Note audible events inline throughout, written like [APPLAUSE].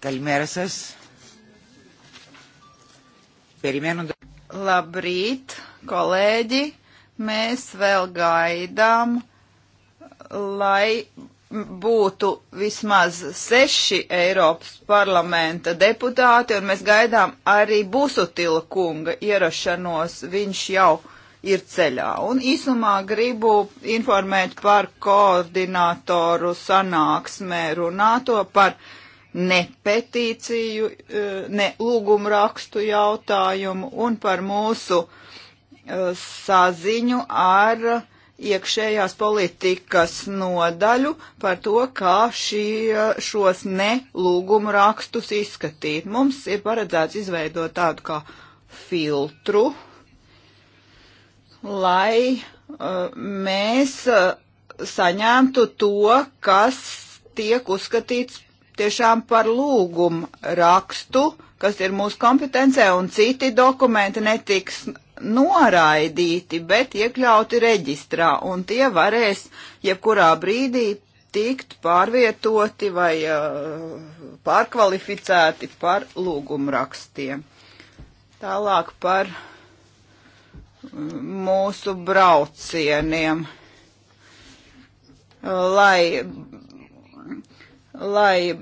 Καλημέρα σας. Περιμένοντα... Labrīt, kolēģi! Mēs vēl gaidām, lai būtu vismaz seši Eiropas parlamenta deputāti, un mēs gaidām arī Busutila kunga ierašanos. Viņš jau ir ceļā. Un īsumā gribu informēt par koordinātoru sanāksmē runāto par ne petīciju, eh, ne lūgumu rakstu jautājumu un par mūsu eh, saziņu ar iekšējās politikas nodaļu par to, kā šī, eh, šos ne lūgumu rakstus izskatīt. Mums ir paredzēts izveidot tādu kā filtru, lai uh, mēs uh, saņemtu to, kas tiek uzskatīts tiešām par lūgumu rakstu, kas ir mūsu kompetencē, un citi dokumenti netiks noraidīti, bet iekļauti reģistrā, un tie varēs jebkurā brīdī tikt pārvietoti vai uh, pārkvalificēti par lūgumrakstiem. Tālāk par mm, mūsu braucieniem. Lai lai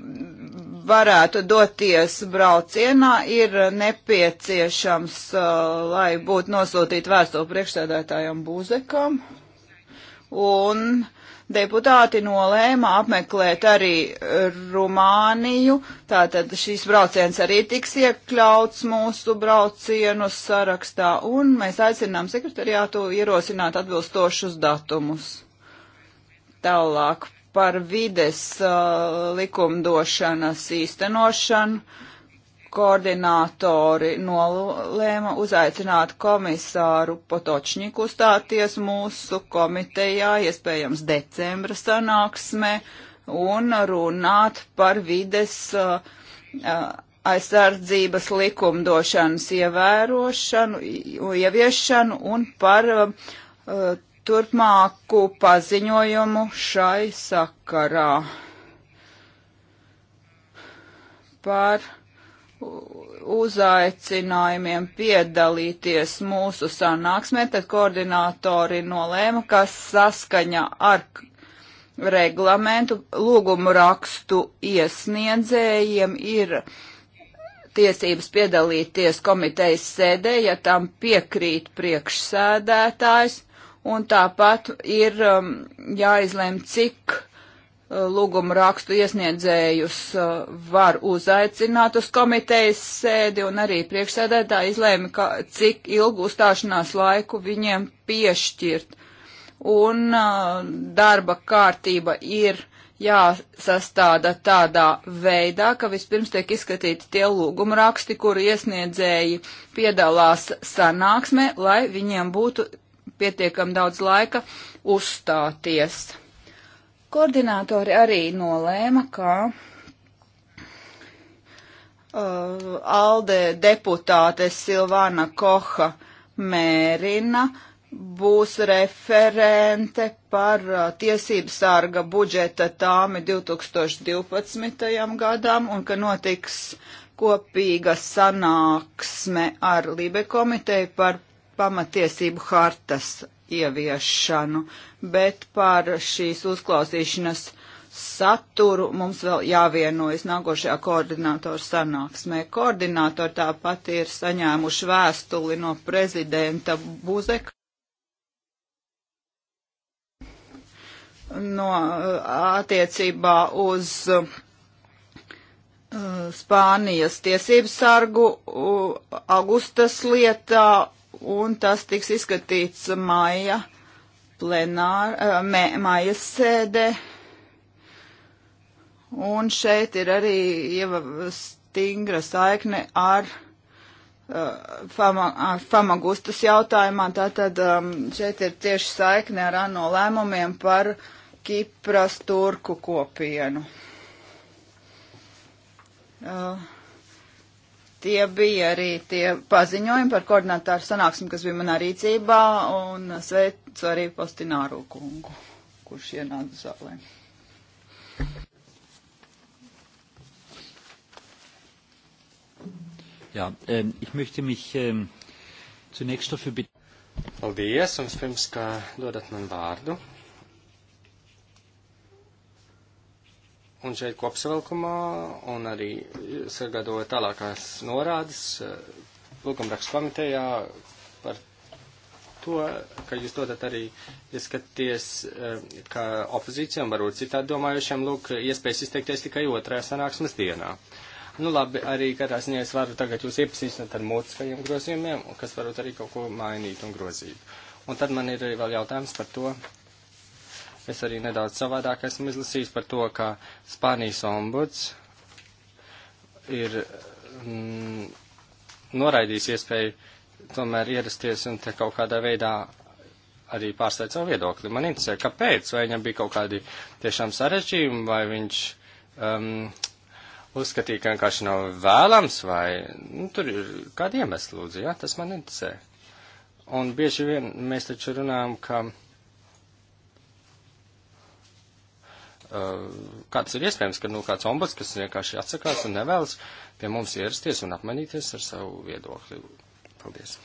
varētu doties braucienā, ir nepieciešams, uh, lai būtu nosūtīta vēstule priekšsēdētājam Buzekam. Un deputāti nolēma apmeklēt arī Rumāniju, tātad šīs brauciens arī tiks iekļauts mūsu braucienu sarakstā, un mēs aicinām sekretariātu ierosināt atbilstošus datumus. Tālāk par vides uh, likumdošanas īstenošanu. Koordinātori nolēma uzaicināt komisāru Potočņiku stāties mūsu komitejā, iespējams, decembra sanāksmē, un runāt par vides uh, uh aizsardzības likumdošanas ievērošanu, ieviešanu un par uh, turpmāku paziņojumu šai sakarā par uzaicinājumiem piedalīties mūsu sanāksmē, tad koordinātori nolēma, ka saskaņa ar reglamentu lūgumu rakstu iesniedzējiem ir tiesības piedalīties komitejas sēdē, ja tam piekrīt priekšsēdētājs un tāpat ir um, jāizlem, cik uh, lūgumu rakstu iesniedzējus uh, var uzaicināt uz komitejas sēdi, un arī priekšsēdētā izlēma, ka, cik ilgu uzstāšanās laiku viņiem piešķirt. Un uh, darba kārtība ir jāsastāda tādā veidā, ka vispirms tiek izskatīti tie lūguma raksti, kuru iesniedzēji piedalās sanāksmē, lai viņiem būtu pietiekam daudz laika uzstāties. Koordinātori arī nolēma, ka uh, Alde deputāte Silvana Koha Mērina būs referente par uh, tiesību sārga budžeta tāmi 2012. gadam un ka notiks kopīga sanāksme ar Lībe komiteju par pamatiesību hartas ieviešanu, bet par šīs uzklausīšanas saturu mums vēl jāvienojas nākošajā koordinātoru sanāksmē. Koordinātori tāpat ir saņēmuši vēstuli no prezidenta Buzeka. No uh, attiecībā uz uh, Spānijas tiesības sargu uh, augustas lietā un tas tiks izskatīts maija plenāra, eh, mē, maija sēdē. Un šeit ir arī stingra saikne ar uh, fama, famagustas jautājumā. Tātad um, šeit ir tieši saikne ar ANO lēmumiem par Kipras turku kopienu. Uh, Tie bija arī tie paziņojumi par koordinātāru sanāksmi, kas bija manā rīcībā, un sveicu arī Postināro kungu, kurš ienāca zālē. Jā, um, ich möchte mich um, zunächst dafür bitten. Paldies, un pirms, ka dodat man vārdu, Un šeit kopsavilkumā un arī sagatavoja tālākās norādes eh, lūgumrakstu komitejā par to, ka jūs dodat arī ieskaties, eh, ka opozīcijām varbūt citādi domājušiem, lūk, iespējas izteikties tikai otrajā sanāksmes dienā. Nu labi, arī katrā ziņā es varu tagad jūs iepazīstināt ar mūtiskajiem grozījumiem, kas varbūt arī kaut ko mainīt un grozīt. Un tad man ir vēl jautājums par to, Es arī nedaudz savādāk esmu izlasījis par to, ka Spānijas ombuds ir mm, noraidījis iespēju tomēr ierasties un te kaut kādā veidā arī pārstāvēt savu viedokli. Man interesē, kāpēc, vai viņam bija kaut kādi tiešām sarežģījumi, vai viņš um, uzskatīja, ka vienkārši nav vēlams, vai nu, tur ir kādi iemesli, lūdzu, jā, ja? tas man interesē. Un bieži vien mēs taču runājam, ka kā tas ir iespējams, ka nu, kāds ombuds, kas vienkārši atsakās un nevēlas pie mums ierasties un apmainīties ar savu viedokli. Paldies!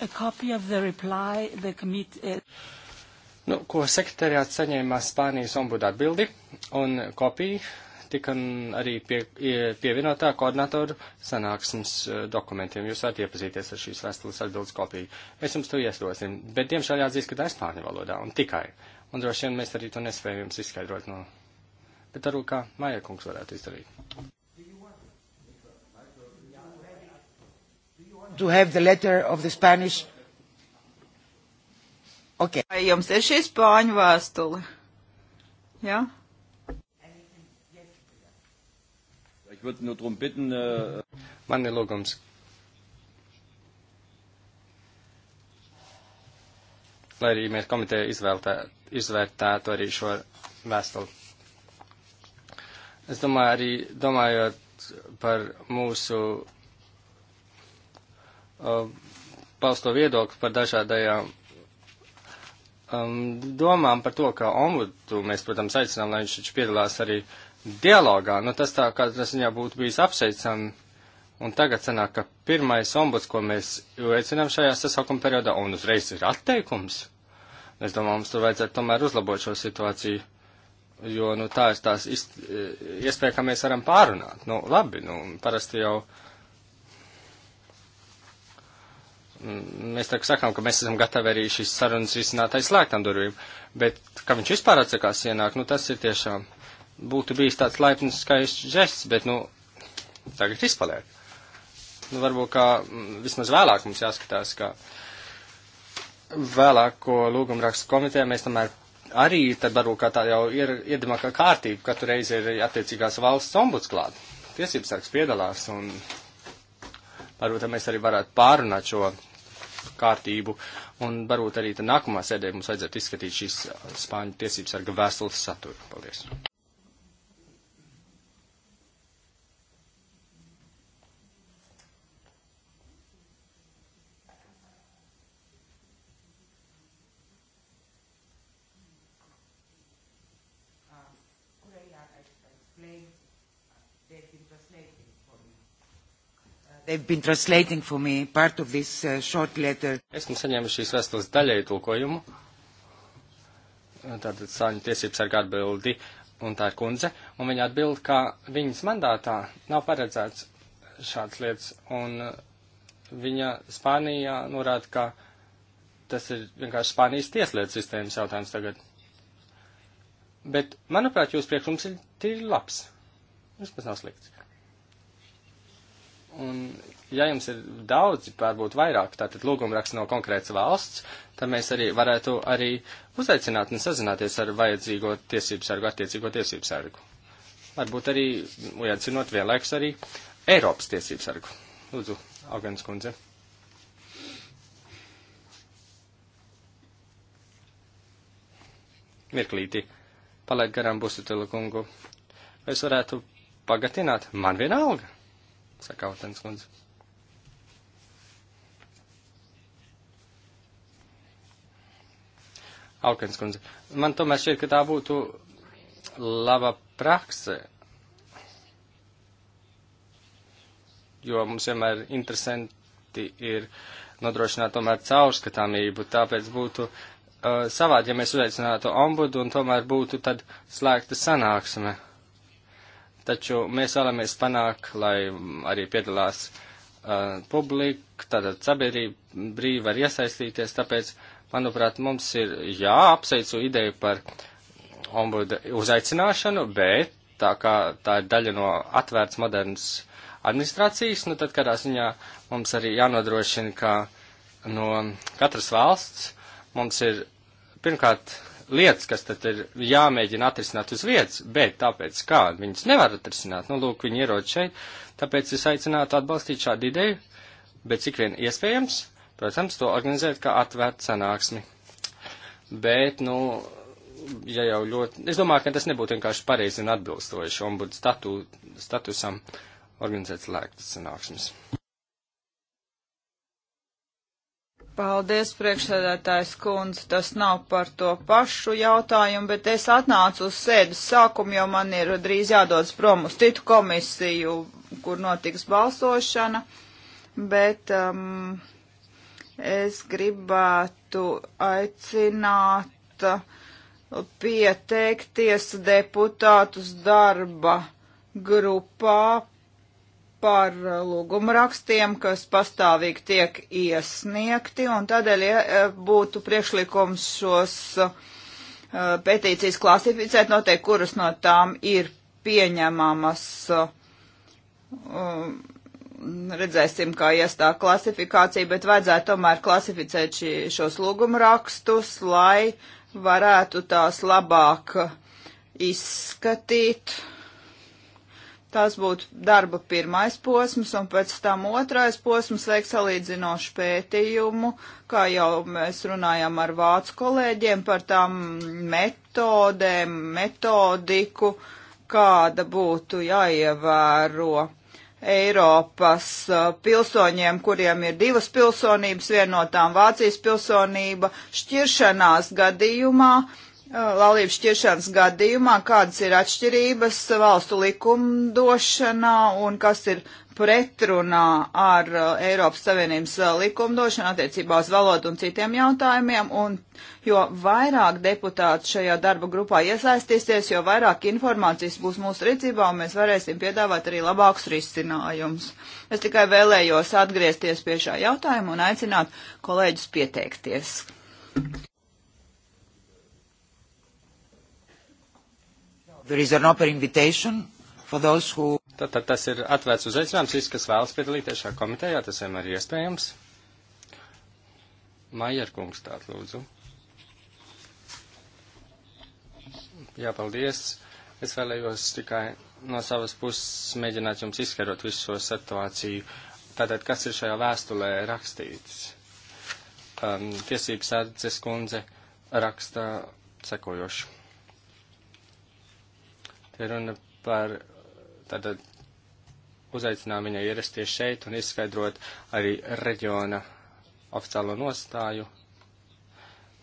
Reply, committee... Uh, nu, ko sekretariāts saņēma Spānijas ombuda atbildi un kopiju tika arī pie, pievienotā koordinatoru sanāksmes e, dokumentiem. Jūs varat iepazīties ar šīs vēstules atbildes kopiju. Mēs jums to iesdosim, bet diemžēl jāatzīst, ka tā ir spāņu valodā un tikai. Un droši vien mēs arī to nespējam jums izskaidrot no. Bet arī kā Maija kungs varētu izdarīt. To have the letter of the Spanish Okay. Vai jums ir šī spāņu vēstule? Jā? Ja? Ich würde nur darum bitten. Äh... Man ir lūgums. Lai arī mēs komiteja izvērtētu arī šo vēstuli. Es domāju, arī domājot par mūsu uh, pausto viedokli par dažādajām um, domām par to, ka ombudu mēs, protams, aicinām, lai viņš taču piedalās arī uh, dialogā, nu tas tā kā tas viņā būtu bijis apsveicami. Un tagad sanāk, ka pirmais ombuds, ko mēs veicinām šajā sasaukuma periodā, un uzreiz ir atteikums. Es domāju, mums tur vajadzētu tomēr uzlabot šo situāciju, jo, nu, tā ir tās ist, eh, iespēja, ka mēs varam pārunāt. Nu, labi, nu, parasti jau mm, mēs tā sakām, ka mēs esam gatavi arī šīs sarunas risināt aiz slēgtām durvīm, bet, ka viņš vispār atsakās ienākt, nu, tas ir tiešām būtu bijis tāds laipns, skaists žests, bet, nu, tagad izpaliek. Nu, varbūt, kā mm, vismaz vēlāk mums jāskatās, ka vēlāko lūgumrakstu komitē mēs tomēr arī, tad varbūt, kā tā jau ir iedimākā kārtība, katru reizi ir attiecīgās valsts ombuds klāt. Tiesības sargs piedalās un varbūt, mēs arī varētu pārunāt šo kārtību. Un varbūt arī nākamā sēdē mums vajadzētu izskatīt šīs uh, spāņu tiesības sarga vēstules saturu. Paldies! This, uh, Esmu saņēmis šīs vēstules daļēju tulkojumu. Tātad saņu tiesības ar atbildi, un tā ir kundze. Un viņa atbild, ka viņas mandātā nav paredzēts šāds lietas, un uh, viņa Spānijā norāda, ka tas ir vienkārši Spānijas tieslietu sistēmas jautājums tagad. Bet, manuprāt, jūs priekšums ir tīri labs. Vispār nav slikts. Un, ja jums ir daudzi, varbūt vairāk, tātad lūgumraksts no konkrētas valsts, tad mēs arī varētu arī uzaicināt un sazināties ar vajadzīgo tiesību sargu, attiecīgo tiesību sargu. Varbūt arī ujaicinot vienlaikus arī Eiropas tiesību sargu. Lūdzu, Augens kundze. Mirklīti, palaid garām busu telekungu. Es varētu pagatināt, man vienalga. Saka Autens kundze. Aukens kundze. Man tomēr šķiet, ka tā būtu laba prakse, jo mums vienmēr interesanti ir nodrošināt tomēr caurskatāmību, tāpēc būtu uh, savādi, ja mēs uzaicinātu ombudu un tomēr būtu tad slēgta sanāksme taču mēs vēlamies panākt, lai arī piedalās uh, publika, tātad sabiedrība brīvi var iesaistīties, tāpēc, manuprāt, mums ir jāapsveicu ideju par ombuda uzaicināšanu, bet tā kā tā ir daļa no atvērts modernas administrācijas, nu tad kādā ziņā mums arī jānodrošina, ka no katras valsts mums ir pirmkārt lietas, kas tad ir jāmēģina atrisināt uz vietas, bet tāpēc kā viņas nevar atrisināt, nu lūk, viņi ierod šeit, tāpēc es aicinātu atbalstīt šādu ideju, bet cik vien iespējams, protams, to organizēt kā atvērtu sanāksmi. Bet, nu, ja jau ļoti, es domāju, ka tas nebūtu vienkārši pareizi un atbilstoši ombudu statu, statusam organizēt slēgtas sanāksmes. Paldies, priekšsēdētājs kundze. Tas nav par to pašu jautājumu, bet es atnācu uz sēdes sākumu, jo man ir drīz jādodas prom uz citu komisiju, kur notiks balsošana. Bet um, es gribētu aicināt uh, pieteikties deputātus darba grupā par uh, lūgumrakstiem, kas pastāvīgi tiek iesniegti, un tādēļ ja uh, būtu priekšlikums šos uh, pētīcijas klasificēt, noteikti, kuras no tām ir pieņemamas. Uh, um, redzēsim, kā iestā klasifikācija, bet vajadzētu tomēr klasificēt šī, šos lūgumrakstus, lai varētu tās labāk izskatīt Tas būtu darba pirmais posms, un pēc tam otrais posms veik salīdzinošu pētījumu, kā jau mēs runājam ar vācu kolēģiem par tām metodēm, metodiku, kāda būtu jāievēro Eiropas pilsoņiem, kuriem ir divas pilsonības, vienotām Vācijas pilsonība, šķiršanās gadījumā Uh, laulības šķiršanas gadījumā, kādas ir atšķirības valstu likumdošanā un kas ir pretrunā ar uh, Eiropas Savienības uh, likumdošanu attiecībā uz valodu un citiem jautājumiem, un jo vairāk deputāti šajā darba grupā iesaistīsies, jo vairāk informācijas būs mūsu rīcībā, un mēs varēsim piedāvāt arī labākus risinājumus. Es tikai vēlējos atgriezties pie šā jautājuma un aicināt kolēģus pieteikties. Who... Tātad tas ir atvērts uz aicinājums, visi, kas vēlas piedalīties šajā komitejā, tas vienmēr ir iespējams. Maierkungs tāt lūdzu. Jā, paldies. Es vēlējos tikai no savas puses mēģināt jums izskaidrot visu šo situāciju. Tātad, kas ir šajā vēstulē rakstīts? Um, tiesības sardzes kundze raksta sekojošu. Te runa par tātad uzaicinājumu viņai ierasties šeit un izskaidrot arī reģiona oficiālo nostāju.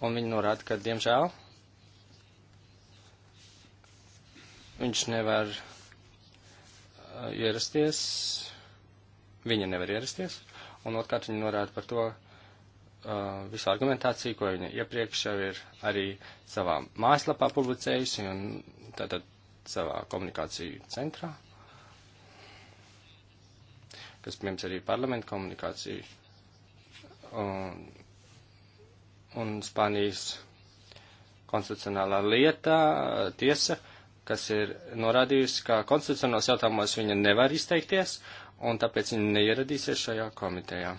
Un viņa norāda, ka, diemžēl, viņš nevar uh, ierasties, viņa nevar ierasties, un otrkārt viņa norāda par to uh, visu argumentāciju, ko viņa iepriekš jau ir arī savā mājaslapā publicējusi, un tātad savā komunikāciju centrā, kas, piemēram, arī parlamenta komunikāciju un, un Spānijas konstitucionālā lietā tiesa, kas ir norādījusi, ka konstitucionālos jautājumos viņa nevar izteikties, un tāpēc viņa neieradīsies šajā komitejā.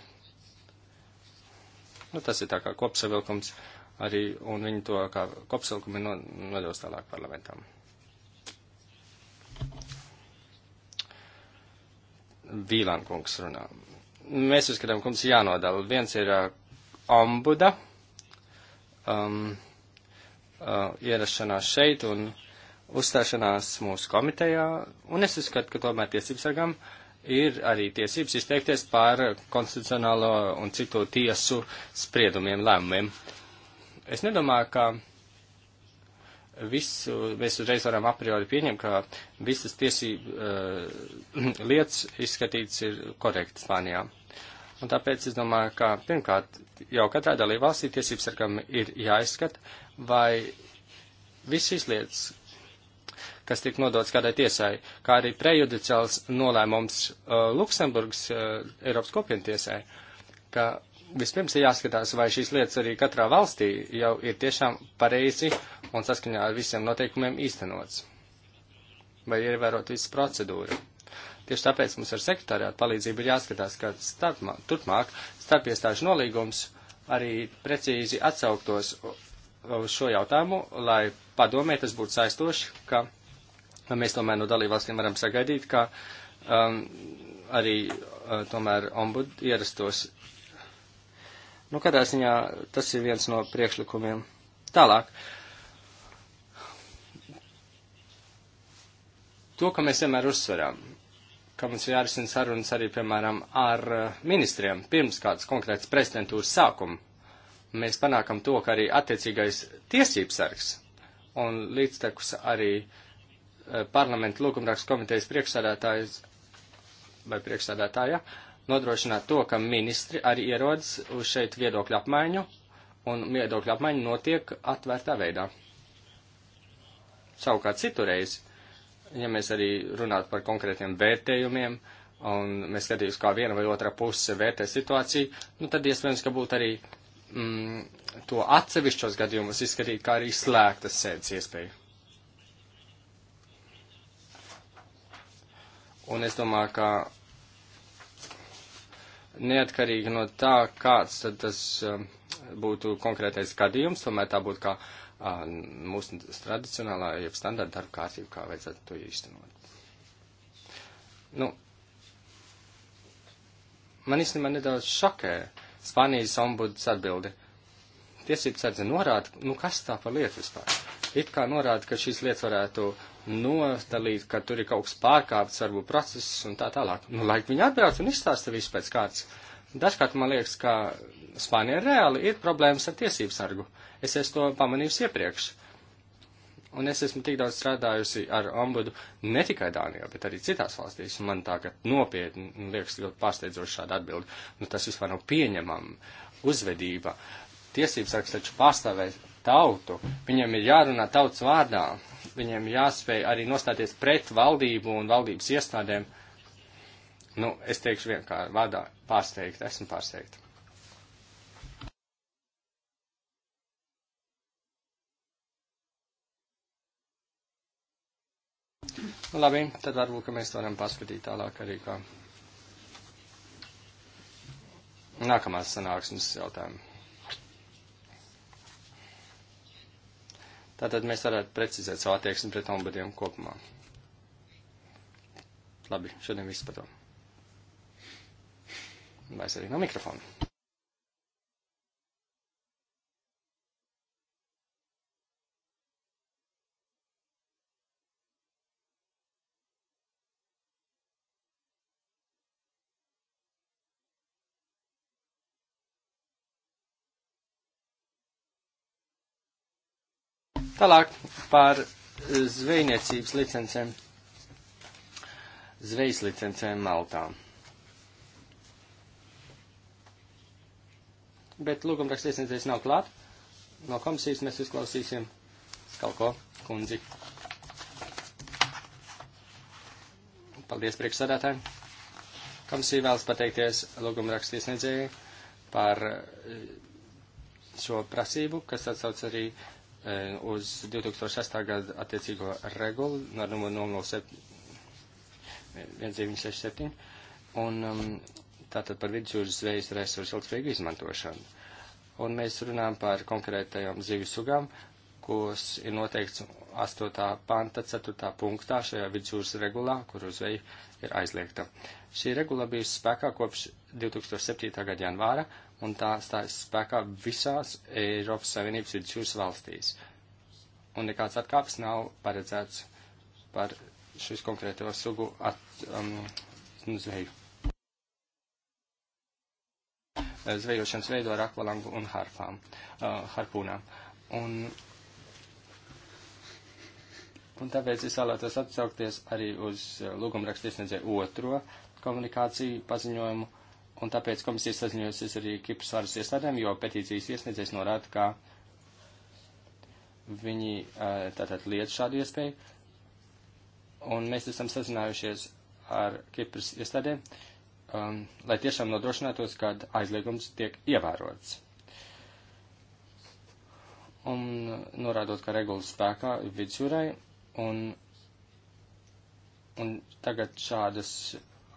Nu, tas ir tā kā kopsavilkums arī, un viņi to kā kopsavilkumi nodos tālāk parlamentam. Vīlankungs runā. Mēs uzskatām, ka mums jānodala. Viens ir uh, ombuda um, uh, ierašanās šeit un uzstāšanās mūsu komitejā, un es uzskatu, ka tomēr tiesībsargam ir arī tiesības izteikties par konstitucionālo un citu tiesu spriedumiem, lēmumiem. Es nedomāju, ka visu, mēs uzreiz varam a priori pieņemt, ka visas tiesību uh, [CLEARS THROAT] lietas izskatītas ir korekti Spānijā. Un tāpēc es domāju, ka pirmkārt jau katrā dalībvalstī tiesības sargam ir jāizskata, vai visas lietas, kas tiek nodots kādai tiesai, kā arī prejudiciāls nolēmums uh, Luksemburgas uh, Eiropas kopienu tiesai, ka vispirms ir jāskatās, vai šīs lietas arī katrā valstī jau ir tiešām pareizi un saskaņā ar visiem noteikumiem īstenots. Vai ir ievērot visu procedūru. Tieši tāpēc mums ar sekretariātu palīdzību ir jāskatās, ka starpmā, turpmāk starpiestāžu nolīgums arī precīzi atsauktos uz šo jautājumu, lai padomē tas būtu saistoši, ka mēs tomēr no dalībvalstīm varam sagaidīt, ka um, arī uh, tomēr ombud ierastos Nu, katrā ziņā tas ir viens no priekšlikumiem. Tālāk. To, ka mēs vienmēr uzsveram, ka mums ir jārisina sarunas arī, piemēram, ar eh, ministriem pirms kādas konkrētas prezidentūras sākuma, mēs panākam to, ka arī attiecīgais tiesības sargs un līdztekus arī eh, parlamentu lūgumrakstu komitejas priekšsādātājs vai priekšsādātāja. Ja, nodrošināt to, ka ministri arī ierodas uz šeit viedokļu apmaiņu, un viedokļu apmaiņa notiek atvērtā veidā. Savukārt citureiz, ja mēs arī runātu par konkrētiem vērtējumiem, un mēs skatījus, kā viena vai otra puse vērtē situāciju, nu tad iespējams, ka būtu arī mm, to atsevišķos gadījumus izskatīt kā arī slēgtas sēdes iespēju. Un es domāju, ka neatkarīgi no tā, kāds tad tas um, būtu konkrētais gadījums, tomēr tā būtu kā uh, mūsu tradicionālā, jeb standarta darba kārtība, kā vajadzētu to īstenot. Nu, man īstenībā nedaudz šokē Spānijas ombuds atbildi. Tiesības sardze norāda, nu kas tā par lietu vispār? It kā norāda, ka šīs lietas varētu uh, nostalīt, ka tur ir kaut kas pārkāpts, varbūt process un tā tālāk. Nu, laik viņi atbrauc un izstāsta visu pēc kārtas. Dažkārt man liekas, ka Spānija reāli ir problēmas ar tiesību sargu. Es esmu to pamanījusi iepriekš. Un es esmu tik daudz strādājusi ar ombudu ne tikai Dānijā, bet arī citās valstīs. Un man tagad nopietni liekas ļoti pārsteidzoši šāda atbildi. Nu, tas vispār nav pieņemama uzvedība. Tiesības sargs taču pārstāvē tautu. Viņam ir jārunā tautas vārdā viņiem jāspēj arī nostāties pret valdību un valdības iestādēm. Nu, es teikšu vienkārši vārdā pārsteigt, esmu pārsteigt. Nu, labi, tad varbūt, ka mēs varam paskatīt tālāk arī kā nākamās sanāksmes jautājumu. Tātad mēs varētu precizēt savu attieksmi pret ombudiem kopumā. Labi, šodien viss par to. Vai es arī no mikrofona? Tālāk par zvejniecības licencēm, zvejas licencēm Maltā. Bet lūgumraksts iesniedzējs nav klāt. No komisijas mēs uzklausīsim kaut ko kundzi. Paldies priekšsādātājiem. Komisija vēlas pateikties lūgumraksts iesniedzējai par eh, šo prasību, kas atsauc arī Eh, uz 2006. gada attiecīgo regulu ar numuru 007, un um, tātad par vidusjūras zvejas resursu ilgspējīgu izmantošanu. Un mēs runājam par konkrētajām zivju sugām, kuras ir noteikts 8. panta 4. punktā šajā vidusjūras regulā, kur uzveja ir aizliegta. Šī regula bijusi spēkā kopš 2007. gada janvāra, un tā stājas spēkā visās Eiropas Savienības vidusjūras valstīs. Un nekāds atkāps nav paredzēts par šis konkrēto sugu at, um, nu, zveju. Zvejošanas veido ar akvalangu un harpām, uh, harpūnām. Un, un tāpēc es vēlētos atsaukties arī uz uh, lūgumrakstiesniedzēju otro komunikāciju paziņojumu, un tāpēc komisija saziņojusies arī Kipras varas iestādēm, jo petīcijas iesniedzējs norāda, ka viņi eh, tātad liedz šādu iespēju, un mēs esam sazinājušies ar Kipras iestādēm, um, lai tiešām nodrošinātos, ka aizliegums tiek ievērots. Un norādot, ka regulas spēkā vidusjūrai, un, un tagad šādas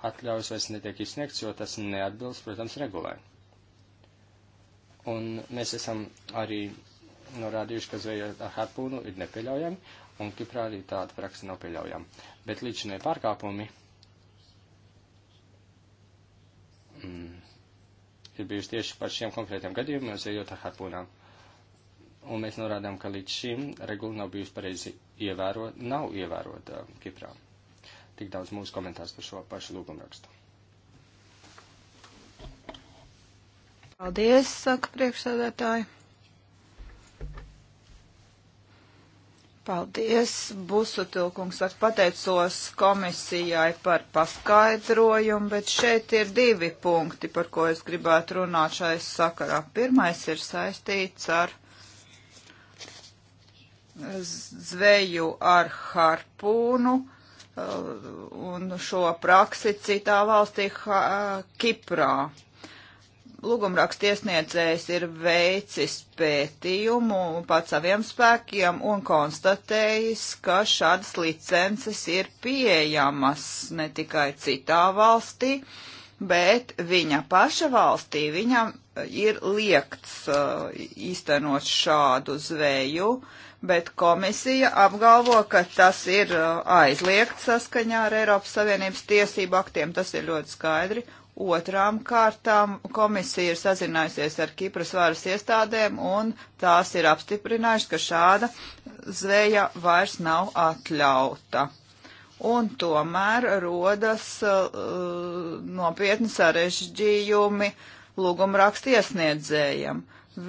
atļaujas vairs netiek izsniegts, jo tas neatbilst, protams, regulē. Un mēs esam arī norādījuši, ka zveja ar harpūnu ir nepieļaujami, un Kiprā arī tāda praksa nav pieļaujama. Bet līdšanai pārkāpumi mm, ir bijuši tieši par šiem konkrētiem gadījumiem, zvejot ar harpūnām. Un mēs norādām, ka līdz šim regula nav bijusi pareizi ievērota, nav ievērota Kiprā. Um, Tik daudz mūsu komentārs par šo pašu lūgumrakstu. Paldies, saka priekšsēdētāji. Paldies, Busutilkungs, saka pateicos komisijai par paskaidrojumu, bet šeit ir divi punkti, par ko es gribētu runāt šai sakarā. Pirmais ir saistīts ar zveju ar harpūnu Uh, un šo praksi citā valstī, uh, Kiprā. Lūgumraksta iesniedzējs ir veicis pētījumu pat saviem spēkiem un konstatējis, ka šādas licences ir pieejamas ne tikai citā valstī, bet viņa paša valstī viņam ir liekts uh, īstenot šādu zveju, uh, bet komisija apgalvo, ka tas ir uh, aizliegts saskaņā ar Eiropas Savienības tiesību aktiem. Tas ir ļoti skaidri. Otrām kārtām komisija ir sazinājusies ar Kipras varas iestādēm un tās ir apstiprinājušas, ka šāda zveja vairs nav atļauta. Un tomēr rodas uh, nopietni sarežģījumi lūgumrakstu iesniedzējiem.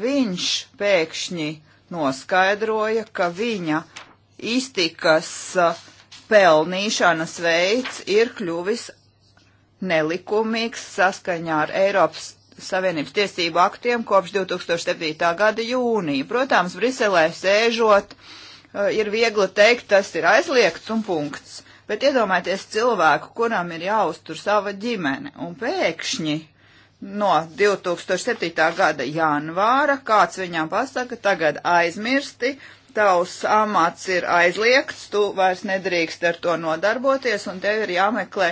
Viņš pēkšņi uh, noskaidroja, ka viņa iztikas pelnīšanas veids ir kļuvis nelikumīgs saskaņā ar Eiropas Savienības tiesību aktiem kopš 2007. gada jūnija. Protams, Briselē sēžot ir viegli teikt, tas ir aizliegts un punkts. Bet iedomājieties cilvēku, kuram ir jāuztur sava ģimene, un pēkšņi no 2007. gada janvāra, kāds viņam pasaka, tagad aizmirsti, tavs amats ir aizliegts, tu vairs nedrīkst ar to nodarboties, un tev ir jāmeklē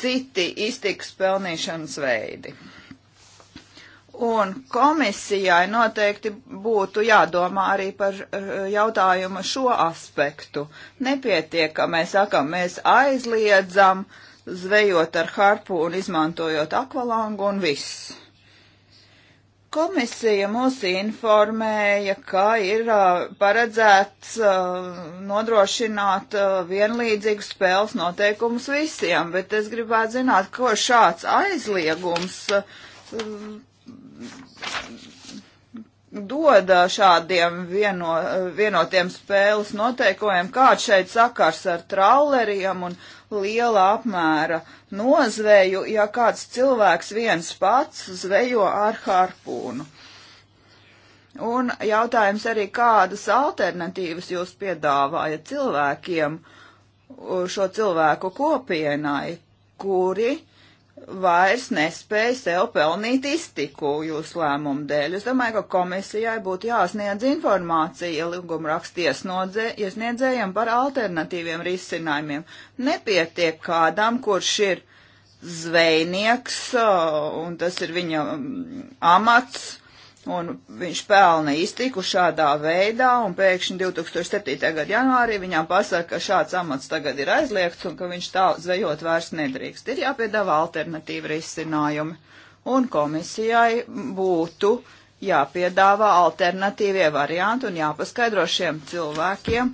citi iztikas pelnīšanas veidi. Un komisijai noteikti būtu jādomā arī par eh, jautājumu šo aspektu. Nepietiek, ka mēs sakam, mēs aizliedzam uh, zvejot ar harpu un izmantojot akvalangu un viss. Komisija mūs informēja, ka ir paredzēts nodrošināt vienlīdzīgu spēles noteikumus visiem, bet es gribētu zināt, ko šāds aizliegums dod šādiem vieno, vienotiem spēles noteikumiem, kāds šeit sakars ar trauleriem un liela apmēra nozveju, ja kāds cilvēks viens pats zvejo ar harpūnu. Un jautājums arī, kādas alternatīvas jūs piedāvājat cilvēkiem, šo cilvēku kopienai, kuri uh, vairs nespēja sev pelnīt iztiku jūsu lēmumu dēļ. Es domāju, ka komisijai būtu jāsniedz informācija līgumrakstīs iesniedzējiem par alternatīviem risinājumiem. Nepietiek kādam, kurš ir zvejnieks, uh, un tas ir viņa mm, amats, un viņš pelna iztiku šādā veidā, un pēkšņi 2007. gada janvārī viņam pasaka, ka šāds amats tagad ir aizliegts un ka viņš tā zvejot vairs nedrīkst. Ir jāpiedāvā alternatīva risinājumi, un komisijai būtu jāpiedāvā alternatīvie varianti un jāpaskaidro šiem cilvēkiem,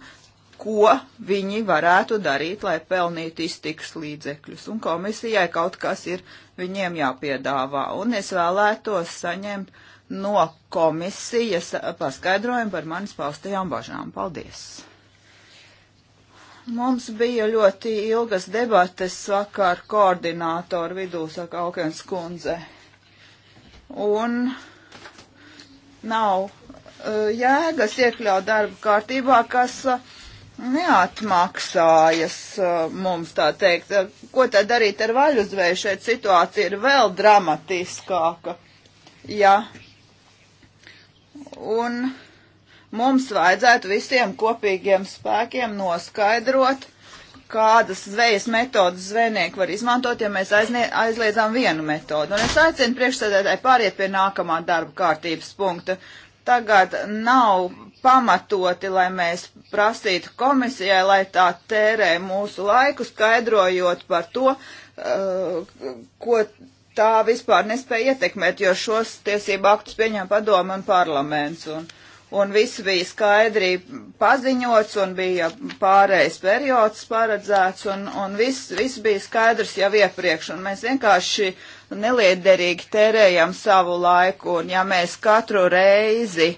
ko viņi varētu darīt, lai pelnītu iztiks līdzekļus, un komisijai kaut kas ir viņiem jāpiedāvā, un es vēlētos saņemt no komisijas paskaidrojumu par manis paustajām bažām. Paldies! Mums bija ļoti ilgas debates vakar koordinātoru vidū, saka Aukens kundze. Un nav uh, jēgas iekļaut darba kārtībā, kas uh, neatmaksājas uh, mums tā teikt. Ko tad darīt ar vaļuzvēju? Šeit situācija ir vēl dramatiskāka. Ja un mums vajadzētu visiem kopīgiem spēkiem noskaidrot, kādas zvejas metodas zvejnieki var izmantot, ja mēs aiznie, aizliedzām vienu metodu. Un es aicinu priekšsēdētāji pāriet pie nākamā darba kārtības punkta. Tagad nav pamatoti, lai mēs prasītu komisijai, lai tā tērē mūsu laiku, skaidrojot par to, uh, ko tā vispār nespēja ietekmēt, jo šos tiesību aktus pieņem padomu un parlaments. Un, un viss bija skaidri paziņots un bija pārējais periods paredzēts un, un viss, viss bija skaidrs jau iepriekš. Un mēs vienkārši neliederīgi tērējam savu laiku. Un ja mēs katru reizi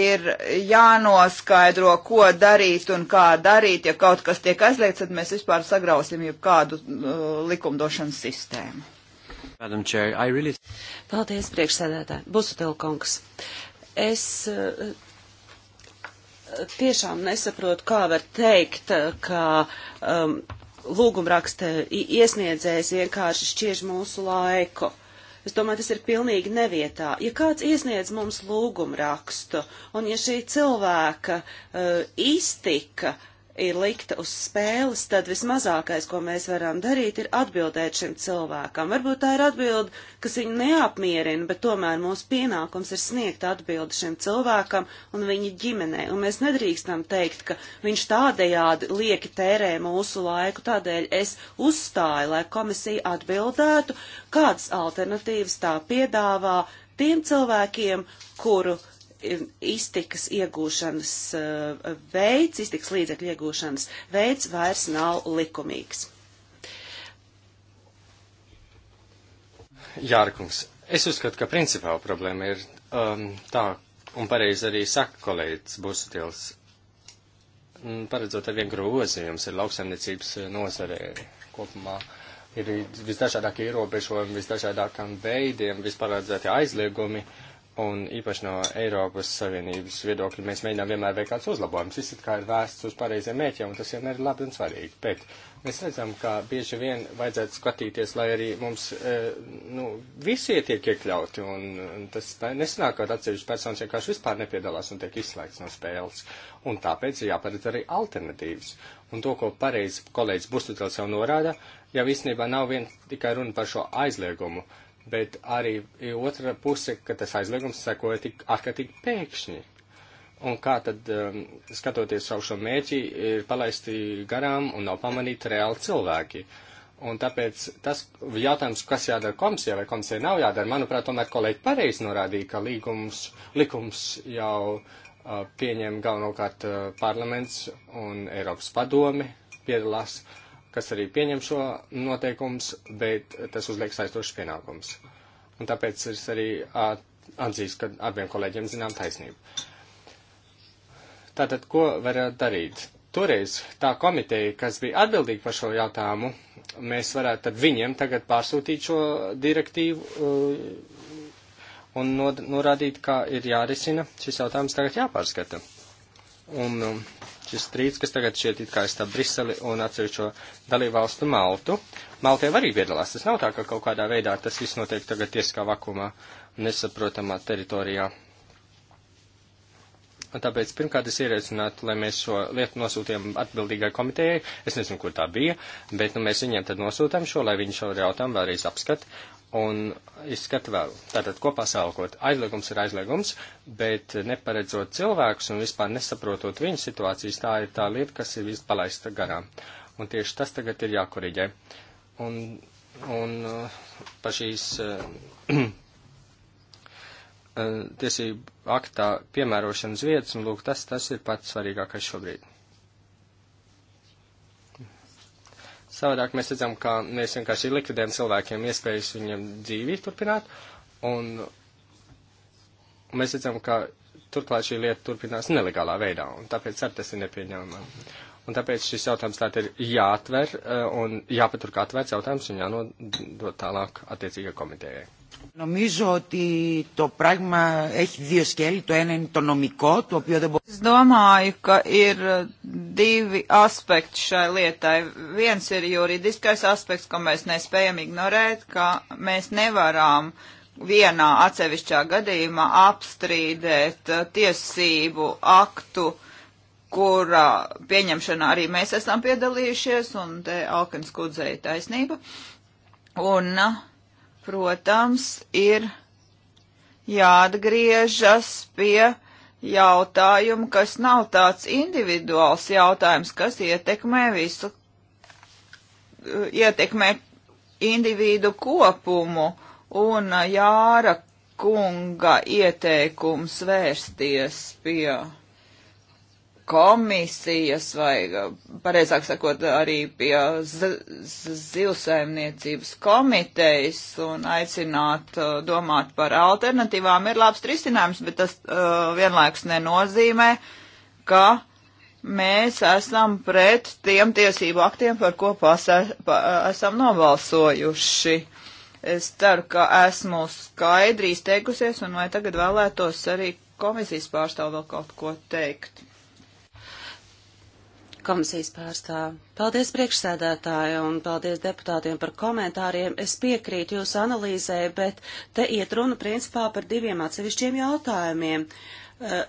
ir jānoskaidro, ko darīt un kā darīt, ja kaut kas tiek aizliegts, tad mēs vispār sagrausim jebkādu uh, likumdošanas sistēmu. Chair, really... Paldies, priekšsēdētāji. Busutelkungs. Es uh, tiešām nesaprotu, kā var teikt, eh, ka um, lūgumraksta iesniedzējs vienkārši šķiež mūsu laiku. Es domāju, tas ir pilnīgi nevietā. Ja kāds iesniedz mums lūgumrakstu, un ja šī cilvēka uh, iztika uh, ir likta uz spēles, tad vismazākais, ko mēs varam darīt, ir atbildēt šim cilvēkam. Varbūt tā ir atbilde, kas viņu neapmierina, bet tomēr mūsu pienākums ir sniegt atbildi šim cilvēkam un viņa ģimenei. Un mēs nedrīkstam teikt, ka viņš tādējādi lieki tērē mūsu laiku, tādēļ es uzstāju, lai komisija atbildētu, kādas alternatīvas tā piedāvā tiem cilvēkiem, kuru iztikas iegūšanas eh, veids, iztikas līdzekļu iegūšanas veids vairs nav likumīgs. Jārkungs, es uzskatu, ka principāla problēma ir um, tā, un pareizi arī saka kolēģis Busutils, mm, paredzot ar vien grozījums ir lauksaimniecības eh, nozarē kopumā. Ir visdažādākie ierobežojumi, visdažādākam veidiem, visparedzētie aizliegumi. Uh, Un īpaši no Eiropas Savienības viedokļa mēs mēģinām vienmēr veikt kādus uzlabojumus. Viss kā ir vērsts uz pareiziem mēķiem, un tas vienmēr ir labi un svarīgi. Bet mēs redzam, ka bieži vien vajadzētu skatīties, lai arī mums e, nu, visi tiek iekļauti, un, un tas nesanāk, ka atsevišķas personas vienkārši vispār nepiedalās un tiek izslēgts no spēles. Un tāpēc ir jāparedz arī alternatīvas. Un to, ko pareizi kolēģis Bustutels jau norāda, jau īstenībā nav vien tikai runa par šo aizliegumu. Uh, bet arī otra puse, ka tas aizliegums sekoja tik ārkārtīgi pēkšņi. Un kā tad, um, skatoties savu šo mērķi, ir palaisti garām un nav pamanīti reāli cilvēki. Un tāpēc tas jautājums, kas jādara komisijai vai komisijai nav jādara, manuprāt, tomēr kolēģi pareizi norādīja, ka līgums, likums jau uh, pieņem galvenokārt uh, parlaments un Eiropas padome piedalās. Uh, kas arī pieņem šo noteikums, bet tas uzliek saistošs pienākums. Un tāpēc es arī atzīstu, ka abiem kolēģiem zinām taisnību. Tātad, ko varētu darīt? Toreiz tā komiteja, kas bija atbildīga par šo jautājumu, mēs varētu tad viņiem tagad pārsūtīt šo direktīvu uh, un norādīt, kā ir jārisina šis jautājums tagad jāpārskata. Un, um, šis strīds, kas tagad šeit it kā stāv Briseli un atsevišķo dalībvalstu Maltu. Maltiem arī piedalās. Tas nav tā, ka kaut kādā veidā tas viss notiek tagad tieskā vakumā, nesaprotamā teritorijā. Un tāpēc pirmkārt es ierēcinātu, lai mēs šo lietu nosūtījām atbildīgai komitejai. Es nezinu, kur tā bija, bet nu, mēs viņiem tad nosūtām šo, lai viņi šo jautājumu vēlreiz apskat un izskata vēl. Tātad kopā salkot, aizliegums ir aizliegums, bet neparedzot cilvēkus un vispār nesaprotot viņu situācijas, tā ir tā lieta, kas ir vispalaista garām. Un tieši tas tagad ir jākoriģē. Un, un uh, pa šīs uh, [CLEARS THROAT] uh, tiesību aktā piemērošanas vietas, un lūk, tas, tas ir pats svarīgākais šobrīd. Savādāk mēs redzam, ka mēs vienkārši likvidējam cilvēkiem iespējas viņam dzīvi turpināt, un mēs redzam, ka turklāt šī lieta turpinās nelegālā veidā, un tāpēc arī tas ir nepieņēmami. Un tāpēc šis jautājums tātad ir jāatver eh, un jāpatur kā atvērts jautājums un jānodot tālāk attiecīgai komitejai. Νομίζω ότι το πράγμα έχει δύο σκέλη. Το ένα είναι το νομικό, το οποίο δεν μπορεί... Es domāju, ka ir divi aspekti šai lietai. Viens ir juridiskais aspekts, ko mēs nespējam ignorēt, ka mēs nevaram vienā atsevišķā gadījumā apstrīdēt tiesību aktu, kura pieņemšanā arī mēs esam piedalījušies, un te Alkins kudzei taisnība. Un uh, protams, ir jāatgriežas pie jautājumu, kas nav tāds individuāls jautājums, kas ietekmē visu, eh, ietekmē individu kopumu un eh, Jāra kunga ieteikums vērsties pie komisijas vai, pareizāk sakot, arī pie zivsaimniecības komitejas un aicināt uh, domāt par alternatīvām ir labs risinājums, bet tas uh, vienlaikus nenozīmē, ka mēs esam pret tiem tiesību aktiem, par ko pasē, pa, esam novalsojuši. Es ceru, ka esmu skaidri izteikusies, un vai tagad vēlētos arī komisijas pārstāv vēl kaut ko teikt komisijas pārstāv. Paldies priekšsēdētāju un paldies deputātiem par komentāriem. Es piekrītu jūsu analīzē, bet te iet runa principā par diviem atsevišķiem jautājumiem. Eh,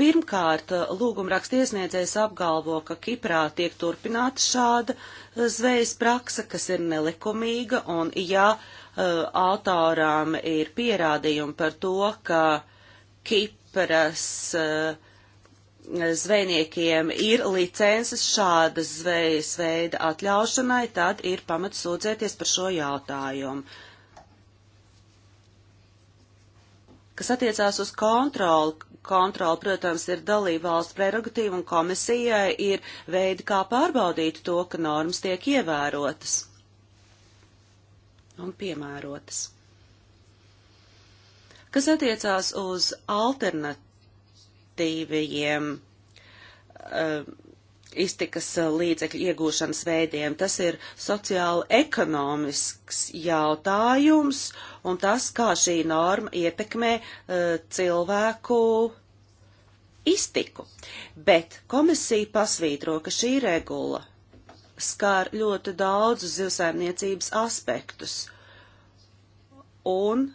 pirmkārt, lūgumraksta iesniedzējs apgalvo, ka Kiprā tiek turpināta šāda eh, zvejas praksa, kas ir nelikumīga, un ja eh, autorām ir pierādījumi par to, ka Kipras uh, zvejniekiem ir licences šādas zvejas veida atļaušanai, tad ir pamats sūdzēties par šo jautājumu. Kas attiecās uz kontroli, kontroli, protams, ir dalība valsts prerogatīva un komisijai ir veidi, kā pārbaudīt to, ka normas tiek ievērotas un piemērotas. Kas attiecās uz alternatīvu, alternatīviem uh, eh, iztikas līdzekļu iegūšanas veidiem. Tas ir sociāli ekonomisks jautājums un tas, kā šī norma ietekmē uh, cilvēku iztiku. Bet komisija pasvītro, ka šī regula skār ļoti daudzus zivsaimniecības aspektus. Un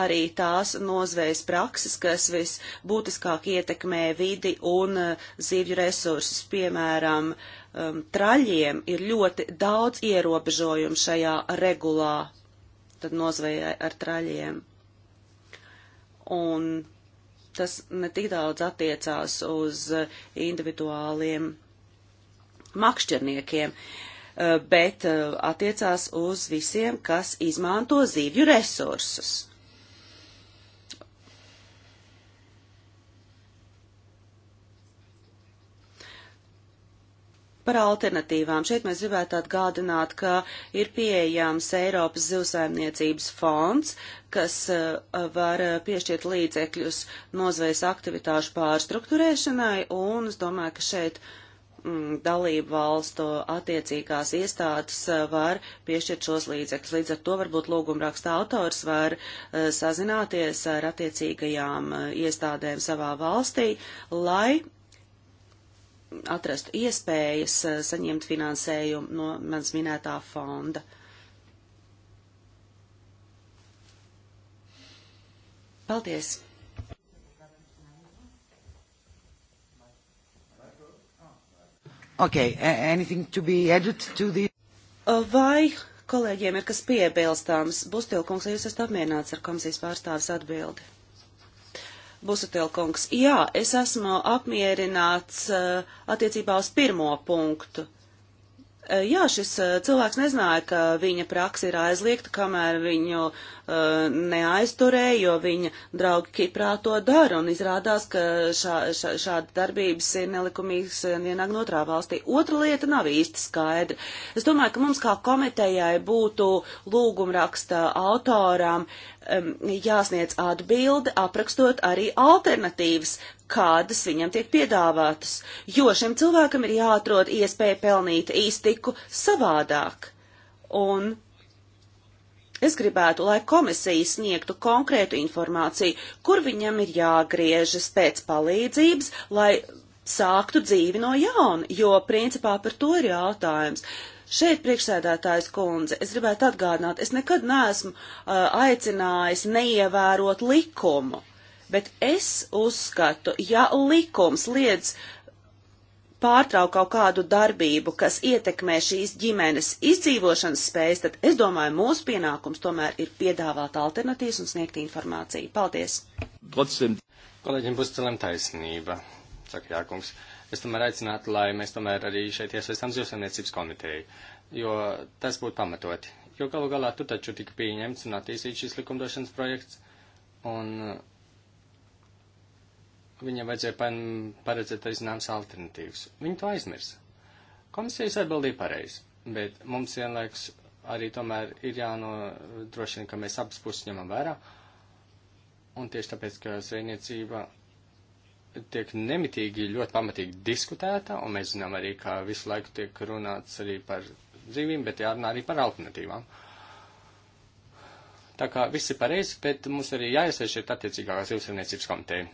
arī tās nozvejas prakses, kas visbūtiskāk ietekmē vidi un eh, zivju resursus, piemēram, um, traļiem ir ļoti daudz ierobežojumu šajā regulā, tad nozvejai ar traļiem. Un tas ne tik daudz attiecās uz eh, individuāliem makšķerniekiem, eh, bet attiecās uz visiem, kas izmanto zīvju resursus. Par alternatīvām šeit mēs gribētu atgādināt, ka ir pieejams Eiropas zivsaimniecības fonds, kas uh, var piešķirt līdzekļus nozvejas aktivitāšu pārstruktūrēšanai, un es domāju, ka šeit mm, dalību valstu attiecīgās iestādes uh, var piešķirt šos līdzekļus. Līdz ar to varbūt lūgumraksta autors var uh, sazināties ar attiecīgajām iestādēm savā valstī, lai atrastu iespējas eh, saņemt finansējumu no manas minētā fonda. Paldies! Okay, anything to be added to the... Eh, vai kolēģiem ir kas piebilstams? Bustilkungs, vai jūs esat apmierināts ar komisijas pārstāvis atbildi? Busutilkungs, jā, es esmu apmierināts eh, attiecībā uz pirmo punktu. Eh, jā, šis eh, cilvēks nezināja, ka viņa praksa ir aizliegta, kamēr viņu uh, Uh, neaizturēja, jo viņa draugi Kiprā to dara, un izrādās, ka šā, šā, šāda darbības ir nelikumīgas vienāk notrā valstī. Otra lieta nav īsti skaidra. Es domāju, ka mums kā komitejai būtu lūgumraksta autoram um, jāsniedz atbildi, aprakstot arī alternatīvas, kādas viņam tiek piedāvātas, jo šim cilvēkam ir jāatrod iespēja pelnīt īstiku savādāk. Un Es gribētu, lai komisija sniegtu konkrētu informāciju, kur viņam ir jāgriežas pēc palīdzības, lai sāktu dzīvi no jauna, jo principā par to ir jautājums. Šeit priekšsēdētājs kundze, es gribētu atgādināt, es nekad neesmu uh, aicinājis neievērot likumu, bet es uzskatu, ja likums liedz pārtraukt kaut kādu darbību, kas ietekmē šīs ģimenes izdzīvošanas spējas, tad es domāju, mūsu pienākums tomēr ir piedāvāt alternatīvas un sniegt informāciju. Paldies! Protsim. Kolēģiem būs cilvēm taisnība, saka Jākungs. Es tomēr aicinātu, lai mēs tomēr arī šeit iesaistām zivsaimniecības komiteju, jo tas būtu pamatoti. Jo galu galā tu taču tika pieņemts un attīstīts šis likumdošanas projekts, un viņam vajadzēja paredzēt arī zināmas alternatīvas. Viņi to aizmirsa. Komisijas atbildīja pareizi, bet mums vienlaiks arī tomēr ir jānodrošina, ka mēs abas puses ņemam vērā. Un tieši tāpēc, ka zvejniecība tiek nemitīgi ļoti pamatīgi diskutēta, un mēs zinām arī, ka visu laiku tiek runāts arī par dzīvīm, bet jārunā arī par alternatīvām. Tā kā viss ir pareizi, bet mums arī jāiesaist šeit attiecīgākās jūsu saimniecības komiteja.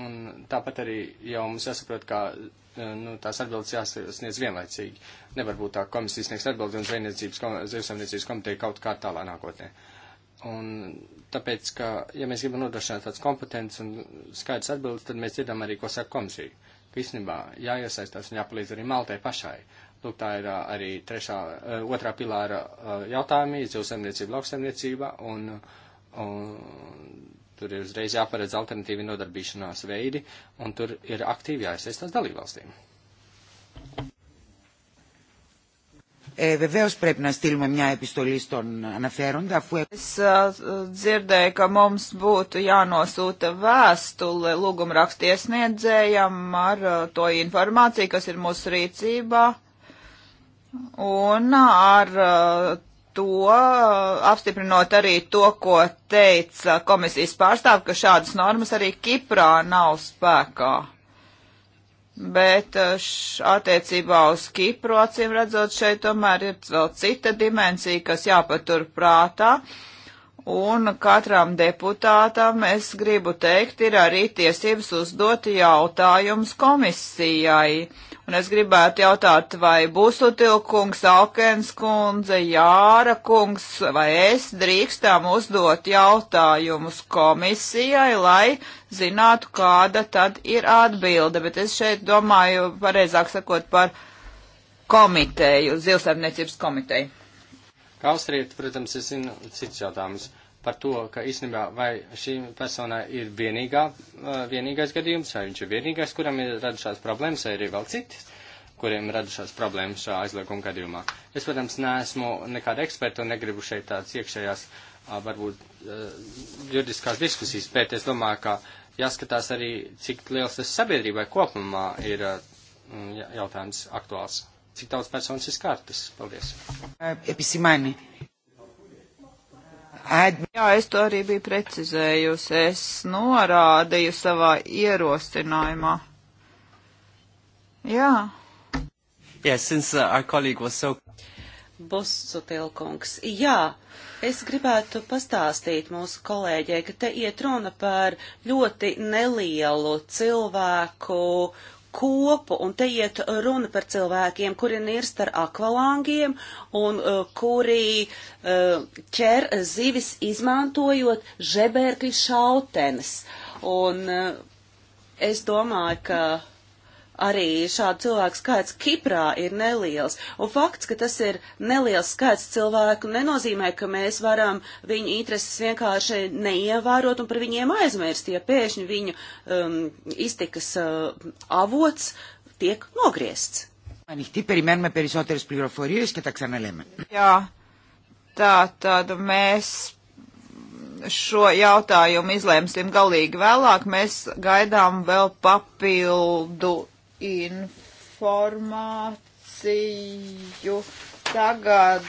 Un tāpat arī jau mums jāsaprot, ka e, nu, tās atbildes jāsniedz vienlaicīgi. Nevar būt tā komisijas sniegs atbildi un zvejniecības komiteja kaut kā tālā nākotnē. Un tāpēc, ka, ja mēs gribam nodrošināt tāds kompetents un skaidrs atbildes, tad mēs dzirdam arī, ko saka komisija. Ka īstenībā jāiesaistās un jāpalīdz arī Maltai pašai. Lūk, tā ir arī trešā, e, otrā pilāra e, jautājumi, dzīvesemniecība, lauksemniecība un, un Tur ir uzreiz jāparedz alternatīvi nodarbīšanās veidi, un tur ir aktīvi jāiesaistās dalībvalstīm. Ε, Βεβαίω πρέπει να στείλουμε μια επιστολή στον αναφέροντα αφού. Es dzirdēju, ka mums būtu jānosūta vēstule lūgumrakstiesniedzējam ar to informāciju, kas ir mūsu rīcībā, un ar to, apstiprinot arī to, ko teica komisijas pārstāv, ka šādas normas arī Kiprā nav spēkā. Bet š, attiecībā uz Kipru, acīm redzot, šeit tomēr ir vēl cita dimensija, kas jāpatur prātā. Un katram deputātam es gribu teikt, ir arī tiesības uzdot jautājumus komisijai. Uh, Un es gribētu jautāt, vai Busutilkungs, Alkens kundze, Jāra kungs vai es drīkstām uzdot jautājumus komisijai, lai zinātu, kāda tad ir atbilde. Bet es šeit domāju, pareizāk sakot, par komiteju, zilsaimniecības komiteju. Kā austriet, protams, es zinu cits jautājums par to, ka īstenībā vai šīm personai ir vienīgā, vienīgais gadījums, vai viņš ir vienīgais, kuram ir radušās problēmas, vai ir vēl citas, kuriem ir radušās problēmas šā aizlieguma gadījumā. Es, protams, neesmu nekāda eksperta un negribu šeit tāds iekšējās, varbūt, juridiskās diskusijas, bet es domāju, ka jāskatās arī, cik liels tas sabiedrībai kopumā ir jautājums aktuāls. Cik daudz personas ir skārtas? Paldies. Episimani. Jā, es to arī biju precizējusi. Es norādīju savā ierosinājumā. Jā. Yeah, since, uh, so... Bosotilkungs. Jā, es gribētu pastāstīt mūsu kolēģei, ka te iet runa par ļoti nelielu cilvēku kopu, un te iet runa par cilvēkiem, kuri nirst ar akvalangiem un uh, kuri uh, ķer zivis izmantojot žebērkļu šautenes. Un uh, es domāju, ka arī šādu cilvēku skaits Kiprā ir neliels. Un fakts, ka tas ir neliels skaits cilvēku, nenozīmē, ka mēs varam viņu intereses vienkārši neievērot un par viņiem aizmirst, ja pēkšņi viņu um, iztikas uh, avots tiek nogriezts. Ανοιχτή, περιμένουμε περισσότερες πληροφορίες και τα ξαναλέμε. Jā, tā tad mēs šo jautājumu izlēmsim galīgi vēlāk. Mēs gaidām vēl papildu informāciju. Tagad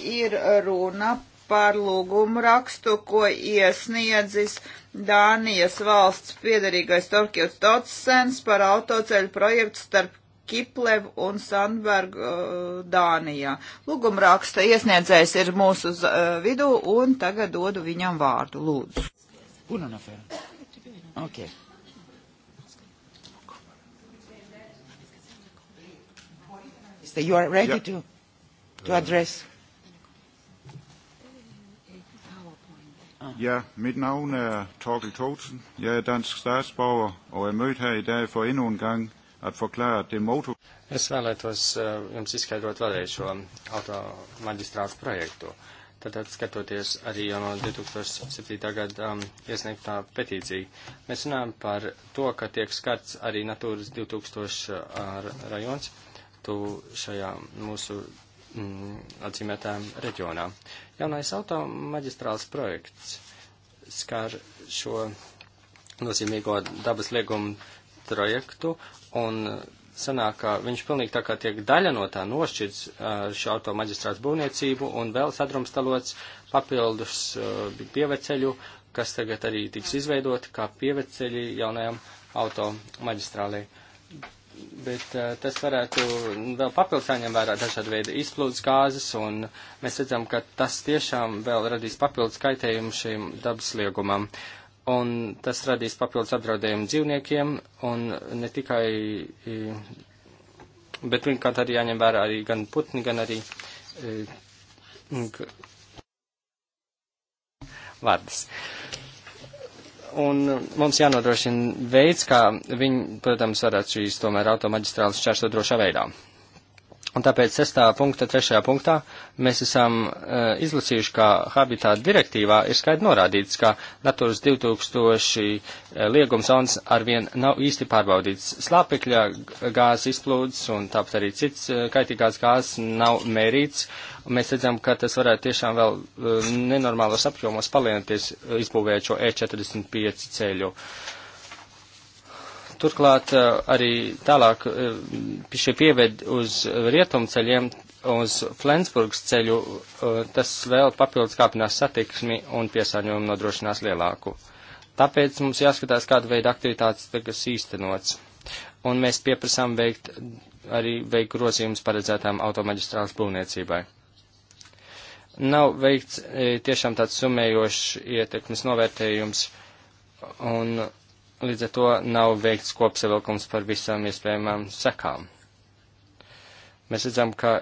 ir runa par lūgumu rakstu, ko iesniedzis Dānijas valsts piedarīgais Torkjot Totsens par autoceļu projektu starp Kiplev un Sandberg uh, Dānijā. Lūguma raksta iesniedzējs ir mūsu uz, uh, vidū un tagad dodu viņam vārdu. Lūdzu. Una no Ok. Minister. You are ready yeah. to, to uh, address? Ja, mit navn er Torkel Thogsen. Jeg er dansk statsborger og er mødt her i dag for endnu en gang at forklare det motor... Es vēlētos uh, jums izskaidrot vēlreiz šo automaģistrāts projektu. Tātad, skatoties arī jau no 2007. gada um, iesniegtā petīcija, mēs runājam par to, ka tiek skarts arī Natūras 2000 uh, rajons. Uh, panāktu šajā mūsu mm, atzīmētājām reģionā. Jaunais automaģistrāls projekts skar šo nozīmīgo dabas liegumu projektu un sanāk, ka viņš pilnīgi tā kā tiek daļa no tā nošķirts šo automaģistrāts būvniecību un vēl sadrumstalots papildus pieveceļu, kas tagad arī tiks izveidoti kā pieveceļi jaunajam automaģistrālei bet uh, tas varētu vēl papildus jāņem vērā dažādi veidi izplūdes gāzes, un mēs redzam, ka tas tiešām vēl radīs papildus kaitējumu šim dabas liegumam. Un tas radīs papildus apdraudējumu dzīvniekiem, un ne tikai, eh, bet pirmkārt arī jāņem vērā arī gan putni, gan arī eh, vardas un mums jānodrošina veids, kā viņi, protams, varētu šīs tomēr automaģistrāles šķērso drošā veidā. Un tāpēc 6. punkta, 3. punktā mēs esam uh, izlasījuši, ka habitāta direktīvā ir skaidri norādīts, ka Natūras 2000 e, liegums zonas arvien nav īsti pārbaudīts. Slāpekļa gāzes izplūdes un tāpat arī cits uh, kaitīgās gāzes nav mērīts. Un mēs redzam, ka tas varētu tiešām vēl uh, nenormālos apjomos palienties, uh, izbūvējot šo E45 ceļu. Uh, Turklāt eh, arī tālāk eh, šie pieved uz rietumceļiem, uz Flensburgas ceļu, eh, tas vēl papildus kāpinās satiksmi un piesārņojumu nodrošinās lielāku. Tāpēc mums jāskatās, kāda veida aktivitātes tikas īstenots. Un mēs pieprasām veikt arī veikt grozījumus paredzētām automaģistrāles būvniecībai. Nav veikts tiešām tāds sumējošs ietekmes novērtējums, un Līdz ar to nav veikts kopsavilkums par visām iespējamām sekām. Mēs redzam, ka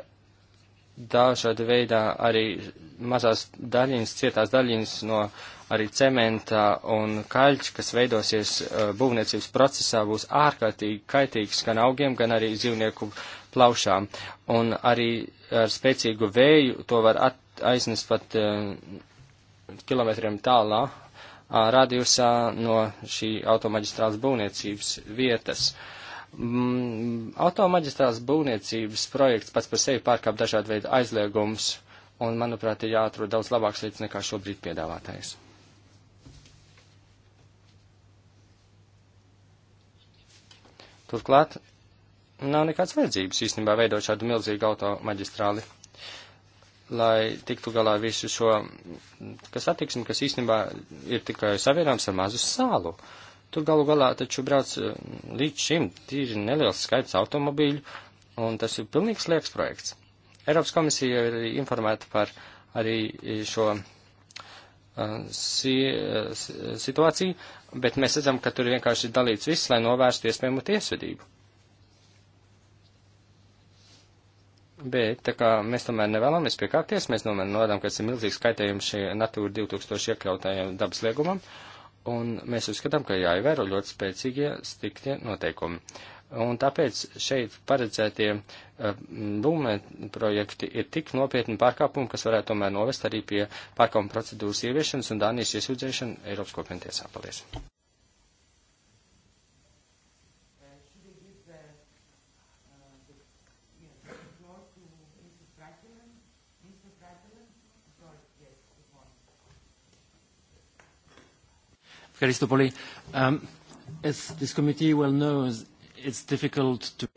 dažāda veidā arī mazās daļiņas, cietās daļiņas no arī cementa un kaļķa, kas veidosies uh, būvniecības procesā, būs ārkārtīgi kaitīgs gan augiem, gan arī dzīvnieku plaušām. Un arī ar spēcīgu vēju to var at, aiznest pat uh, kilometriem tālā radiusā no šī automaģistrāls būvniecības vietas. Mm, automaģistrāls būvniecības projekts pats par sevi pārkāp dažādu veidu aizliegumus, un, manuprāt, ir jāatrod daudz labāks veids nekā šobrīd piedāvātais. Turklāt nav nekāds vajadzības īstenībā veidot šādu milzīgu automaģistrāli lai tiktu galā visu šo, kas attieksmi, kas īstenībā ir tikai savienāms ar mazu sālu. Tur galu galā taču brauc eh, līdz šim tīri neliels skaits automobīļu, un tas ir pilnīgs liekas projekts. Eiropas komisija ir informēta par arī šo eh, eh, si, situāciju, bet mēs redzam, ka tur vienkārši ir dalīts viss, lai novērstu iespējamu tiesvedību. Bet tā kā mēs tomēr nevēlamies piekāpties, mēs tomēr norādām, ka tas ir milzīgs kaitējums šī Natūra 2000 iekļautajam dabas liegumam, un mēs uzskatām, ka jāievēro ļoti spēcīgie stiktie noteikumi. Un tāpēc šeit paredzētie būmē eh, projekti ir tik nopietni pārkāpumi, kas varētu tomēr novest arī pie pārkāpuma procedūras ieviešanas un Dānijas iesūdzēšana Eiropas kopienu tiesā. Paldies! Christopouli. Um, as this committee well knows, it's difficult to...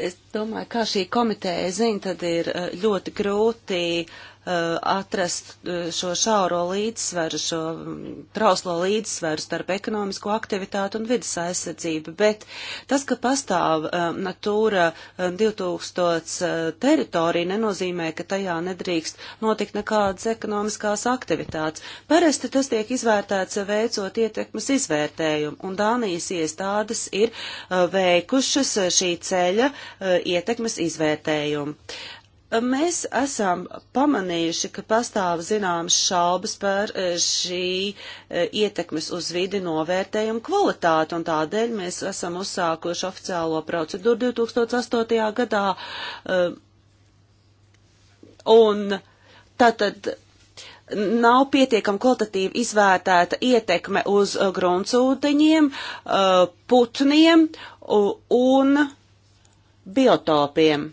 Es domāju, kā šī komiteja zina, tad ir uh, ļoti grūti uh, Uh, atrast uh, šo šauro līdzsveru, šo mm, trauslo līdzsveru starp ekonomisko aktivitātu un vidas aizsardzību, bet tas, ka pastāv uh, Natūra 2000 teritorija, nenozīmē, ka tajā nedrīkst notikt nekādas ekonomiskās aktivitātes. Parasti tas tiek izvērtēts veicot ietekmes izvērtējumu, un Dānijas iestādes ir veikušas šī ceļa ietekmes izvērtējumu mēs esam pamanījuši, ka pastāv zināmas šaubas par e, šī e, ietekmes uz vidi novērtējumu kvalitāti, un tādēļ mēs esam uzsākuši oficiālo procedūru 2008. gadā. E, un tātad nav pietiekami kvalitatīvi izvērtēta ietekme uz gruntsūdeņiem, putniem un biotopiem.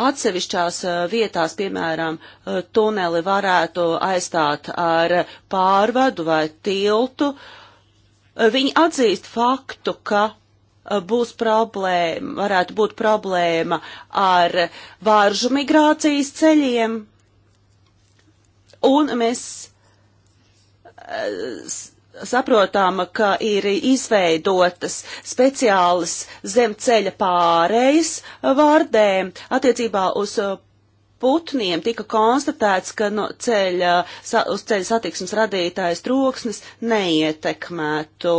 atsevišķās eh, vietās, piemēram, eh, tuneli varētu aizstāt ar pārvadu vai tiltu, eh, viņi atzīst faktu, ka būs problēma, varētu būt problēma ar vāržu migrācijas ceļiem, un mēs saprotama, ka ir izveidotas speciālas zem ceļa pārējas vārdēm attiecībā uz uh, putniem tika konstatēts, ka no ceļa, uz ceļa satiksmes radītājs troksnis neietekmētu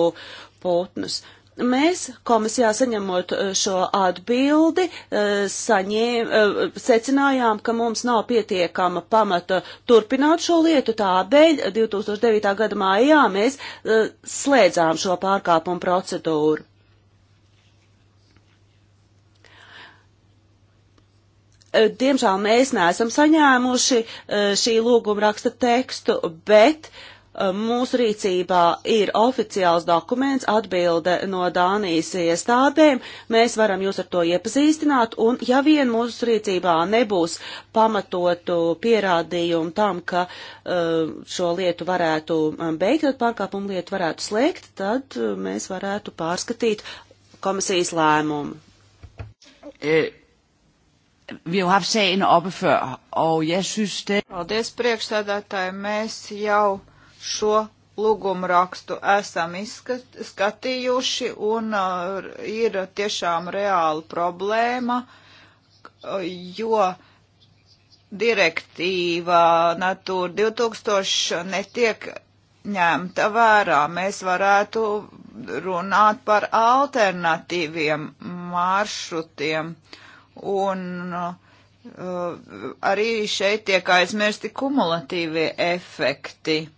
putnus. Uh, Mēs komisijā saņemot eh, šo atbildi, eh, saņēm, eh, secinājām, ka mums nav pietiekama pamata turpināt šo lietu, tādēļ 2009. gada mājā mēs slēdzām šo pārkāpumu procedūru. Diemžēl mēs neesam saņēmuši šī lūguma raksta tekstu, bet uh, Mūsu rīcībā ir oficiāls dokuments, atbilde no Dānijas iestādēm. Mēs varam jūs ar to iepazīstināt, un ja vien mūsu rīcībā nebūs pamatotu pierādījumu tam, ka uh, šo lietu varētu um, beigt, tad pārkāpumu lietu varētu slēgt, tad uh, mēs varētu pārskatīt komisijas lēmumu. E vi jo haft sagen oppe før, og jeg synes det... Paldies priekšsēdētāji, mēs jau šo lūgumu rakstu esam izskatījuši un uh, ir tiešām reāla problēma, jo direktīva Natūra 2000 netiek ņemta vērā. Mēs varētu runāt par alternatīviem maršrutiem un uh, arī šeit tiek aizmirsti kumulatīvie efekti. Uh,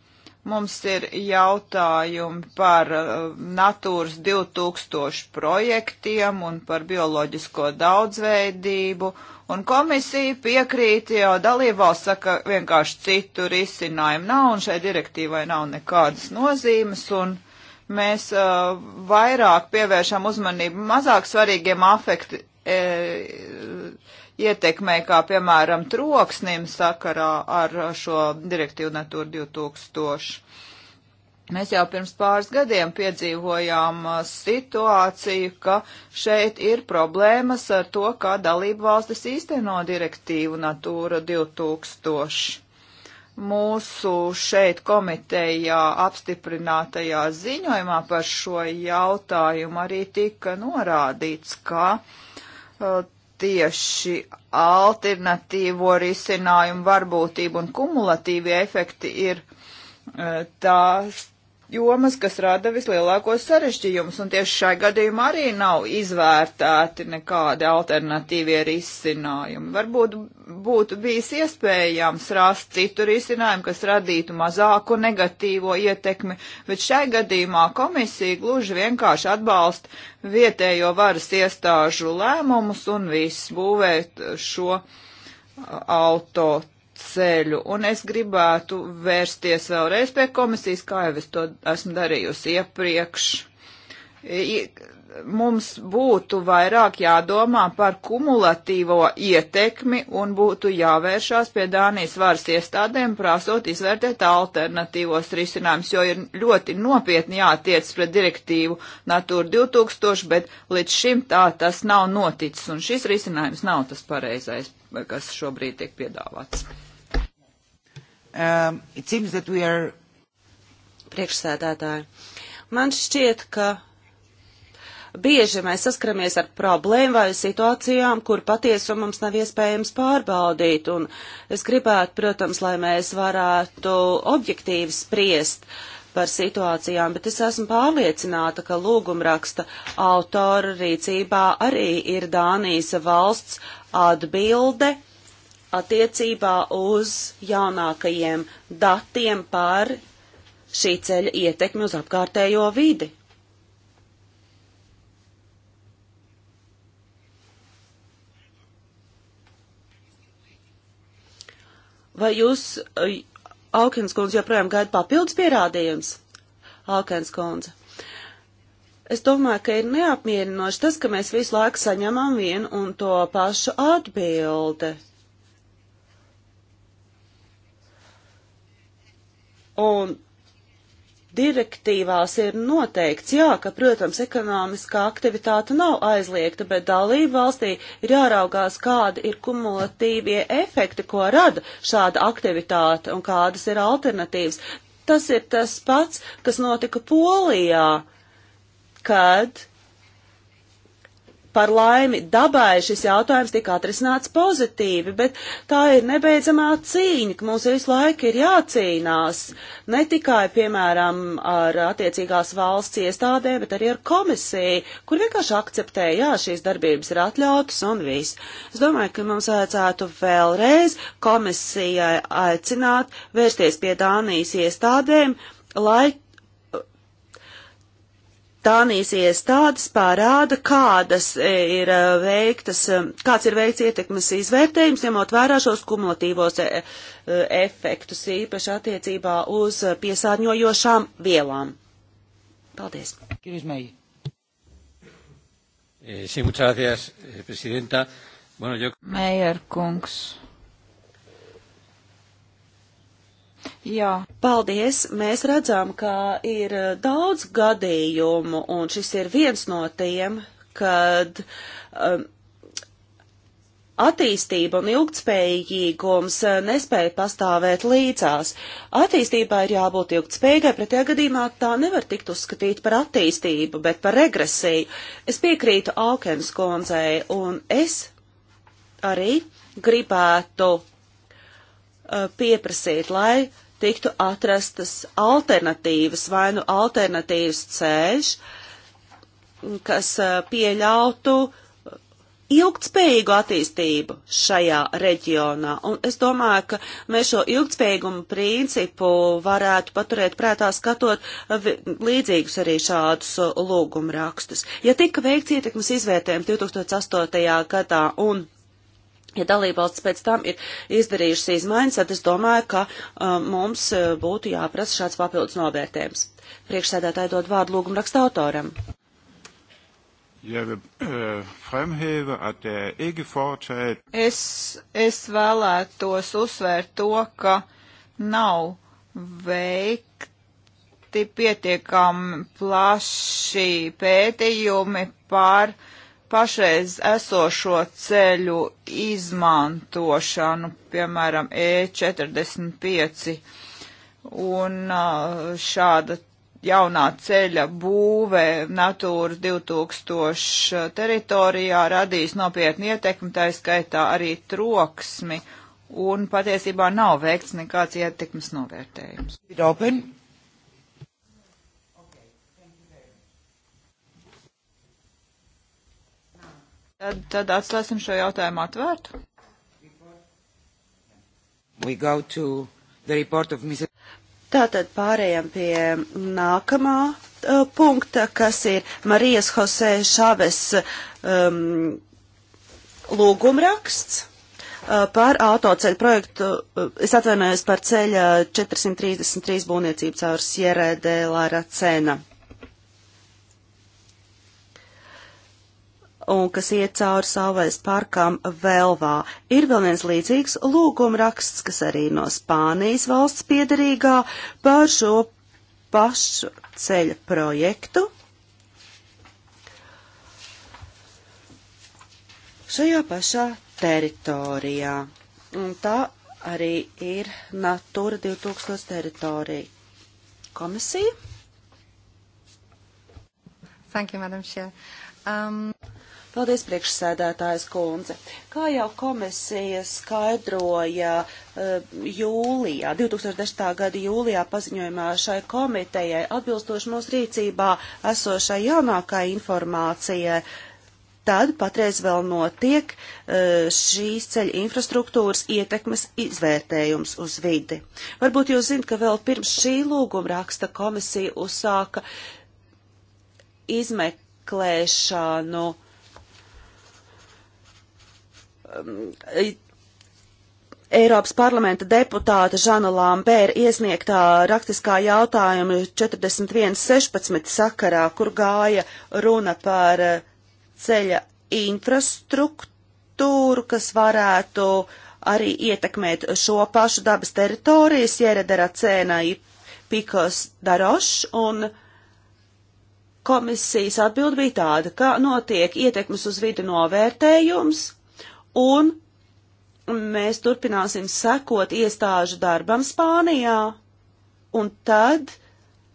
Mums ir jautājumi par uh, Natūras 2000 projektiem un par bioloģisko daudzveidību, un komisija piekrīt, jo dalībvalsts saka, vienkārši citu risinājumu nav, un šai direktīvai nav nekādas nozīmes, un mēs uh, vairāk pievēršam uzmanību mazāk svarīgiem afekti. E, ietekmei, kā piemēram troksnim sakarā ar šo direktīvu Natura 2000. Mēs jau pirms pāris gadiem piedzīvojām uh, situāciju, ka šeit ir problēmas ar to, kā dalību valstis īsteno direktīvu Natūra 2000. Mūsu šeit komitejā apstiprinātajā ziņojumā par šo jautājumu arī tika norādīts, ka uh, tieši alternatīvo risinājumu varbūtību un kumulatīvi efekti ir eh, tās jomas, kas rada vislielākos sarežģījumus, un tieši šai gadījumā arī nav izvērtēti nekādi alternatīvie risinājumi. Varbūt būtu bijis iespējams rast citu risinājumu, kas radītu mazāku negatīvo ietekmi, bet šai gadījumā komisija gluži vienkārši atbalsta vietējo varas iestāžu lēmumus un viss būvēt šo autotransportu ceļu. Un es gribētu vērsties vēlreiz pie komisijas, kā jau es to esmu darījusi iepriekš. Mums būtu vairāk jādomā par kumulatīvo ietekmi un būtu jāvēršās pie Dānijas varas iestādēm, prasot izvērtēt alternatīvos risinājumus, jo ir ļoti nopietni jātiec pret direktīvu Natūra 2000, bet līdz šim tā tas nav noticis un šis risinājums nav tas pareizais kas šobrīd tiek piedāvāts um, it seems that we are. Priekšsēdētāji, man šķiet, ka bieži mēs saskaramies ar problēmu vai situācijām, kur patiesu mums nav iespējams pārbaudīt, un es gribētu, protams, lai mēs varētu objektīvi spriest par situācijām, bet es esmu pārliecināta, ka lūgumraksta autora rīcībā arī ir Dānijas valsts atbilde attiecībā uz jaunākajiem datiem par šī ceļa ietekmi uz apkārtējo vidi. Vai jūs, Alkins kundze, joprojām gaida papildus pierādījums? Alkins kundze. Es domāju, ka ir neapmierinoši tas, ka mēs visu laiku saņemam vienu un to pašu atbildi. Un direktīvās ir noteikts, jā, ka, protams, ekonomiskā aktivitāte nav aizliegta, bet dalību valstī ir jāraugās, kādi ir kumulatīvie efekti, ko rada šāda aktivitāte un kādas ir alternatīvas. Tas ir tas pats, kas notika Polijā, kad Par laimi dabai šis jautājums tika atrisināts pozitīvi, bet tā ir nebeidzamā cīņa, ka mums visu laiku ir jācīnās ne tikai, piemēram, ar attiecīgās valsts iestādēm, bet arī ar komisiju, kur vienkārši akceptē, jā, šīs darbības ir atļautas un viss. Es domāju, ka mums vajadzētu vēlreiz komisijai aicināt vērsties pie Dānijas iestādēm, lai Dānijas iestādes pārāda, kādas e, ir e, veiktas, e, kāds ir veikts ietekmes izvērtējums, ņemot vērā šos kumulatīvos efektus īpaši attiecībā uz piesārņojošām vielām. Paldies. Mējer eh, eh, kungs. Jā. Paldies! Mēs redzam, ka ir eh, daudz gadījumu, un šis ir viens no tiem, kad um, attīstība un ilgtspējīgums eh, nespēja pastāvēt līdzās. Attīstībā ir jābūt ilgtspējīgai, pretējā gadījumā tā nevar tikt uzskatīt par attīstību, bet par regresiju. Es piekrītu Alkens kundzei, un es arī gribētu Uh, pieprasīt, lai tiktu atrastas alternatīvas vai nu alternatīvas ceļš, kas uh, pieļautu ilgtspējīgu attīstību šajā reģionā. Un es domāju, ka mēs šo ilgtspējīgumu principu varētu paturēt prātā skatot uh, līdzīgus arī šādus lūgumrakstus. Ja tika veikts ietekmes izvērtējums 2008. gadā un Ja dalībvalsts pēc tam ir izdarījušas izmaiņas, tad es domāju, ka um, mums uh, būtu jāprasa šāds papildus novērtējums. Priekšsēdētāji dod vārdu lūgumu raksta autoram. Eh, es, es vēlētos uzsvērt to, ka nav veikti pietiekami plaši pētījumi par uh, pašreiz esošo ceļu izmantošanu, piemēram, E45 un šāda jaunā ceļa būve Natūras 2000 teritorijā radīs nopietni ietekmi, tā skaitā arī troksmi, un patiesībā nav veikts nekāds ietekmes novērtējums. Robin. Tad, tad atstāsim šo jautājumu atvērtu. Tātad pārējām pie nākamā uh, punkta, kas ir Marijas Hosē Šaves um, lūgumraksts uh, par autoceļu projektu, uh, es atvainojos par ceļa 433 būvniecību caur Sierēdē Lāracena. un kas iet cauri savais parkam Velvā. Ir vēl viens līdzīgs lūgumraksts, kas arī no Spānijas valsts piedarīgā par šo pašu ceļa projektu. Šajā pašā teritorijā. Un tā arī ir Natura 2000 teritorija. Komisija? Thank you, Madam Chair. Um... Paldies, priekšsēdētājs kundze. Kā jau komisija skaidroja eh, jūlijā, 2010. gada jūlijā paziņojumā šai komitejai, atbilstoši mūsu rīcībā esošai jaunākai informācijai, tad patreiz vēl notiek eh, šīs ceļa infrastruktūras ietekmes izvērtējums uz vidi. Varbūt jūs zinat, ka vēl pirms šī lūguma raksta komisija uzsāka izmeklēšanu Um, Eiropas parlamenta deputāta Žana Lambēra iesniegtā raktiskā jautājuma 41.16 sakarā, kur gāja runa par uh, ceļa infrastruktūru, kas varētu arī ietekmēt šo pašu dabas teritorijas, Jeredera cēnai Pikos Darošs un komisijas atbild bija tāda, ka notiek ietekmes uz vidu novērtējums, un mēs turpināsim sekot iestāžu darbam Spānijā. Un tad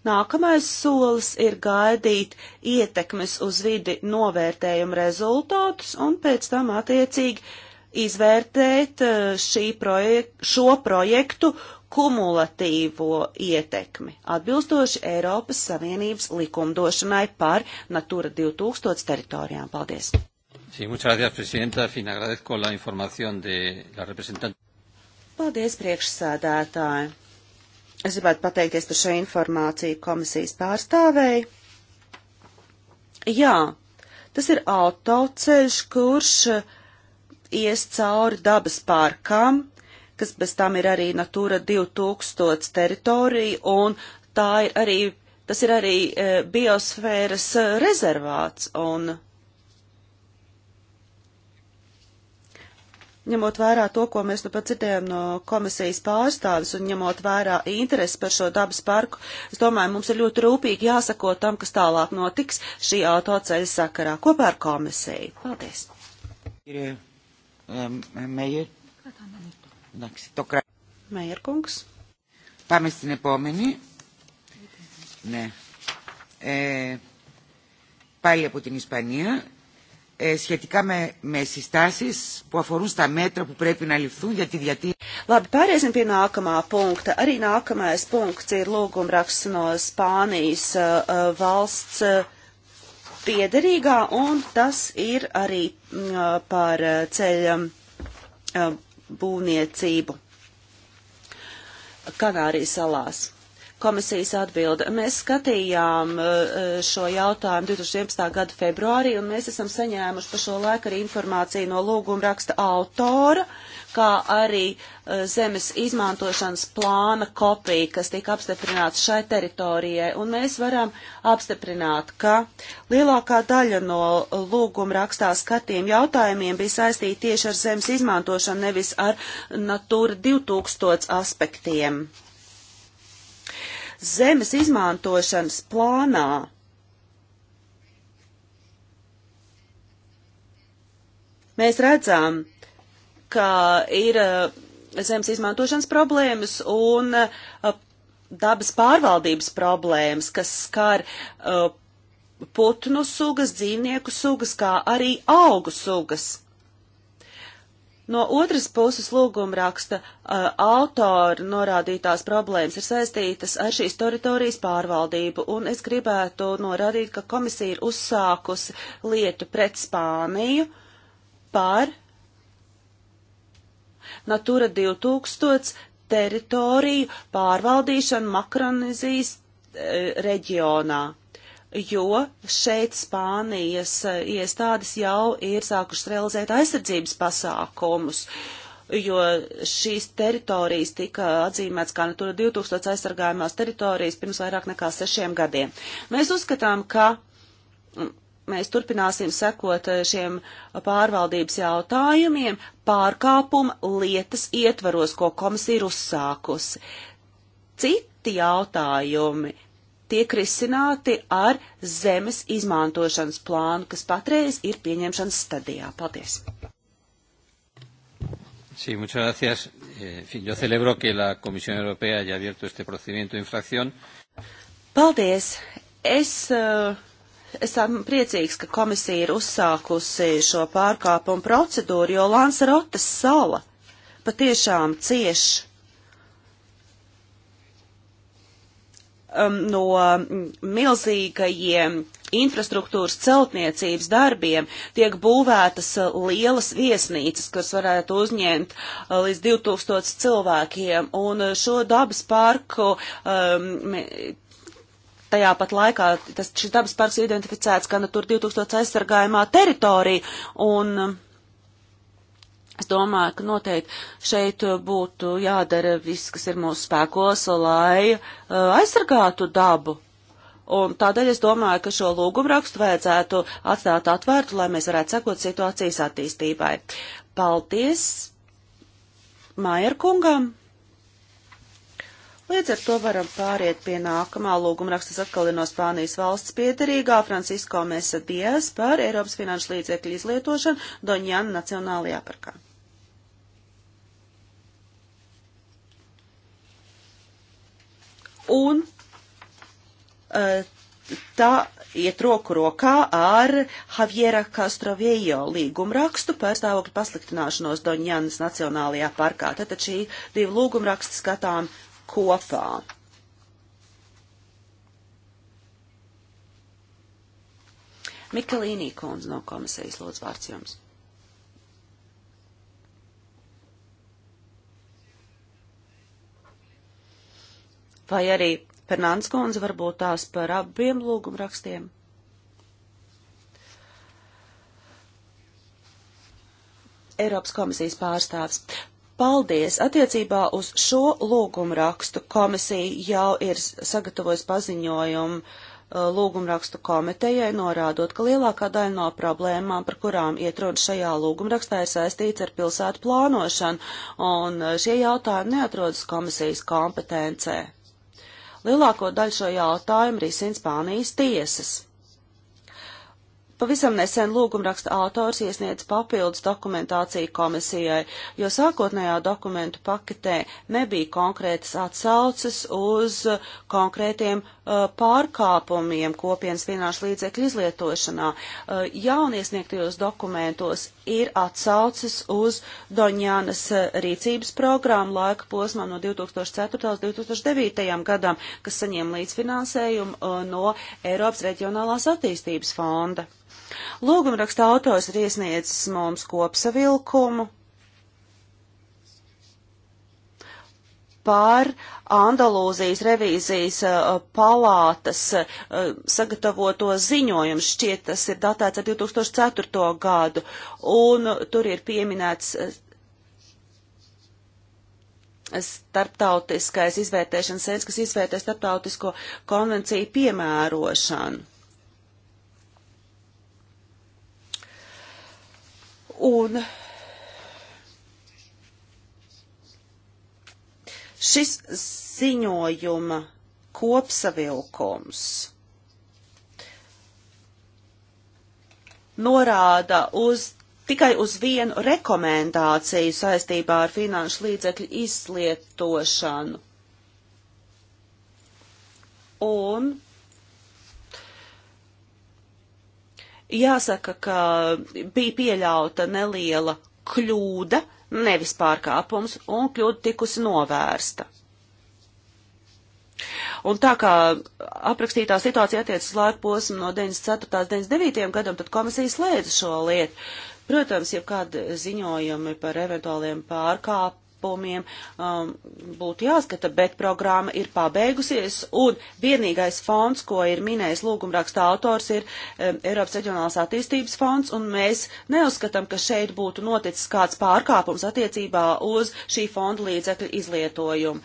nākamais solis ir gaidīt ietekmes uz vidi novērtējumu rezultātus un pēc tam attiecīgi izvērtēt eh, projek šo projektu kumulatīvo ietekmi, atbilstoši Eiropas Savienības likumdošanai par Natura 2000 teritorijām. Paldies! Sí, muchas gracias, presidenta. En fin, agradezco la información de la representante. Paldies, priekšsādātāji. Es gribētu pateikties par šo informāciju komisijas pārstāvēji. Jā, tas ir autoceļš, kurš ies cauri dabas parkam, kas bez tam ir arī Natura 2000 teritorija, un tā ir arī, tas ir arī eh, biosfēras rezervāts, un ņemot vērā to, ko mēs nu pat citējam no komisijas pārstāvis un ņemot vērā interesi par šo dabas parku, es domāju, mums ir ļoti rūpīgi jāsako tam, kas tālāk notiks šī autoceļa sakarā kopā ar komisiju. Paldies! Mējerkungs. Πάμε στην επόμενη. Ναι. Ε, πάλι από την Ισπανία σχετικά με, με συστάσεις που αφορούν στα μέτρα που πρέπει να ληφθούν για τη διατήρηση. Labi, pāriesim pie nākamā punkta. Arī nākamais punkts ir lūgumraksts no Spānijas uh, valsts eh, piederīgā, un tas ir arī uh, par ceļa uh, būvniecību Kanārijas salās komisijas atbilde. Mēs skatījām uh, uh, šo jautājumu 2011. gada februārī, un mēs esam saņēmuši pa šo laiku arī informāciju no lūguma raksta autora, kā arī uh, zemes izmantošanas plāna kopija, kas tika apstiprināta šai teritorijai. Un mēs varam apstiprināt, ka lielākā daļa no lūguma rakstā skatiem jautājumiem bija saistīti tieši ar zemes izmantošanu, nevis ar Natura 2000 aspektiem zemes izmantošanas plānā. Mēs redzam, ka ir uh, zemes izmantošanas problēmas un uh, dabas pārvaldības problēmas, kas skar uh, putnu sugas, dzīvnieku sugas, kā arī augu sugas. No otras puses lūgumraksta uh, autora norādītās problēmas ir saistītas ar šīs teritorijas pārvaldību, un es gribētu norādīt, ka komisija ir uzsākusi lietu pret Spāniju par Natura 2000 teritoriju pārvaldīšanu Makronizijas uh, reģionā jo šeit Spānijas eh, iestādes jau ir sākušas realizēt aizsardzības pasākumus, jo šīs teritorijas tika atzīmēts kā Natura 2000 aizsargājumās teritorijas pirms vairāk nekā sešiem gadiem. Mēs uzskatām, ka mēs turpināsim sekot eh, šiem pārvaldības jautājumiem pārkāpuma lietas ietvaros, ko komisija ir uzsākusi. Citi jautājumi, tiek risināti ar zemes izmantošanas plānu, kas patreiz ir pieņemšanas stadijā. Paldies! Sí, muchas gracias. Eh, en fin, yo celebro que la Comisión Europea haya abierto este procedimiento de infracción. Paldies! Es uh, esam priecīgs, ka komisija ir uzsākusi šo pārkāpumu procedūru, jo Lansarotas sala patiešām cieš um, no milzīgajiem infrastruktūras celtniecības darbiem tiek būvētas uh, lielas viesnīcas, kas varētu uzņemt uh, līdz 2000 cilvēkiem, un uh, šo dabas parku um, tajā pat laikā tas, šis dabas parks ir identificēts kā Natura 2000 aizsargājumā teritorija, un um, Es domāju, ka noteikti šeit uh, būtu jādara viss, kas ir mūsu spēkos, lai uh, aizsargātu dabu. Un tādēļ es domāju, ka šo lūgumrakstu vajadzētu atstāt atvērtu, lai mēs varētu sekot situācijas attīstībai. Paldies Mājerkungam! Līdz ar to varam pāriet pie nākamā lūgumrakstas atkal ir no Spānijas valsts piedarīgā Francisko Mesa Dias par Eiropas finanšu līdzekļu izlietošanu Doņjana Nacionālajā parkā. un eh, tā iet roku rokā ar Javiera Kastroviejo līgumrakstu par stāvokļu pasliktināšanos Doņjanas Nacionālajā parkā. Tātad šī divi lūgumraksti skatām kopā. Mikelīnī kundze no komisijas lūdzu vārds jums. vai arī Fernāns Konze varbūt tās par abiem lūgumrakstiem. Eiropas komisijas pārstāvs. Paldies! Attiecībā uz šo lūgumrakstu komisija jau ir sagatavojusi paziņojumu uh, lūgumrakstu komitejai, norādot, ka lielākā daļa no problēmām, par kurām iet runa šajā lūgumrakstā, ir saistīts ar pilsētu plānošanu, un uh, šie jautājumi neatrodas komisijas kompetencē. Lielāko daļu šo jautājumu risina Spānijas tiesas. Pavisam nesen lūgumraksta autors iesniedz papildus dokumentāciju komisijai, jo sākotnējā dokumentu paketē nebija konkrētas atsauces uz konkrētiem uh, pārkāpumiem kopienas finanšu līdzekļu izlietošanā. Uh, jauniesniegtajos dokumentos ir atsaucas uz Doņānas eh, rīcības programmu laika posmā no 2004. līdz 2009. gadam, kas saņēma līdzfinansējumu eh, no Eiropas reģionālās attīstības fonda. Lūgumraksta autors ir iesniedzis mums kopsavilkumu par Andalūzijas revīzijas uh, palātas uh, sagatavoto ziņojumu. Šķiet, tas ir datēts ar 2004. gadu, un uh, tur ir pieminēts starptautiskais izvērtēšanas sens, kas izvērtē starptautisko konvenciju piemērošanu. Un uh, Šis ziņojuma kopsavilkums norāda uz tikai uz vienu rekomendāciju saistībā ar finanšu līdzekļu izlietošanu. Un jāsaka, ka bija pieļauta neliela kļūda nevis pārkāpums, un kļūda tikusi novērsta. Un tā kā aprakstītā situācija attiecas laika posmu no 94. līdz 99. gadam, tad komisija slēdza šo lietu. Protams, ja kāda ziņojumi par eventuāliem pārkāpumiem, pārkāpumiem um, būtu jāskata, bet programma ir pabeigusies, un vienīgais fonds, ko ir minējis lūgumraksta autors, ir um, Eiropas reģionālās attīstības fonds, un mēs neuzskatām, ka šeit būtu noticis kāds pārkāpums attiecībā uz šī fonda līdzekļu izlietojumu.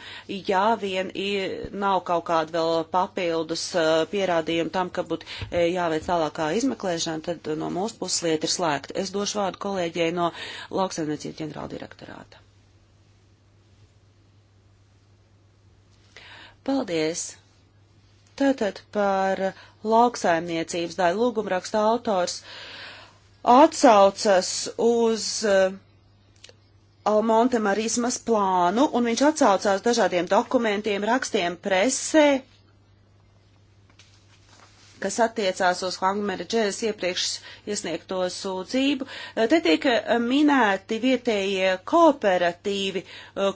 Jā, vien ir, nav kaut kāda vēl papildus uh, pierādījuma tam, ka būtu uh, jāveic tālākā izmeklēšana, tad no mūsu puses lieta ir slēgta. Es došu vārdu kolēģiem kolēģei no lauksaimniecības ģenerāldirektorāta. Paldies! Tātad par lauksaimniecības daļu lūgumraksta autors atsaucas uz eh, Almonte Marismas plānu, un viņš atsaucās dažādiem dokumentiem, rakstiem presē, kas attiecās uz Langmera džēzes iepriekš iesniegto sūdzību. Eh, te tiek eh, minēti vietējie kooperatīvi, eh,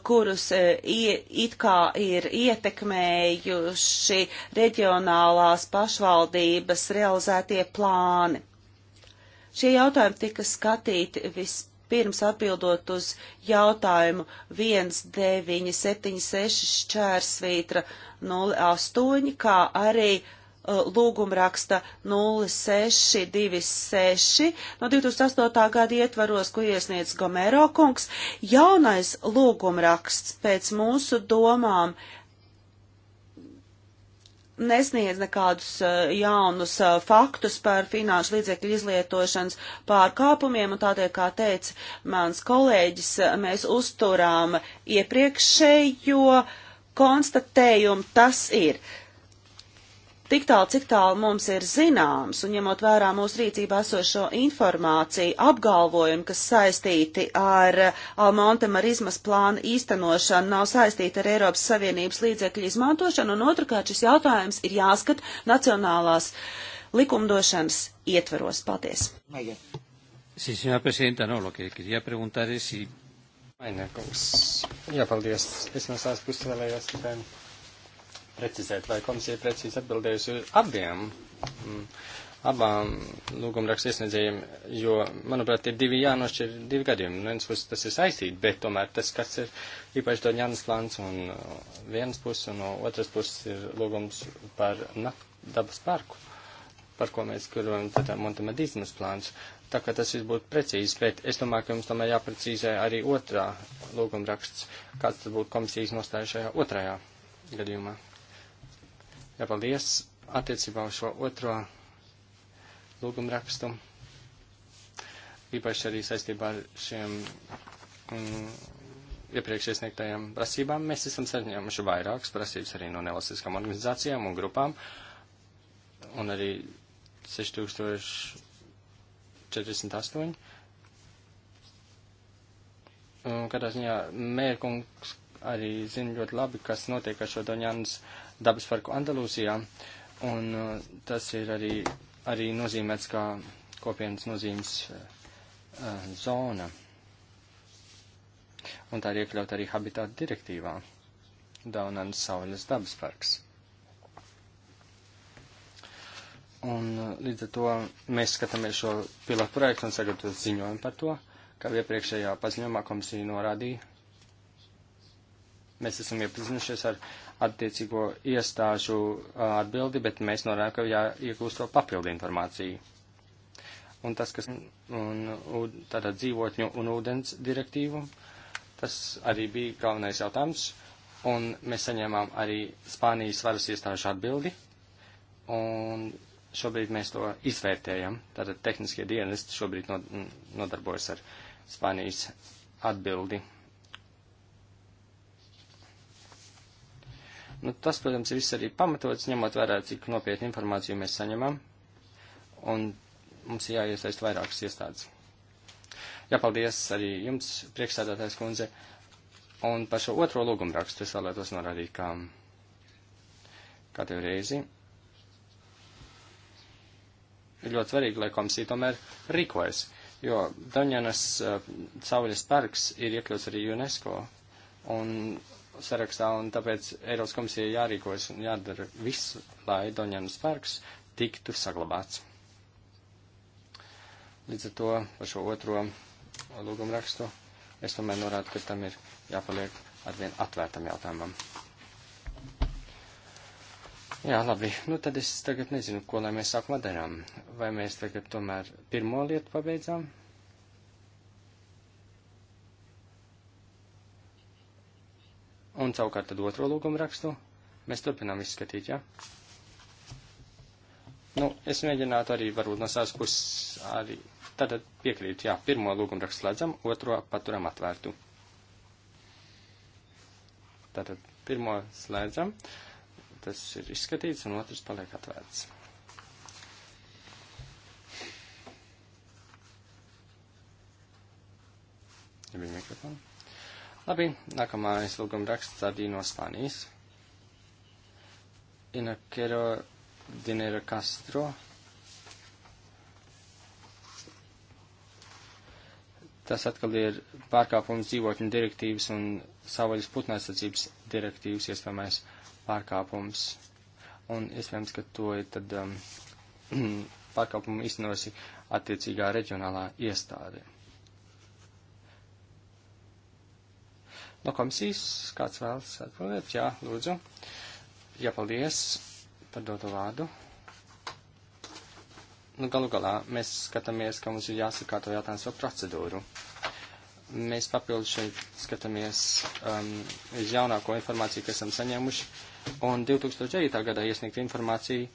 kurus it kā ir ietekmējuši reģionālās pašvaldības realizētie plāni. Šie jautājumi tika skatīti vispār pirms atbildot uz jautājumu 1976 čērsvītra 08, kā arī Uh, lūgumraksta 0626 no 2008. gada ietvaros, ko iesniedz Gomero kungs. Jaunais lūgumraksts pēc mūsu domām nesniedz nekādus uh, jaunus uh, faktus par finanšu līdzekļu izlietošanas pārkāpumiem, un tādēļ, kā teica mans kolēģis, mēs uzturām iepriekšējo konstatējumu. Tas ir uh, Tik tālu, cik tālu mums ir zināms, un ņemot vērā mūsu rīcībā esošo informāciju, apgalvojumi, kas saistīti ar Almonte Marismas plānu īstenošanu, nav saistīti ar Eiropas Savienības līdzekļu izmantošanu, un otrkārt šis jautājums ir jāskat nacionālās likumdošanas ietveros. Paldies! Sí, señora presidenta, no, lo que quería preguntar es si... Ainekums. Jā, paldies. Es no savas puses vēlējos tikai. Ka precizēt, vai komisija precīzi atbildējusi abiem, mm, abām lūgumrakstu iesniedzējiem, jo, manuprāt, ir divi jānošķir divi gadījumi. No vienas puses tas ir saistīti, bet tomēr tas, kas ir īpaši to Jānis Lāns un uh, vienas puses, un no otras puses ir lūgums par na, dabas parku, par ko mēs kurvam tātā uh, montamedizmas plāns. Tā kā tas viss būtu precīzi, bet es domāju, ka mums tomēr jāprecīzē arī otrā lūgumraksts, kāds tad būtu komisijas nostāja šajā otrajā gadījumā. Jā, paldies attiecībā uz šo otro lūgumrakstu. Īpaši arī saistībā ar šiem mm, iepriekš iesniegtajām prasībām mēs esam saņēmuši vairākas prasības arī no nevalstiskām organizācijām un grupām. Un arī 6048. Katrā ziņā mērkungs arī zina ļoti labi, kas notiek ar šo Doņānas. Uh, dabas parku Andalūzijā, un uh, tas ir arī, arī nozīmēts kā kopienas nozīmes uh, uh zona. Un tā ir iekļaut arī habitāta direktīvā Daunanas saules dabas parks. Un uh, līdz ar to mēs skatāmies šo pilotu projektu un sagatavot ziņojumu par to, kā iepriekšējā paziņojumā komisija norādīja. Mēs esam iepazinušies ar attiecīgo iestāžu uh, atbildi, bet mēs norādām, ka jāiegūst vēl papildu informāciju. Un tas, kas un, un, tādā dzīvotņu un ūdens direktīvu, tas arī bija galvenais jautājums. Un mēs saņēmām arī Spānijas varas iestāžu atbildi. Un šobrīd mēs to izvērtējam. Tātad tehniskie dienesti šobrīd nodarbojas ar Spānijas atbildi. Nu, tas, protams, viss arī pamatots, ņemot vērā, cik nopietni informāciju mēs saņemam, un mums ir jāiesaist vairākas iestādes. Jāpaldies arī jums, priekšsēdētājs kundze, un par šo otro lūgumu rakstu es vēlētos norādīt, kā, kā tev reizi. Ir ļoti svarīgi, lai komisija tomēr rīkojas, jo Daņanas uh, Saules parks ir iekļauts arī UNESCO, un sarakstā, un tāpēc Eiropas komisija jārīkojas un jādara viss, lai Doņanas parks tiktu saglabāts. Līdz ar to par šo otro lūgumu rakstu es tomēr norādu, ka tam ir jāpaliek arvien atvērtam jautājumam. Jā, labi. Nu, tad es tagad nezinu, ko lai mēs sākumā darām. Vai mēs tagad tomēr pirmo lietu pabeidzām? Un savukārt tad otro lūgumu rakstu mēs turpinām izskatīt, jā? Ja? Nu, es mēģinātu arī varbūt no savas puses arī tātad piekrīt, jā, pirmo lūgumu rakstu slēdzam, otro paturam atvērtu. Tātad pirmo slēdzam, tas ir izskatīts, un otrs paliek atvērts. Ja bija mikrofons. Labi, nākamais lūguma raksts arī no Spānijas. Inakero Dinero Castro. Tas atkal ir pārkāpums dzīvotņu direktīvas un savaļas putnēsacības direktīvas iespējamais pārkāpums. Un iespējams, ka to ir tad um, [CLEARS THROAT] pārkāpumu iznosi attiecīgā reģionālā iestāde. No komisijas kāds vēlas atbildēt? Jā, lūdzu. Jā, paldies par doto vārdu. Nu, galu galā mēs skatāmies, ka mums ir jāsaka to jautājums par procedūru. Mēs papildus šeit skatāmies um, uz jaunāko informāciju, kas esam saņēmuši, un 2009. gadā iesniegt informāciju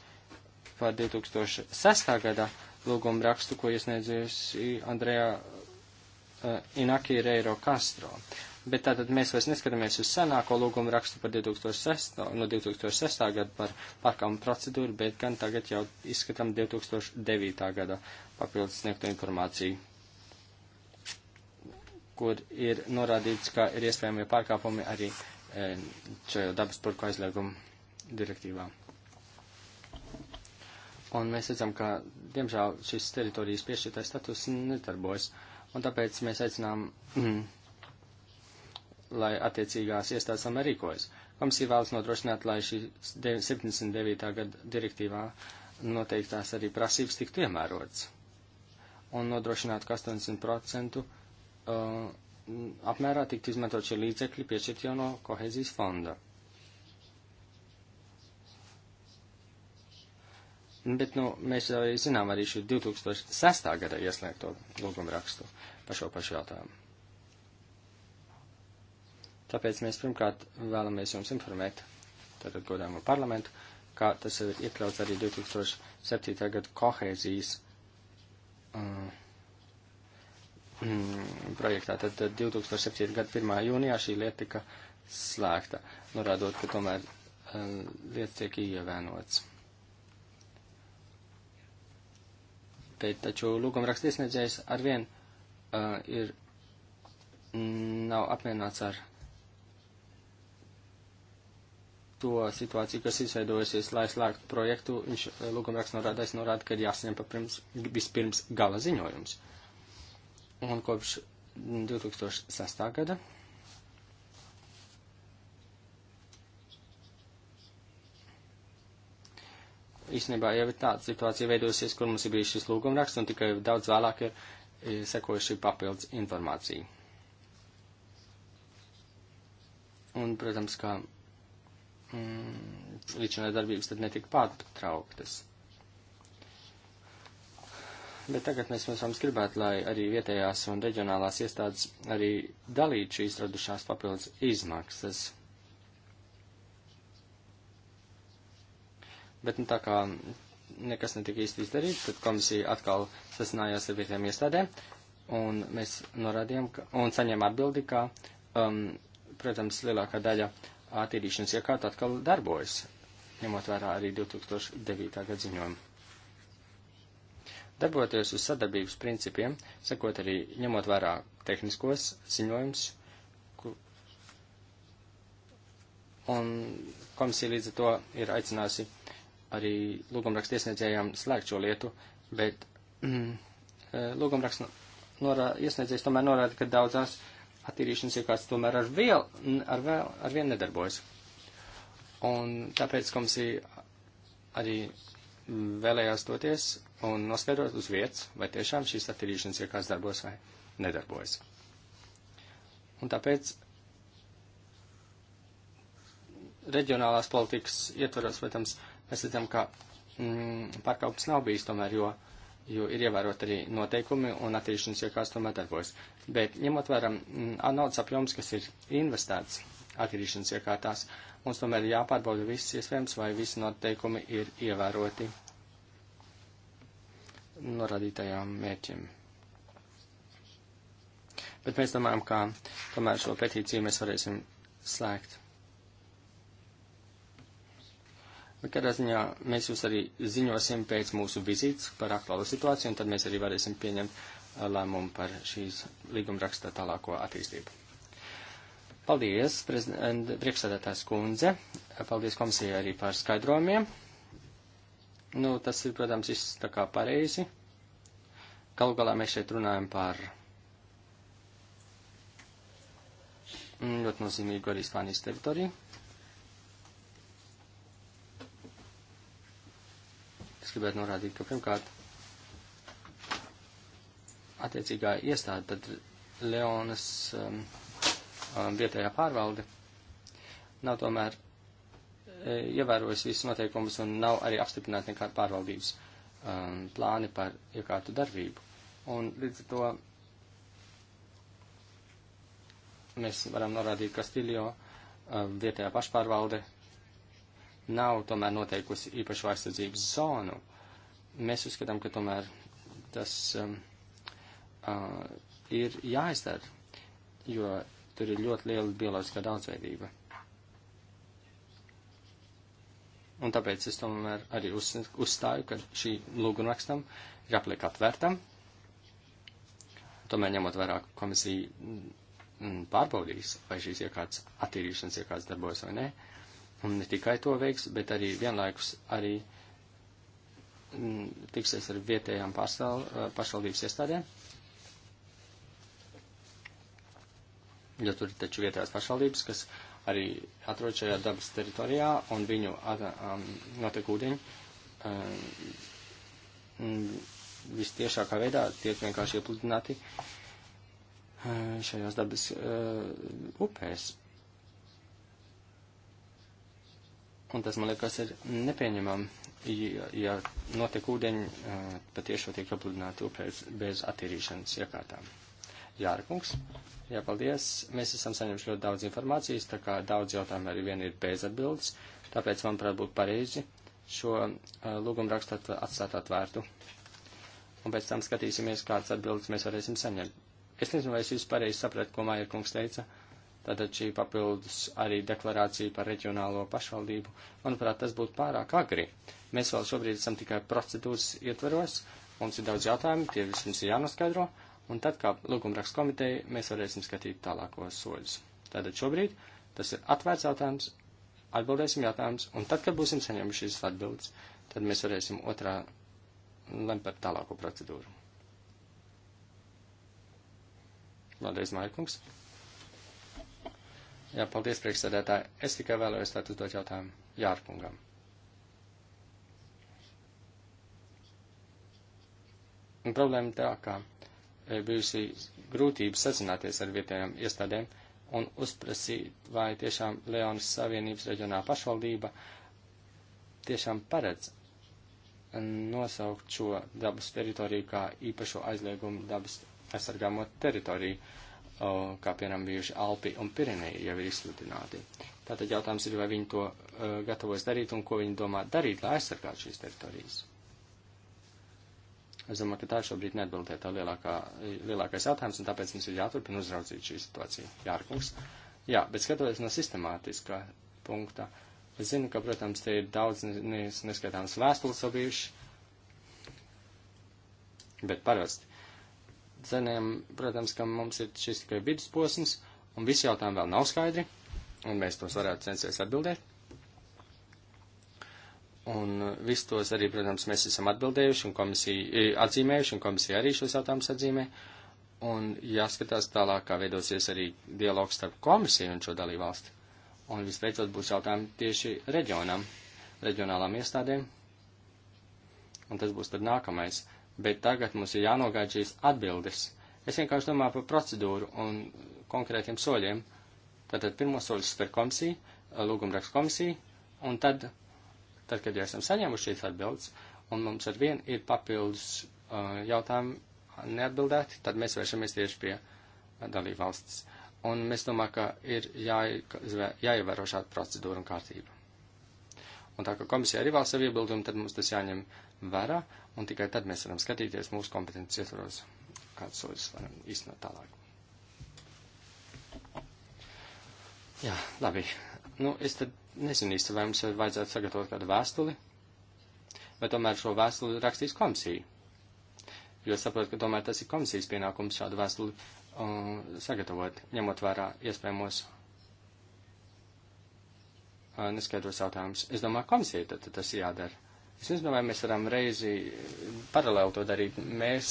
par 2006. gada lūgumu rakstu, ko iesniedzējusi Andrejā uh, Inaki Reiro Castro bet tātad mēs vairs neskatāmies uz senāko lūgumu rakstu par 2006, no 2006. gada par pārkāpumu procedūru, bet gan tagad jau izskatām 2009. gada papildus sniegto informāciju, kur ir norādīts, ka ir iespējami pārkāpumi arī e, šajā dabas parku aizliegumu direktīvā. Un mēs redzam, ka, diemžēl, šis teritorijas piešķirtais status nedarbojas, un tāpēc mēs aicinām [CLEARS THROAT] lai attiecīgās iestādes tam rīkojas. Komisija vēlas nodrošināt, lai šī 79. gada direktīvā noteiktās arī prasības tiktu ievērotas un nodrošināt, ka 80% uh, apmērā tiktu izmantot šie līdzekļi piešķirt jau no kohezijas fonda. Bet, nu, mēs jau zinām arī šī 2006. gada ieslēgto lūgumu rakstu par šo pašu jautājumu. Tāpēc mēs pirmkārt vēlamies jums informēt, tātad godājumu parlamentu, kā tas ir iekļauts arī 2007. gada kohēzijas um, projektā. Tad 2007. gada 1. jūnijā šī lieta tika slēgta, norādot, ka tomēr um, lietas tiek ievēnotas. Bet taču lūgumraksta iesniedzējs arvien uh, ir mm, nav apmierināts ar to situāciju, kas izveidojusies, lai slēgtu projektu, viņš eh, lūgumraksts norādais norāda, ka ir jāsaņem papirms, vispirms gala ziņojums. Un kopš 2006. gada īstenībā jau ir tāda situācija veidojusies, kur mums ir bijis šis lūgumraksts, un tikai daudz vēlāk ir sekojuši papildus informācija. Un, protams, kā mm, līdzinājās darbības tad netika pārtrauktas. Bet tagad mēs, protams, gribētu, lai arī vietējās un reģionālās iestādes arī dalītu šīs radušās papildus izmaksas. Bet, nu, tā kā nekas netika īsti izdarīts, tad komisija atkal sasinājās ar vietējām iestādēm, un mēs norādījām, ka, un saņēma atbildi, ka, um, protams, lielākā daļa uh, attīrīšanas iekārta atkal darbojas, ņemot vērā arī 2009. gada ziņojumu. Darboties uz sadarbības principiem, sekot arī ņemot vērā tehniskos ziņojumus, un komisija līdz ar to ir aicinājusi arī lūgumrakstu iesniedzējām slēgt šo lietu, bet mm, eh, lūgumrakstu norā, iesniedzējs tomēr norāda, ka daudzās uh, attīrīšanas iekārtas tomēr ar, viel, ar, vēl, ar vien nedarbojas. Un tāpēc komisija arī vēlējās doties un noskaidrot uz vietas, vai tiešām šīs attīrīšanas iekārtas darbojas vai nedarbojas. Un tāpēc reģionālās politikas ietvaros, protams, mēs redzam, ka mm, pārkāpums nav bijis tomēr, jo uh, jo ir ievērot arī noteikumi un attīstības iekārtas tomēr darbojas. Bet ņemot vērā mm, naudas apjoms, kas ir investēts attīstības iekārtās, mums tomēr ir jāpārbauda viss iespējams, vai visi noteikumi ir ievēroti norādītajām mērķiem. Bet mēs domājam, ka tomēr šo petīciju mēs varēsim slēgt. Bet nu, kādā ziņā mēs jūs arī ziņosim pēc mūsu vizītes par aktuālo situāciju, un tad mēs arī varēsim pieņemt uh, lēmumu par šīs līguma raksta tālāko attīstību. Paldies, priekšsēdētājs kundze. Paldies komisijai arī par skaidrojumiem. Nu, tas ir, protams, viss tā kā pareizi. Galu galā mēs šeit runājam par mm, ļoti nozīmīgu arī Spānijas teritoriju. es gribētu norādīt, ka pirmkārt attiecīgā iestāde, tad Leonas um, um, vietējā pārvalde, nav tomēr e, ievērojusi visus noteikumus un nav arī apstiprināti nekādi pārvaldības um, plāni par iekārtu darbību. Un līdz ar to mēs varam norādīt, ka Stiljo um, vietējā pašpārvalde nav tomēr noteikusi īpašu aizsardzības zonu. Mēs uzskatām, ka tomēr tas um, uh, ir jāizdara, jo tur ir ļoti liela bioloģiskā daudzveidība. Un tāpēc es tomēr arī uz, uzstāju, ka šī lūgunrakstam ir jāpliek atvērtam. Tomēr ņemot vērā komisiju mm, pārbaudīs, vai šīs iekārtas attīrīšanas iekārtas darbojas vai nē. Uh, Un ne tikai to veiks, bet arī vienlaikus arī mm, tiksies ar vietējām pārstāv, eh, pašvaldības iestādēm. Jo tur taču vietējās pašvaldības, kas arī atrod šajā dabas teritorijā un viņu um, notiek ūdeņi. Um, Vistiešākā veidā tiek vienkārši iepludināti uh, šajās dabas uh, upēs. Un tas, man liekas, ir nepieņemami, ja, ja notiek ūdeņi, patiešām tiek apludināti upēs bez attīrīšanas iekārtām. Jārkungs, jā, paldies. Mēs esam saņemši ļoti daudz informācijas, tā kā daudz jautājumu arī vien ir bez atbildes, tāpēc, manuprāt, būtu pareizi šo lūgumu rakstu atstāt atvērtu. Un pēc tam skatīsimies, kādas atbildes mēs varēsim saņemt. Es nezinu, vai es jūs pareizi sapratu, ko Māja kungs teica. Uh, Tātad šī papildus arī deklarācija par reģionālo pašvaldību, manuprāt, tas būtu pārāk agri. Mēs vēl šobrīd esam tikai procedūras ietveros, mums ir daudz jautājumu, tie visi mums ir jānoskaidro, un tad, kā lūgumraksts komiteja, mēs varēsim skatīt tālākos soļus. Tātad šobrīd tas ir atvērts jautājums, atbildēsim jautājumus, un tad, kad būsim saņēmuši šīs atbildes, tad mēs varēsim otrā lemt par tālāko procedūru. Vēlreiz, Maikungs. Jā, paldies, priekšsēdētāji. Es tikai vēlējos tātad dot jautājumu Jārkungam. Un problēma tā, ka ir e, bijusi grūtības sazināties ar vietējām iestādēm un uzprasīt, vai tiešām Leonas Savienības reģionā pašvaldība tiešām paredz nosaukt šo dabas teritoriju kā īpašo aizliegumu dabas aizsargāmo teritoriju. Uh, kā piemēram bijuši Alpi un Pirenei jau ir izsludināti. Tātad jautājums ir, vai viņi to uh, e, gatavojas darīt un ko viņi domā darīt, lai aizsargātu šīs teritorijas. Es domāju, ka tā šobrīd neatbildē tā lielākā, lielākais jautājums, un tāpēc mums ir jāturpina uzraudzīt šī situācija. Jārkungs. Jā, bet skatoties no sistemātiskā punkta, es zinu, ka, protams, te ir daudz nes neskaitāmas vēstules jau bijuši, bet parasti ceniem, protams, ka mums ir šis tikai vidusposms, un visi jautājumi vēl nav skaidri, un mēs tos varētu censties atbildēt. Un visus tos arī, protams, mēs esam atbildējuši un komisija eh, atzīmējuši, un komisija arī šos jautājumus atzīmē. Un jāskatās tālāk, kā veidosies arī dialogs starp komisiju un šo dalībvalsti. Un visbeidzot būs jautājumi tieši reģionam, reģionālām iestādēm. Un tas būs tad nākamais bet tagad mums ir jānogaida šīs atbildes. Es vienkārši domāju par procedūru un konkrētiem soļiem. Tātad pirmo soļu spēr komisija, lūgumrakstu komisija, un tad, tad, kad jau esam saņēmuši šīs atbildes, un mums ar vienu ir papildus uh, jautājumi neatbildēti, tad mēs vēršamies tieši pie uh, dalību valsts. Un mēs domājam, ka ir jā, jāievēro šāda procedūra un kārtība. Un tā kā komisija arī vēl savu iebildumu, tad mums tas jāņem vērā, un tikai tad mēs varam skatīties mūsu kompetences ietvaros, kāds soļus varam īstenot tālāk. Jā, labi. Nu, es tad nezinu īsti, vai mums vajadzētu sagatavot kādu vēstuli, vai tomēr šo vēstuli rakstīs komisija. Jo saprotu, ka tomēr tas ir komisijas pienākums šādu vēstuli uh, sagatavot, ņemot vērā iespējamos uh, neskaidros jautājumus. Es domāju, komisija tad, tad tas jādara. Es domāju, mēs varam reizi eh, paralēli to darīt. Mēs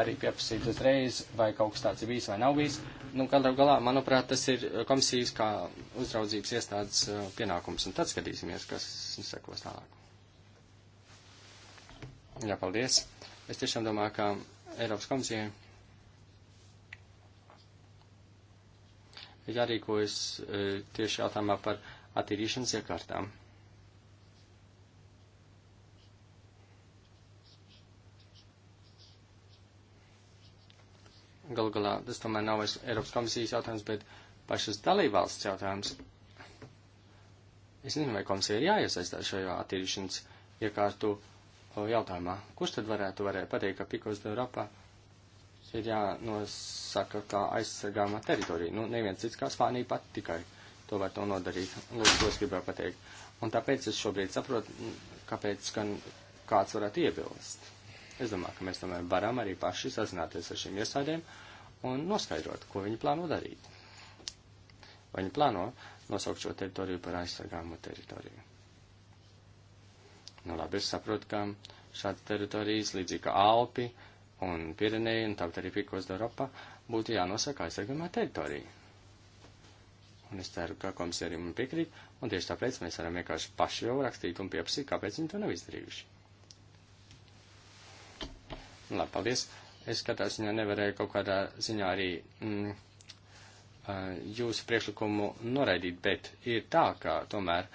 arī pieprasīt uzreiz, vai kaut kas tāds ir bijis vai nav bijis. Nu, kādā galā, manuprāt, tas ir eh, komisijas kā uzraudzības iestādes eh, pienākums, un tad skatīsimies, kas sekos tālāk. Jā, paldies. Es tiešām domāju, ka Eiropas komisijai ir jārīkojas tieši jautājumā par attīrīšanas iekārtām. Ja Gal galā tas tomēr nav vairs Eiropas komisijas jautājums, bet pašas dalībvalsts jautājums. Es nezinu, vai komisija ir jāiesaistās šajā attīrīšanas iekārtu jautājumā. Kurš tad varētu varēja pateikt, ka Pikos de Europa ir jānosaka kā aizsargāmā teritorija? Nu, neviens cits kā Spānija pat tikai to var to nodarīt. Lūdzu, to es gribēju pateikt. Un tāpēc es šobrīd saprotu, kāpēc gan kāds varētu iebilst. Es domāju, ka mēs tomēr varam arī paši sazināties ar šīm iestādēm un noskaidrot, ko viņi plāno darīt. Vai viņi plāno nosaukt šo teritoriju par aizsargāmu teritoriju. Nu, labi, es saprotu, ka šādas teritorijas, līdzīgi kā Alpi un Pirenei un tāpat arī Pikos d'Europa, būtu jānosaka aizsargāmā teritorija. Un es ceru, ka komisija arī man piekrīt, un tieši tāpēc mēs varam vienkārši paši jau rakstīt un pieprasīt, kāpēc viņi to nav izdarījuši. Labi, paldies. Es katrā ziņā nevarēju kaut kādā ziņā arī mm, jūsu priekšlikumu noraidīt, bet ir tā, ka tomēr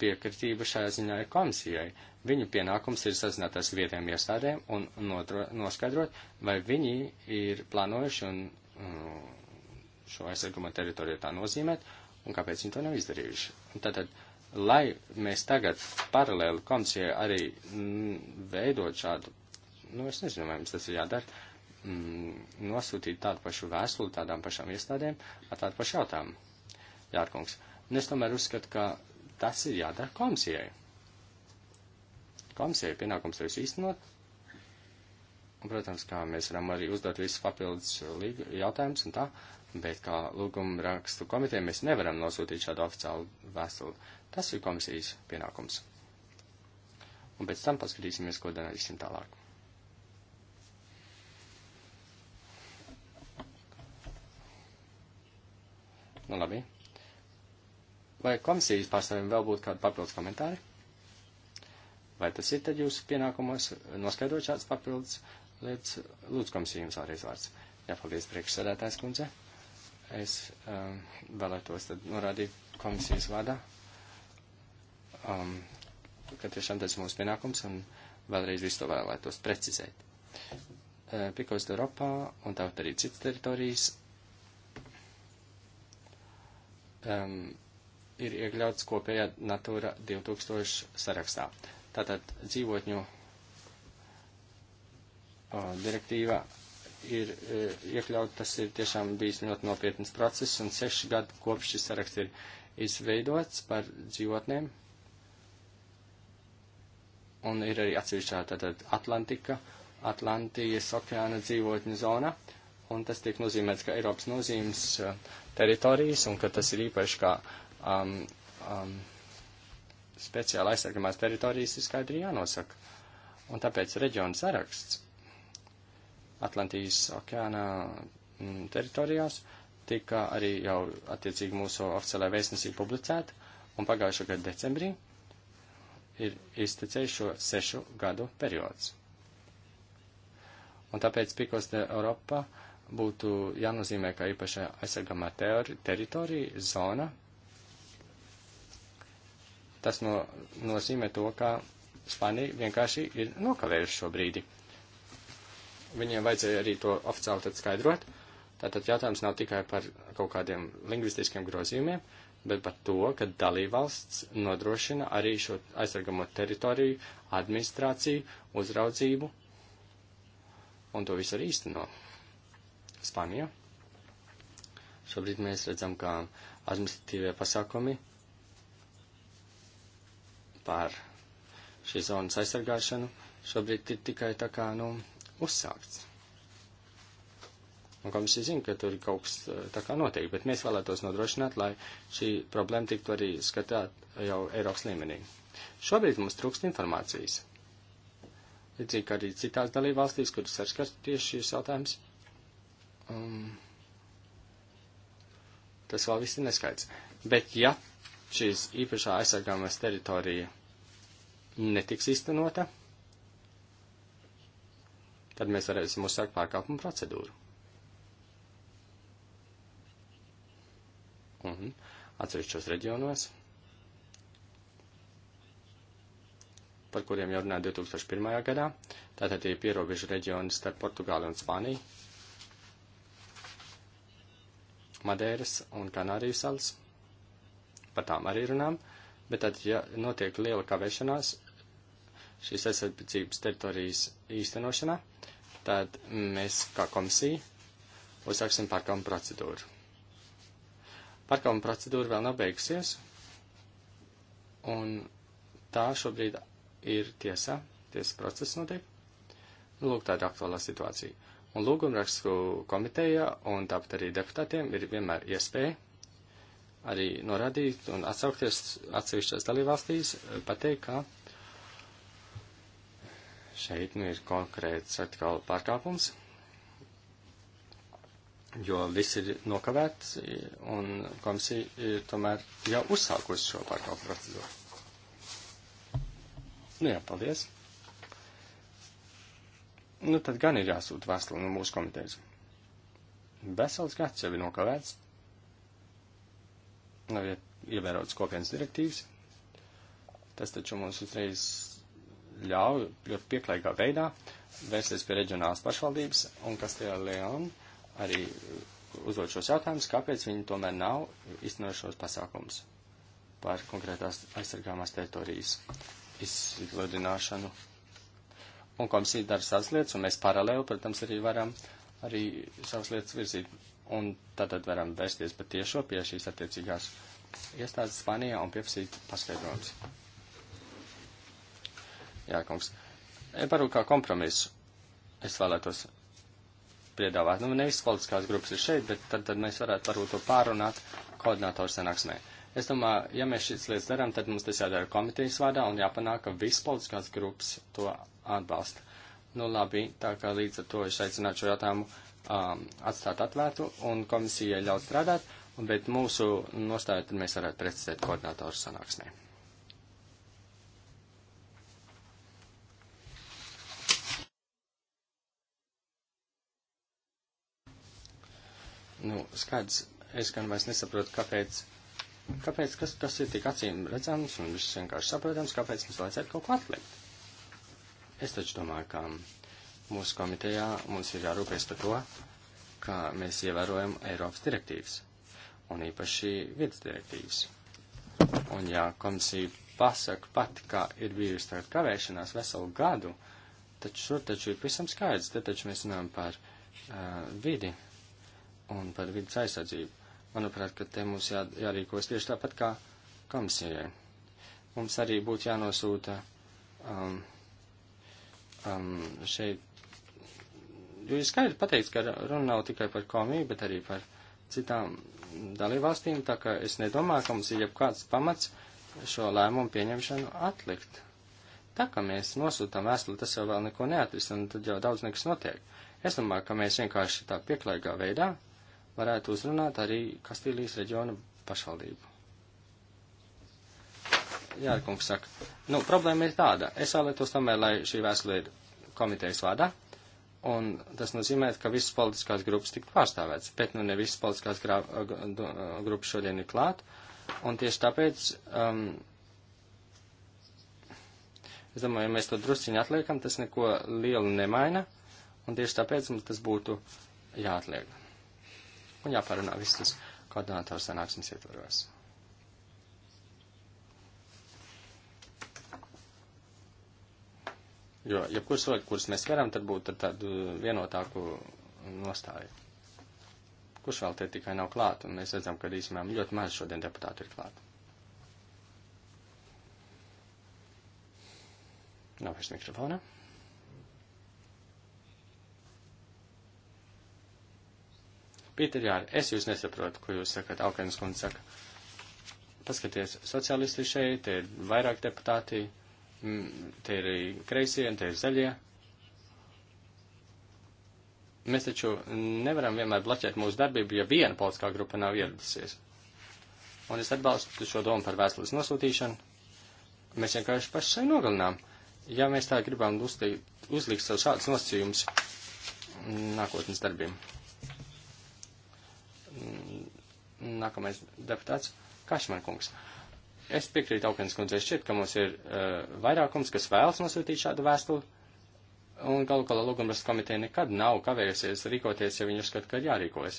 piekritība šajā ziņā ir komisijai. Viņu pienākums ir sazināties vietējiem iestādēm un notro, noskaidrot, vai viņi ir plānojuši un, mm, šo aizsarguma teritoriju tā nozīmēt un kāpēc viņi to nav izdarījuši. Tātad, lai mēs tagad paralēli komisijai arī mm, veidot šādu nu es nezinu, vai mums tas ir jādara, mm, nosūtīt tādu pašu vēstuli tādām pašām iestādēm ar tādu pašu jautājumu. Jārkungs. Un es tomēr uzskatu, ka tas ir jādara komisijai. Komisijai pienākums ir īstenot. Un, protams, kā mēs varam arī uzdot visus papildus jautājumus un tā, bet kā lūguma rakstu komiteja mēs nevaram nosūtīt šādu oficiālu vēstuli. Tas ir komisijas pienākums. Un pēc tam paskatīsimies, ko darīsim tālāk. Nu, labi. Vai komisijas pārstāvjiem vēl būtu kādi papildus komentāri? Vai tas ir tad jūsu pienākumos noskaidrot šāds papildus lietas? Lūdzu, komisija jums vēlreiz vārds. Jā, paldies, priekšsēdētājs kundze. Es um, vēlētos tad norādīt komisijas vārdā, um, ka tiešām tas ir mūsu pienākums un vēlreiz visu to vēlētos precizēt. Uh, Pikos Eiropā un tāpat arī citas teritorijas um, ir iekļauts kopējā Natūra 2000 sarakstā. Tātad dzīvotņu uh, direktīva ir uh, iekļauta, tas ir tiešām bijis ļoti nopietnas process, un seši gadi kopš šis saraksts ir izveidots par dzīvotnēm. Un ir arī atsevišķā tātad Atlantika, Atlantijas okeāna dzīvotņu zona. Uh, un tas tiek nozīmēts kā Eiropas nozīmes uh, teritorijas, un ka tas ir īpaši kā um, um, speciāli aizsargamās teritorijas ir skaidri jānosaka. Un tāpēc reģiona saraksts Atlantijas okeāna mm, teritorijās tika arī jau attiecīgi mūsu oficiālajā vēstnesī publicēta, un pagājušā gada decembrī ir iztecējis šo sešu gadu periods. Un tāpēc Pikos de Eiropa uh, būtu jānozīmē, ka īpašā aizsargamā ter teritorija, zona. Tas no, nozīmē to, ka Spānija vienkārši ir nokavējuši šo brīdi. Viņiem vajadzēja arī to oficiāli tad skaidrot. Tātad jautājums nav tikai par kaut kādiem lingvistiskiem grozījumiem, bet par to, ka dalībvalsts nodrošina arī šo aizsargamo teritoriju, administrāciju, uzraudzību un to visu arī īstenot. Spānija. Šobrīd mēs redzam, ka administratīvie pasākumi pār šīs zonas aizsargāšanu šobrīd ir tikai tā kā, nu, uzsākts. Un komisija zina, ka tur kaut kas eh, tā kā notiek, bet mēs vēlētos nodrošināt, lai šī problēma tiktu arī skatāt jau Eiropas līmenī. Šobrīd mums trūkst informācijas. Līdzīgi arī citās dalībvalstīs, kuras saskars tieši šīs jautājums. Um, tas vēl viss ir neskaidrs. Bet ja šīs īpašā aizsargāmās teritorija netiks iztenota, tad mēs varēsim uzsākt pārkāpumu procedūru. Un atsevišķos reģionos, par kuriem jau runāja 2001. gadā, tātad ir pierobežu reģioni starp Portugāli un Spāniju, Madeiras un Kanāriju salas. Par tām arī runām. Bet tad, ja notiek liela kavēšanās šīs aizsardzības teritorijas īstenošanā, tad mēs kā komisija uzsāksim pārkāpumu procedūru. Pārkāpuma procedūra vēl nav beigusies, un tā šobrīd ir tiesā, tiesas process notiek. Lūk, tāda aktuālā situācija. Un lūgumrakstu komiteja un tāpat arī deputātiem ir vienmēr iespēja arī norādīt un atsaukties atsevišķās dalībvalstīs, eh, pateikt, ka šeit nu ir konkrēts atkal pārkāpums, jo viss ir nokavēts un komisija ir tomēr jau uzsākusi šo pārkāpumu procedūru. Nu jā, paldies! nu tad gan ir jāsūta vēstule no mūsu komitejas. Vesels gads jau ir nokavēts. Nav ievērotas kopienas direktīvas. Tas taču mums uzreiz ļauj ļoti pieklājīgā veidā vērsties pie reģionālās pašvaldības un Kastēlā Leon arī uzdot šos jautājumus, kāpēc viņi tomēr nav iznojušos pasākums par konkrētās aizsargāmās teritorijas izsludināšanu un komisija dara savas lietas, un mēs paralēli, protams, arī varam arī savas lietas virzīt. Un tad varam vērsties pat tiešo pie šīs attiecīgās iestādes Spanijā un pieprasīt paskaidrojums. Jā, kungs. Par e, kā kompromisu es vēlētos piedāvāt. Nu, nevis politiskās grupas ir šeit, bet tad, tad mēs varētu varbūt to pārunāt koordinātoru sanāksmē. Uh, Es domāju, ja mēs šīs lietas darām, tad mums tas jādara komitejas vārdā un jāpanāk, ka visas politiskās grupas to atbalsta. Nu labi, tā kā līdz ar to es aicinātu šo jautājumu um, atstāt atvērtu un komisijai ļaut strādāt, bet mūsu nostāju tad mēs varētu precizēt koordinātoru sanāksmē. Nu, skaidrs, es gan vairs nesaprotu, kāpēc Kāpēc kas, tas ir tik acīm redzams un viss vienkārši saprotams, kāpēc mums vajadzētu kaut ko atlikt? Es taču domāju, ka mūsu komitejā mums ir jārūpēs par to, ka mēs ievērojam Eiropas direktīvas un īpaši vidas direktīvas. Un ja komisija pasaka pati, ka ir bijusi tāda kavēšanās veselu gadu, taču šur taču ir pavisam skaidrs, te taču mēs runājam par uh, vidi un par vidas aizsardzību. Manuprāt, ka te mums jā, jārīkos tieši tāpat kā komisijai. Mums arī būtu jānosūta um, um, šeit. Jo ir skaidri pateikts, ka runa nav tikai par komiju, bet arī par citām dalībvalstīm, tā ka es nedomāju, ka mums ir jebkāds pamats šo lēmumu pieņemšanu atlikt. Tā kā mēs nosūtām vēstuli, tas jau vēl neko neatrisina, tad jau daudz nekas notiek. Es domāju, ka mēs vienkārši tā pieklājīgā veidā varētu uzrunāt arī Kastīlijas reģiona pašvaldību. Jā, kungs saka. Nu, problēma ir tāda. Es vēlētos tomēr, lai šī vēstule ir komitejas vārdā, un tas nozīmē, ka visas politiskās grupas tiktu pārstāvētas, bet nu ne visas politiskās grā, grupas šodien ir klāt, un tieši tāpēc, um, es domāju, ja mēs to drusciņu atliekam, tas neko lielu nemaina, un tieši tāpēc mums tas būtu jāatliek un jāpārunā viss tas koordinātoru sanāksmes ietvaros. Jo, ja kurš soļi, kurus mēs varam, tad būtu tādu vienotāku nostāju. Kurš vēl te tikai nav klāt, un mēs redzam, ka īstenībā ļoti maz šodien deputātu ir klāt. Nav vairs mikrofona. Pīter, jā, es jūs nesaprotu, ko jūs sakat, Alkanis kundze saka. Paskaties, sociālisti šeit, te ir vairāk deputāti, te ir kreisie, te ir zaļie. Mēs taču nevaram vienmēr blaķēt mūsu darbību, ja viena politiskā grupa nav ieradusies. Un es atbalstu šo domu par vēstules nosūtīšanu. Mēs vienkārši paši sevi nogalinām. Ja mēs tā gribam uzlikt, uzlikt savu šādus nosacījumus nākotnes darbiem. Nākamais deputāts Kašman kungs. Es piekrītu Aukens kundzei šķiet, ka mums ir uh, vairākums, kas vēlas nosūtīt šādu vēstuli. Un galu galā lūgumrakstu komiteja nekad nav kavējusies rīkoties, ja viņi uzskata, ka ir jārīkojas.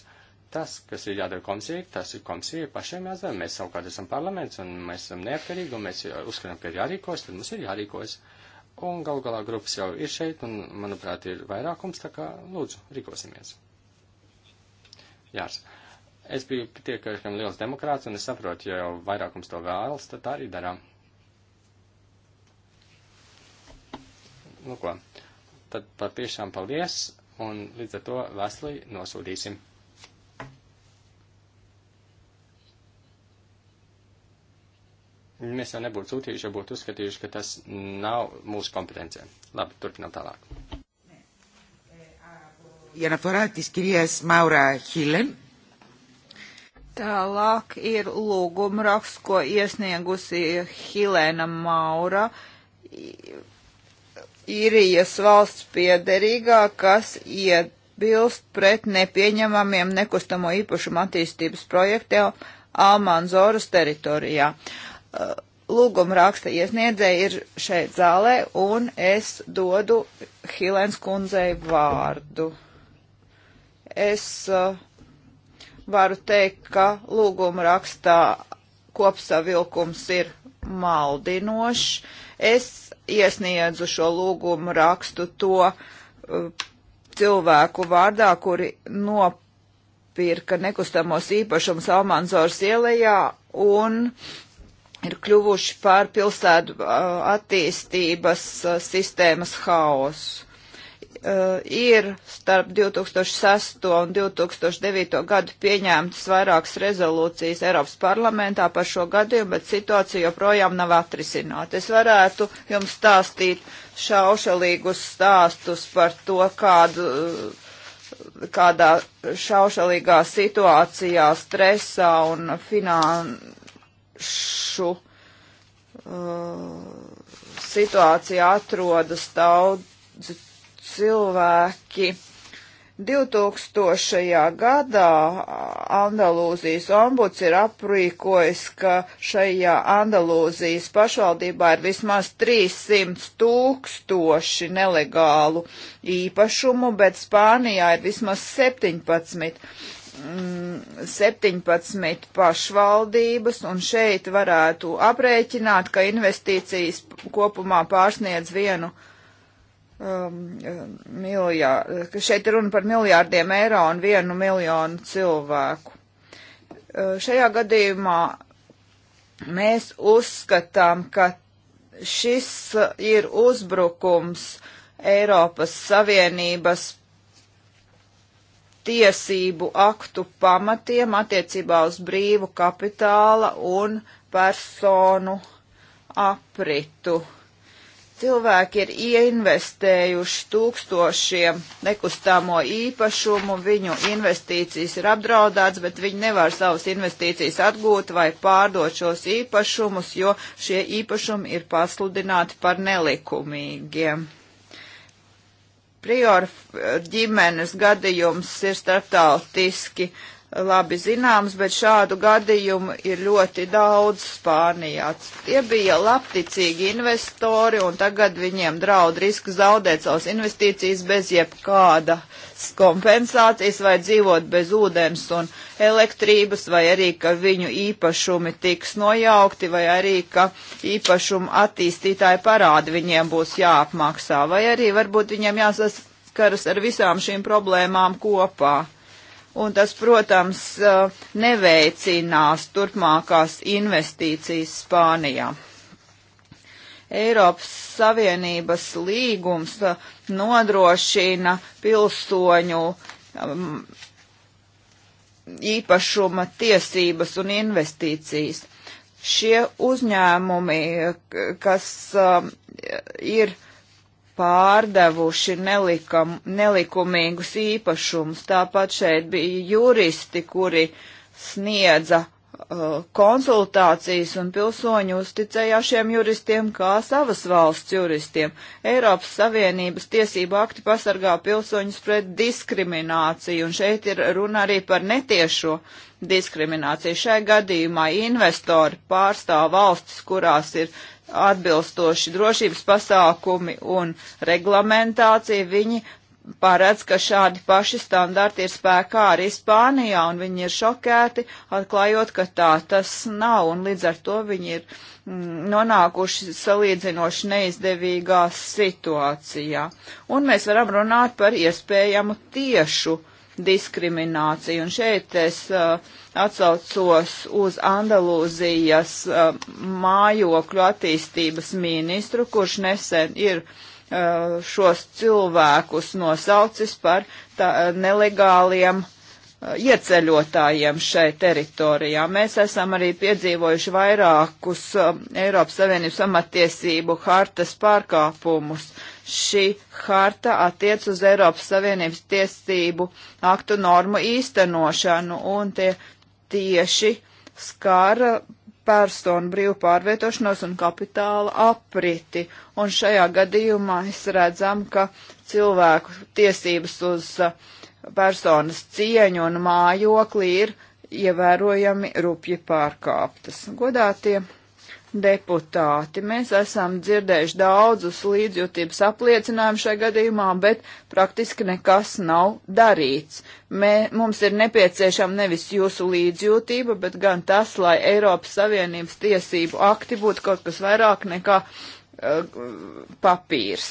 Tas, kas ir jādara komisijai, tas ir komisijai pašiem jāizdara. Mēs savukārt esam parlaments un mēs esam neatkarīgi un mēs e, uzskatām, ka ir jārīkojas, tad mums ir jārīkojas. Un galu galā grupas jau ir šeit un, manuprāt, ir vairākums, tā kā lūdzu, rīkosimies. Jārs. Uh, Es biju pietiekami liels demokrāts, un es saprotu, ja jau vairākums to vēlas, tad tā arī darām. Nu ko, tad patiešām paldies, un līdz ar to Veslī nosūtīsim. mēs jau nebūtu sūtījuši, ja būtu uzskatījuši, ka tas nav mūsu kompetencija. Labi, turpinām tālāk. Η αναφορά της κυρίας Μάουρα Χίλεν Tālāk ir lūgumraksts, ko iesniegusi Hilēna Maura, īrijas valsts piederīgā, kas iebilst pret nepieņemamiem nekustamo īpašumu attīstības projektiem Almanzoras teritorijā. Lūgumraksta iesniedzēji ir šeit zālē, un es dodu Hilēns kundzei vārdu. Es uh, varu teikt, ka lūguma rakstā kopsavilkums ir maldinošs. Es iesniedzu šo lūgumu rakstu to uh, cilvēku vārdā, kuri nopirka nekustamos īpašumus Almanzors ielējā un ir kļuvuši par pilsētu uh, attīstības uh, sistēmas haosu. Uh, ir starp 2006. un 2009. gadu pieņēmtas vairākas rezolūcijas Eiropas parlamentā par šo gadījumu, bet situācija joprojām nav atrisināta. Es varētu jums stāstīt šaušalīgus stāstus par to, kādu, uh, kādā šaušalīgā situācijā, stresā un finanšu uh, situācijā atrodas daudz cilvēki. 2000. gadā Andalūzijas ombuds ir aprīkojis, ka šajā Andalūzijas pašvaldībā ir vismaz 300 tūkstoši nelegālu īpašumu, bet Spānijā ir vismaz 17. 17 mm, pašvaldības, un šeit varētu aprēķināt, ka investīcijas kopumā pārsniedz vienu um, miljārdu, ka šeit ir runa par miljārdiem eiro un vienu miljonu cilvēku. Uh, šajā gadījumā mēs uzskatām, ka šis ir uzbrukums Eiropas Savienības tiesību aktu pamatiem attiecībā uz brīvu kapitāla un personu apritu. Uh, Cilvēki ir ieinvestējuši tūkstošiem nekustamo īpašumu, viņu investīcijas ir apdraudētas, bet viņi nevar savas investīcijas atgūt vai pārdot šos īpašumus, jo šie īpašumi ir pasludināti par nelikumīgiem. Prior ģimenes gadījums ir starptautiski uh, labi zināms, bet šādu gadījumu ir ļoti daudz Spānijā. Tie bija labticīgi investori, un tagad viņiem draud risks zaudēt savas investīcijas bez jebkāda kompensācijas vai dzīvot bez ūdens un elektrības, vai arī, ka viņu īpašumi tiks nojaukti, vai arī, ka īpašumu attīstītāji parādi viņiem būs jāapmaksā, vai arī varbūt viņiem jāsaskaras ar visām šīm problēmām kopā un tas, protams, eh, neveicinās turpmākās investīcijas Spānijā. Eiropas Savienības līgums eh, nodrošina pilsoņu um, īpašuma tiesības un investīcijas. Šie uzņēmumi, kas um, ir pārdevuši nelikam, nelikumīgus īpašumus. Tāpat šeit bija juristi, kuri sniedza uh, konsultācijas un pilsoņu uzticējās šiem juristiem kā savas valsts juristiem. Eiropas Savienības tiesība akti pasargā pilsoņus pret diskrimināciju, un šeit ir runa arī par netiešo diskrimināciju. Šai gadījumā investori pārstāv valstis, kurās ir atbilstoši drošības pasākumi un reglamentācija, viņi paredz, ka šādi paši standarti ir spēkā arī Spānijā, un viņi ir šokēti, atklājot, ka tā tas nav, un līdz ar to viņi ir mm, nonākuši salīdzinoši neizdevīgā situācijā. Un mēs varam runāt par iespējamu tiešu uh, diskrimināciju. Un šeit es uh, atsaucos uz Andalūzijas uh, mājokļu attīstības ministru, kurš nesen ir uh, šos cilvēkus nosaucis par tā, nelegāliem uh, ieceļotājiem šai teritorijā. Mēs esam arī piedzīvojuši vairākus uh, Eiropas Savienības amatiesību hartas pārkāpumus šī harta attiec uz Eiropas Savienības tiesību aktu normu īstenošanu un tie tieši skara personu brīvu pārvietošanos un kapitāla apriti. Un šajā gadījumā es redzam, ka cilvēku tiesības uz uh, personas cieņu un mājokli ir ievērojami rupji pārkāptas. Godātie deputāti. Mēs esam dzirdējuši daudzus līdzjūtības apliecinājumus šajā gadījumā, bet praktiski nekas nav darīts. Mē, mums ir nepieciešama nevis jūsu līdzjūtība, bet gan tas, lai Eiropas Savienības tiesību akti būtu kaut kas vairāk nekā uh, papīrs.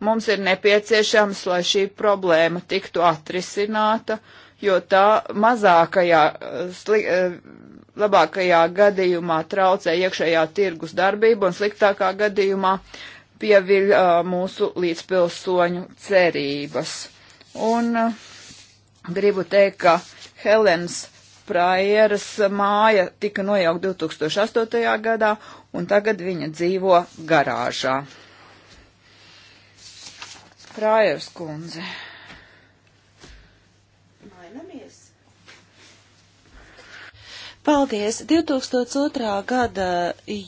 Mums ir nepieciešams, lai šī problēma tiktu atrisināta, jo tā mazākajā eh, sli, uh, labākajā gadījumā traucē iekšējā tirgus darbību un sliktākā gadījumā pieviļ uh, mūsu līdzpilsoņu cerības. Un uh, gribu teikt, ka Helens Praieras māja tika nojaukt 2008. gadā, un tagad viņa dzīvo garāžā. Praiers kundze. Paldies! 2002. gada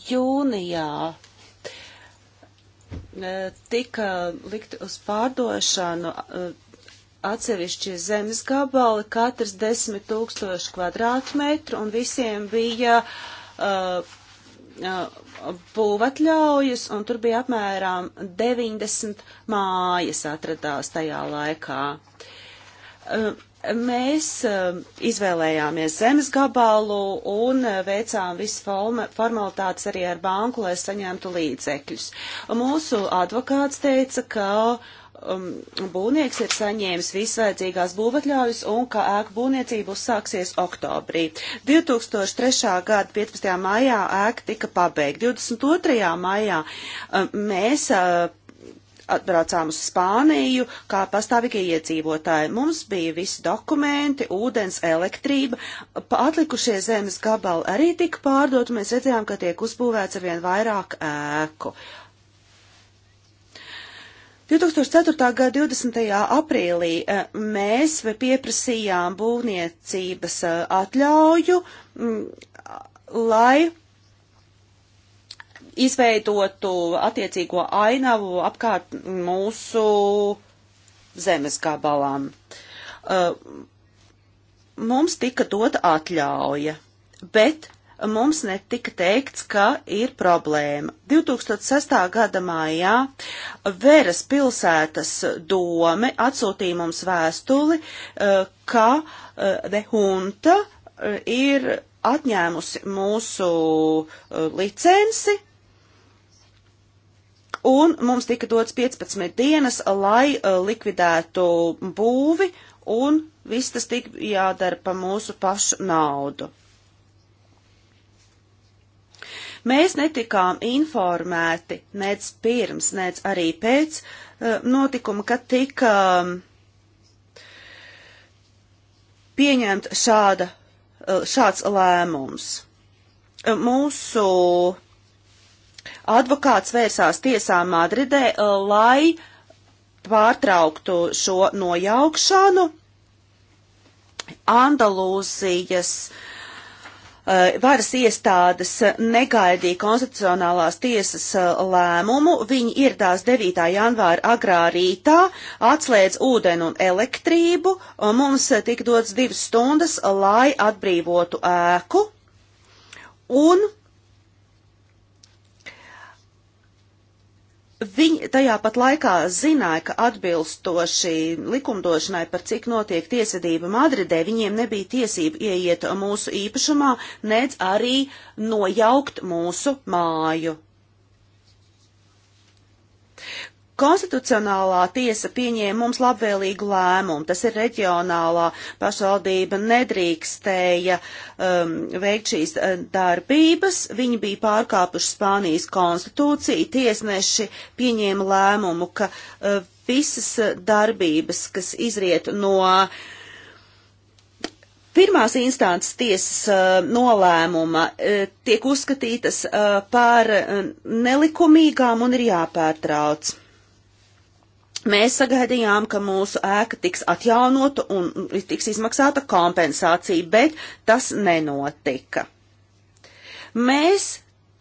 jūnijā e, tika likt uz pārdošanu e, atsevišķi zemes gabali, katrs 10 tūkstoši kvadrātmetru, un visiem bija uh, būvatļaujas, un tur bija apmēram 90 mājas atradās tajā laikā. Uh, Mēs eh, izvēlējāmies zemes gabalu un eh, veicām visas formalitātes arī ar banku, lai saņemtu līdzekļus. Mūsu advokāts teica, ka um, būvnieks ir saņēmis visvajadzīgās būvatļaujas un ka ēku būvniecība uzsāksies oktobrī. 2003. gada 15. maijā ēka tika pabeigta. 22. maijā um, mēs uh, atbraucām uz Spāniju kā pastāvīgie iedzīvotāji. Mums bija visi dokumenti, ūdens, elektrība, atlikušie zemes gabali arī tika pārdot, un mēs redzējām, ka tiek uzbūvēts arvien vairāk ēku. 2004. gada 20. aprīlī eh, mēs pieprasījām būvniecības eh, atļauju, mm, lai izveidotu attiecīgo ainavu apkārt mūsu zemes gabalām. Uh, mums tika dota atļauja, bet mums netika teikts, ka ir problēma. 2006. gada mājā Veras pilsētas dome atsūtīja mums vēstuli, uh, ka De uh, Hunta ir atņēmusi mūsu licenci un mums tika dots 15 dienas, lai uh, likvidētu būvi, un viss tas tika jādara pa mūsu pašu naudu. Mēs netikām informēti nec pirms, nec arī pēc uh, notikuma, kad tika um, pieņemta šāda, uh, šāds lēmums. Mūsu Advokāts vērsās tiesā Madridē, eh, lai pārtrauktu šo nojaukšanu. Andalūzijas eh, varas iestādes negaidīja konstitucionālās tiesas eh, lēmumu. Viņi ieradās 9. janvāra agrā rītā, atslēdz ūdeni un elektrību, un mums tika dots divas stundas, lai atbrīvotu ēku. Un Viņi tajā pat laikā zināja, ka atbilstoši likumdošanai par cik notiek tiesvedība Madridē, viņiem nebija tiesība ieiet mūsu īpašumā, nedz arī nojaukt mūsu māju. Konstitucionālā tiesa pieņēma mums labvēlīgu lēmumu. Tas ir reģionālā pašvaldība nedrīkstēja um, veikt šīs uh, darbības. Viņi bija pārkāpuši Spānijas konstitūciju. Tiesneši pieņēma lēmumu, ka uh, visas uh, darbības, kas izriet no uh, Pirmās instances tiesas uh, nolēmuma uh, tiek uzskatītas uh, par uh, nelikumīgām un ir jāpārtrauc. Mēs sagaidījām, ka mūsu ēka tiks atjaunota un tiks izmaksāta kompensācija, bet tas nenotika. Mēs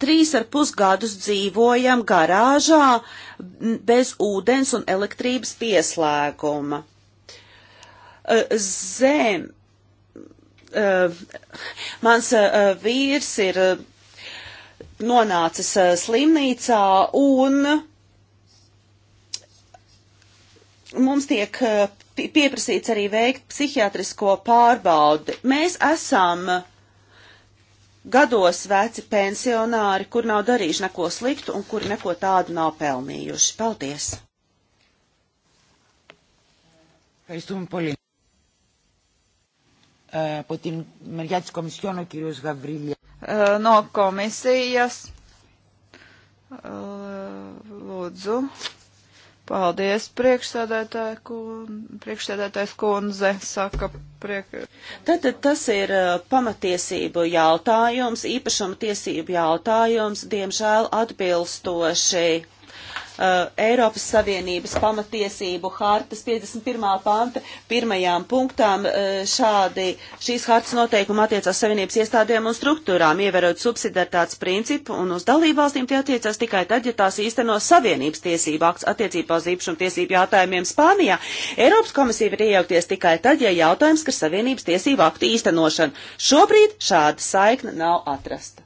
trīs ar pusgadus dzīvojam garāžā bez ūdens un elektrības pieslēguma. Zem. Mans vīrs ir nonācis slimnīcā un mums tiek eh, pieprasīts arī veikt psihiatrisko pārbaudi. Mēs esam gados veci pensionāri, kur nav darījuši neko sliktu un kur neko tādu nav pelnījuši. Paldies! Ευχαριστούμε πολύ. Ε, από την μεριά της Κομισιόν ο κύριος Γαβρίλια. Ε, no komisijas. Ε, lūdzu. Paldies, priekšsēdētāja kundze, kundze, saka priek. Tātad tas ir uh, pamatiesību jautājums, īpašuma tiesību jautājums, diemžēl atbilstoši Uh, Eiropas Savienības pamatiesību hartas 51. panta pirmajām punktām uh, šādi šīs hartas noteikumi attiecās Savienības iestādēm un struktūrām, ievērot subsidiartāts principu un uz dalībvalstīm tie attiecās tikai tad, ja tās īsteno Savienības tiesību akts attiecībā uz īpašumu tiesību jautājumiem Spānijā. Eiropas komisija var iejaukties tikai tad, ja jautājums, ka Savienības tiesību aktu īstenošana. Šobrīd šāda saikna nav atrasta.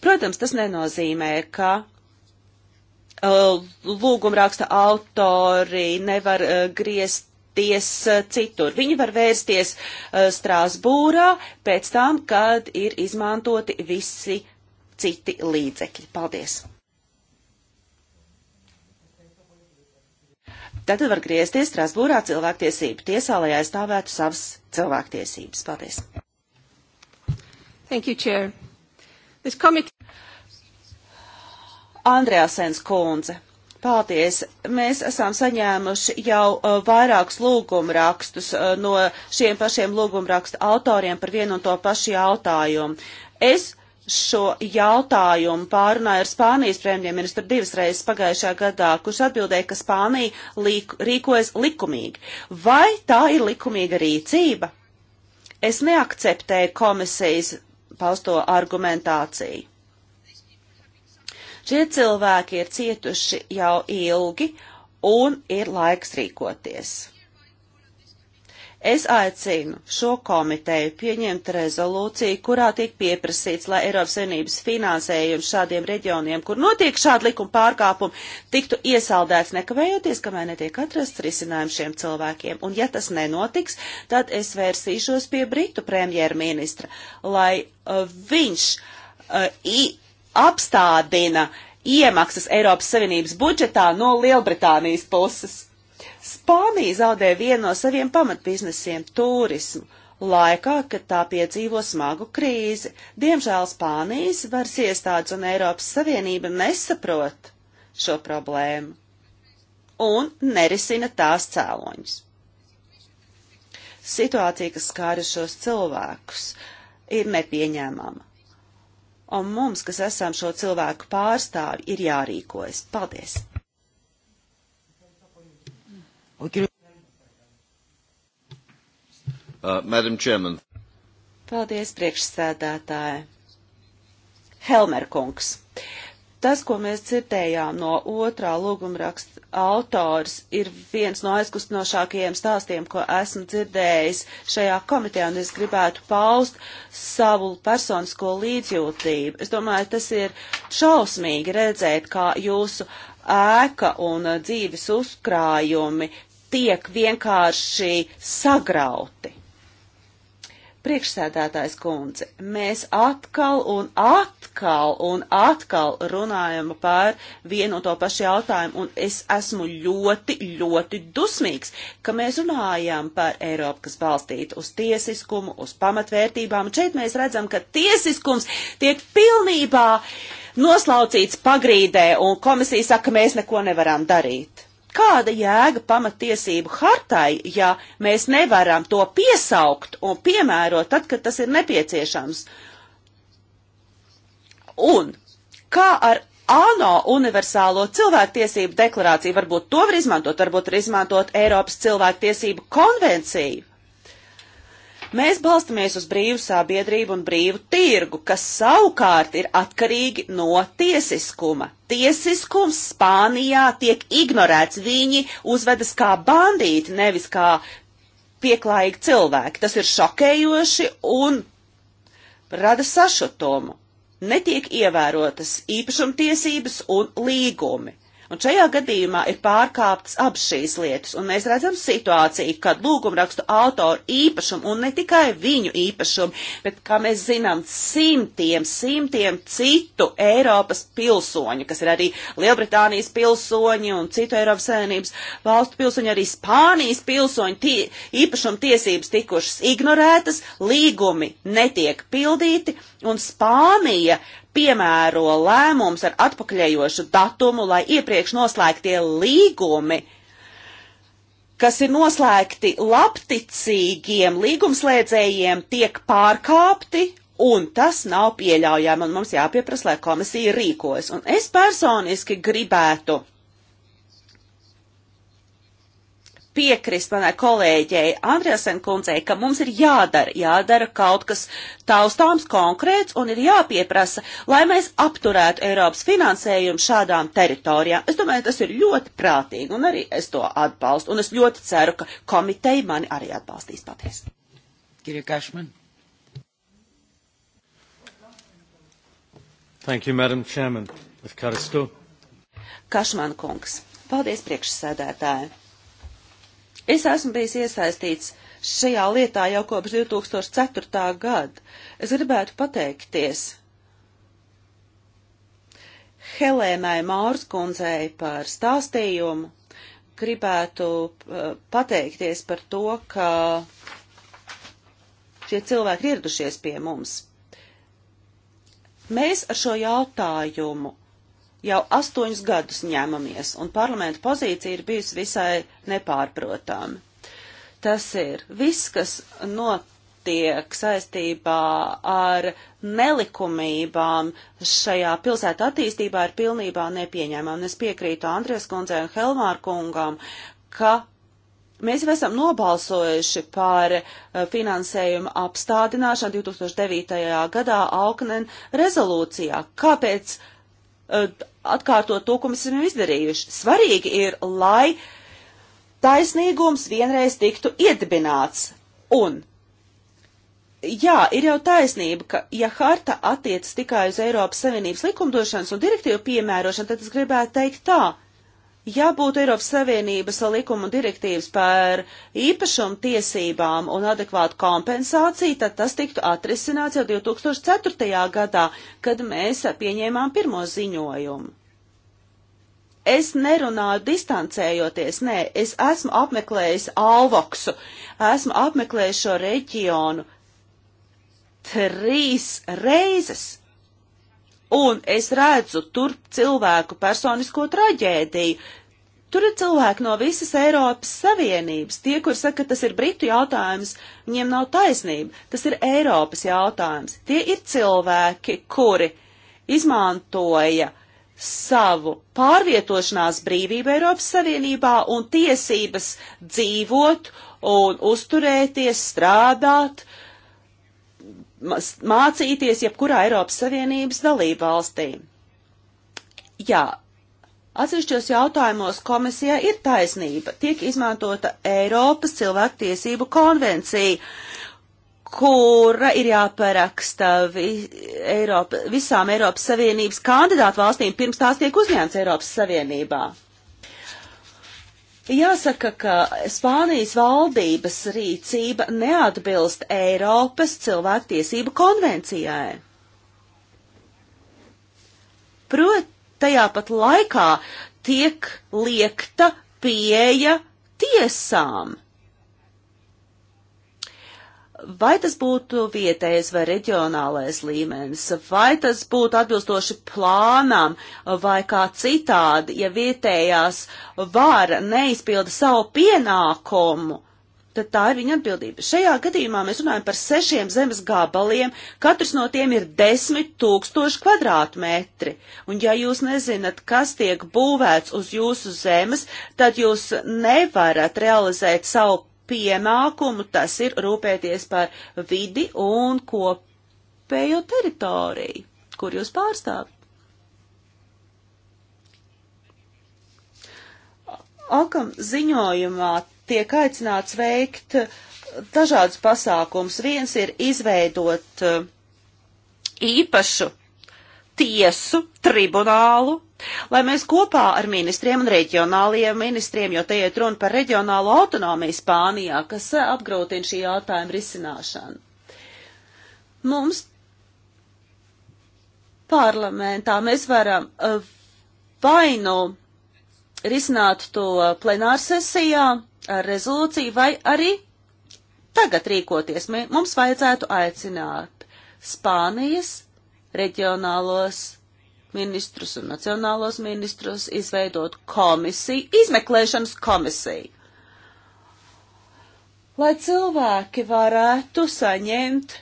Protams, tas nenozīmē, ka uh, lūgumraksta autori nevar uh, griezties uh, citur. Viņi var vērsties Strāsbūrā pēc tam, kad ir izmantoti visi citi līdzekļi. Paldies! Tad var griezties Strasbūrā cilvēktiesību tiesā, lai aizstāvētu savas cilvēktiesības. Paldies! Thank you, Chair. Andrēsens kundze. Paldies! Mēs esam saņēmuši jau uh, vairākus lūgumrakstus uh, no šiem pašiem lūgumrakstu autoriem par vienu un to pašu jautājumu. Es šo jautājumu pārunāju ar Spānijas premjerministru divas reizes pagājušajā gadā, kurš atbildēja, ka Spānija lik rīkojas likumīgi. Vai tā ir likumīga rīcība? Es neakceptēju komisijas pausto argumentāciju. Šie cilvēki ir cietuši jau ilgi un ir laiks rīkoties. Es aicinu šo komiteju pieņemt rezolūciju, kurā tiek pieprasīts, lai Eiropas Savienības finansējums šādiem reģioniem, kur notiek šādi likuma pārkāpumi, tiktu iesaldēts nekavējoties, kamēr netiek atrasts risinājums šiem cilvēkiem. Un ja tas nenotiks, tad es vērsīšos pie Britu premjerministra, lai uh, viņš uh, i, apstādina iemaksas Eiropas Savienības budžetā no Lielbritānijas puses. Spānija zaudē vienu no saviem pamatbiznesiem - turismu laikā, kad tā piedzīvo smagu krīzi. Diemžēl Spānijas varas iestādes un Eiropas Savienība nesaprot šo problēmu un nerisina tās cēloņus. Situācija, kas skāra šos cilvēkus, ir nepieņēmama. Un mums, kas esam šo cilvēku pārstāvi, ir jārīkojas. Paldies! Ο κύριος... Uh, Madam Chairman. Paldies, priekšsēdētāji. Helmer kungs. Tas, ko mēs dzirdējām no otrā lūgumraksta autors, ir viens no aizkustinošākajiem stāstiem, ko esmu dzirdējis šajā komitejā, un es gribētu paust savu personisko līdzjūtību. Es domāju, tas ir šausmīgi redzēt, kā jūsu ēka un dzīves uzkrājumi tiek vienkārši sagrauti. Priekšsēdētājs kundze, mēs atkal un atkal un atkal runājam par vienu un to pašu jautājumu, un es esmu ļoti, ļoti dusmīgs, ka mēs runājam par Eiropu, kas balstīta uz tiesiskumu, uz pamatvērtībām, un šeit mēs redzam, ka tiesiskums tiek pilnībā noslaucīts pagrīdē, un komisija saka, ka mēs neko nevaram darīt. Kāda jēga pamatiesību hartai, ja mēs nevaram to piesaukt un piemērot tad, kad tas ir nepieciešams? Un kā ar ANO universālo cilvēktiesību deklarāciju? Varbūt to var izmantot, varbūt var izmantot Eiropas cilvēktiesību konvenciju. Mēs balstamies uz brīvu sabiedrību un brīvu tirgu, kas savukārt ir atkarīgi no tiesiskuma. Tiesiskums Spānijā tiek ignorēts. Viņi uzvedas kā bandīti, nevis kā pieklājīgi cilvēki. Tas ir šokējoši un rada sašutumu. Netiek ievērotas īpašumtiesības un līgumi. Un šajā gadījumā ir pārkāptas abas šīs lietas, un mēs redzam situāciju, kad lūgumrakstu autoru īpašumu, un ne tikai viņu īpašumu, bet, kā mēs zinām, simtiem, simtiem citu Eiropas pilsoņu, kas ir arī Lielbritānijas pilsoņi un citu Eiropas Savienības valstu pilsoņi, arī Spānijas pilsoņi, tie, īpašuma tiesības tikušas ignorētas, līgumi netiek pildīti, un Spānija piemēro lēmums ar atpakaļējošu datumu, lai iepriekš noslēgtie līgumi, kas ir noslēgti labticīgiem līgumslēdzējiem, tiek pārkāpti, un tas nav pieļaujami, un mums jāpieprasa, lai komisija rīkojas. Un es personiski gribētu piekrist manai kolēģei Andriasen kundzei, ka mums ir jādara, jādara kaut kas taustāms konkrēts un ir jāpieprasa, lai mēs apturētu Eiropas finansējumu šādām teritorijām. Es domāju, tas ir ļoti prātīgi un arī es to atbalstu. Un es ļoti ceru, ka komiteja mani arī atbalstīs. Paldies. Kirja Kašman. Thank you, Madam Chairman. Kašman kungs. Paldies priekšsēdētāji. Es esmu bijis iesaistīts šajā lietā jau kopš 2004. gada. Es gribētu pateikties Helēnai Mārskundzei par stāstījumu. Gribētu uh, pateikties par to, ka šie cilvēki ieradušies pie mums. Mēs ar šo jautājumu jau astoņus gadus ņemamies, un parlamenta pozīcija ir bijusi visai nepārprotama. Tas ir viss, kas notiek saistībā ar nelikumībām šajā pilsētā attīstībā ir pilnībā nepieņēmām. Es piekrītu Andrēs kundzē un Helmār kungam, ka Mēs jau esam nobalsojuši par eh, finansējumu apstādināšanu 2009. gadā Auknen rezolūcijā. Kāpēc Uh, atkārtot to, ko mēs esam izdarījuši. Svarīgi ir, lai taisnīgums vienreiz tiktu iedibināts. Un, jā, ir jau taisnība, ka, ja harta attiec tikai uz Eiropas Savienības likumdošanas un direktīvu piemērošanu, tad es gribētu teikt tā, Ja būtu Eiropas Savienības likuma un direktīvas par īpašumu tiesībām un adekvātu kompensāciju, tad tas tiktu atrisināts jau 2004. gadā, kad mēs pieņēmām pirmo ziņojumu. Es nerunāju distancējoties, nē, es esmu apmeklējis Alvoksu, esmu apmeklējis šo reģionu trīs reizes un es redzu tur cilvēku personisko traģēdiju. Tur ir cilvēki no visas Eiropas Savienības. Tie, kur saka, ka tas ir Britu jautājums, viņiem nav taisnība. Tas ir Eiropas jautājums. Tie ir cilvēki, kuri izmantoja savu pārvietošanās brīvību Eiropas Savienībā un tiesības dzīvot un uzturēties, strādāt, uh, mācīties jebkurā Eiropas Savienības dalība valstī. Jā, atsevišķos jautājumos komisijā ir taisnība. Tiek izmantota Eiropas cilvēktiesību konvencija, kura ir jāparaksta vi, Eiropa, visām Eiropas Savienības kandidātu valstīm, pirms tās tiek uzņemts Eiropas Savienībā. Jāsaka, ka Spānijas valdības rīcība neatbilst Eiropas cilvēktiesību konvencijai. Prot, tajā pat laikā tiek liekta pieeja tiesām. Vai tas būtu vietējais vai reģionālais līmenis, vai tas būtu atbilstoši plānām, vai kā citādi, ja vietējās var neizpilda savu pienākumu, tad tā ir viņa atbildība. Šajā gadījumā mēs runājam par sešiem zemes gabaliem, katrs no tiem ir desmit tūkstoši kvadrātmetri. Un ja jūs nezinat, kas tiek būvēts uz jūsu zemes, tad jūs nevarat realizēt savu pienākumu, tas ir rūpēties par vidi un kopējo teritoriju, kur jūs pārstāvat. Akam ziņojumā tiek aicināts veikt dažādus pasākums. Viens ir izveidot uh, īpašu tiesu, tribunālu, lai mēs kopā ar ministriem un reģionālajiem ministriem, jo te iet runa par reģionālo autonomiju Spānijā, kas eh, apgrūtina šī jautājuma risināšanu. Mums parlamentā mēs varam eh, vainu risināt to plenārsesijā ar rezolūciju vai arī tagad rīkoties. Mums vajadzētu aicināt Spānijas reģionālos ministrus un nacionālos ministrus, izveidot komisiju, izmeklēšanas komisiju, lai cilvēki varētu saņemt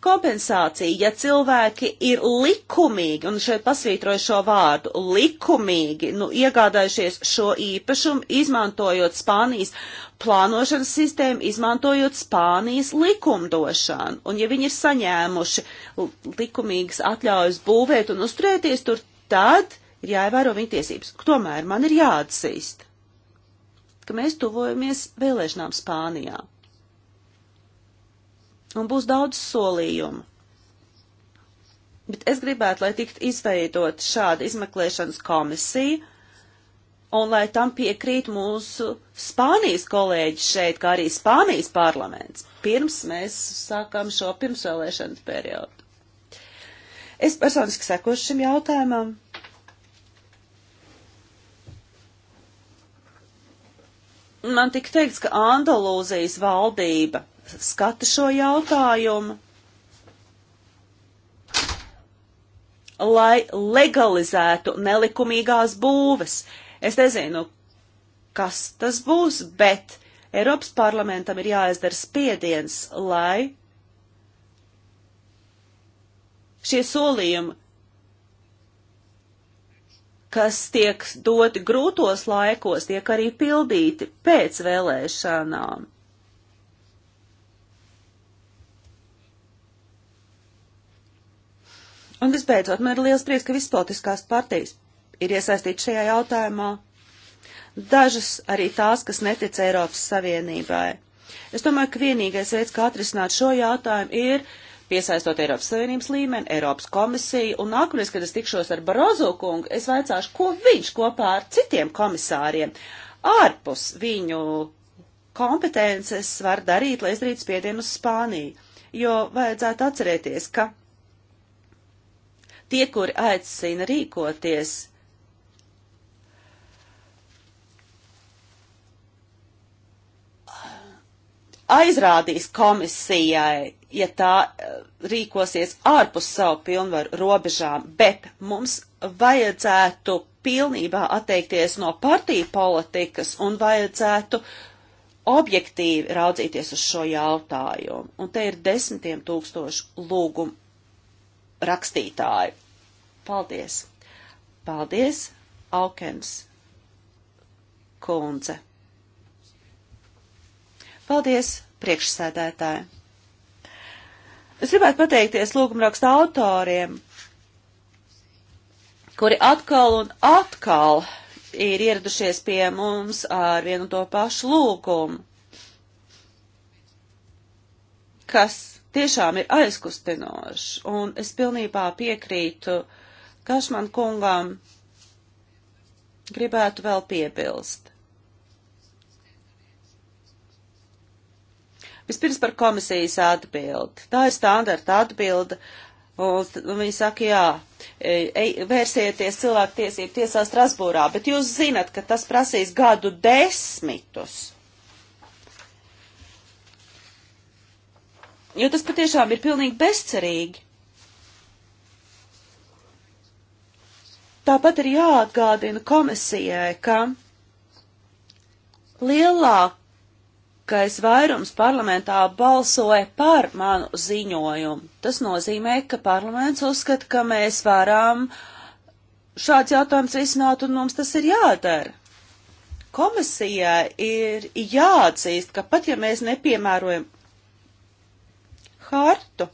kompensācija, ja cilvēki ir likumīgi, un šeit pasvītroju šo vārdu, likumīgi, nu, iegādājušies šo īpašumu, izmantojot Spānijas plānošanas sistēmu, izmantojot Spānijas likumdošanu. Un ja viņi ir saņēmuši likumīgas atļaujas būvēt un uzturēties tur, tad ir jāievēro viņa tiesības. Tomēr man ir jāatzīst, ka mēs tuvojamies vēlēšanām Spānijā un būs daudz solījumu. Bet es gribētu, lai tiktu izveidot šāda izmeklēšanas komisija, un lai tam piekrīt mūsu Spānijas kolēģi šeit, kā arī Spānijas parlaments, pirms mēs sākam šo pirmsvēlēšanu periodu. Es personiski sekošu šim jautājumam. Man tika teikts, ka Andalūzijas valdība skata šo jautājumu, lai legalizētu nelikumīgās būves. Es nezinu, kas tas būs, bet Eiropas parlamentam ir jāizdara spiediens, lai šie solījumi, kas tiek doti grūtos laikos, tiek arī pildīti pēc vēlēšanām. Un visbeidzot, man ir liels prieks, ka visas politiskās partijas ir iesaistītas šajā jautājumā. Dažas arī tās, kas netic Eiropas Savienībai. Es domāju, ka vienīgais veids, kā atrisināt šo jautājumu, ir piesaistot Eiropas Savienības līmeni, Eiropas komisiju, un nākamreiz, kad es tikšos ar Barozo kungu, es vaicāšu, ko viņš kopā ar citiem komisāriem ārpus viņu kompetences var darīt, lai izdarītu spiedienu uz Spāniju. Jo vajadzētu atcerēties, ka tie, kuri aicina rīkoties, aizrādīs komisijai, ja tā eh, rīkosies ārpus savu pilnvaru robežām, bet mums vajadzētu pilnībā atteikties no partiju politikas un vajadzētu objektīvi raudzīties uz šo jautājumu. Un te ir desmitiem tūkstošu lūgumu rakstītāju. Paldies! Paldies, Aukens kundze! Paldies, priekšsēdētāji! Es gribētu pateikties lūgumraksta autoriem, kuri atkal un atkal ir ieradušies pie mums ar vienu to pašu lūgumu, kas tiešām ir aizkustinošs, un es pilnībā piekrītu Kašman kungām, gribētu vēl piebilst. Vispirms par komisijas atbildi. Tā ir standarta atbilde, un viņi saka, jā, ej, e, vērsieties cilvēku tiesību tiesā Strasbūrā, bet jūs zinat, ka tas prasīs gadu desmitus. jo tas patiešām ir pilnīgi bezcerīgi. Tāpat ir jāatgādina komisijai, ka lielākais vairums parlamentā balsoja par manu ziņojumu. Tas nozīmē, ka parlaments uzskata, ka mēs varam šāds jautājums risināt un mums tas ir jādara. Komisijai ir jāatzīst, ka pat ja mēs nepiemērojam hartu.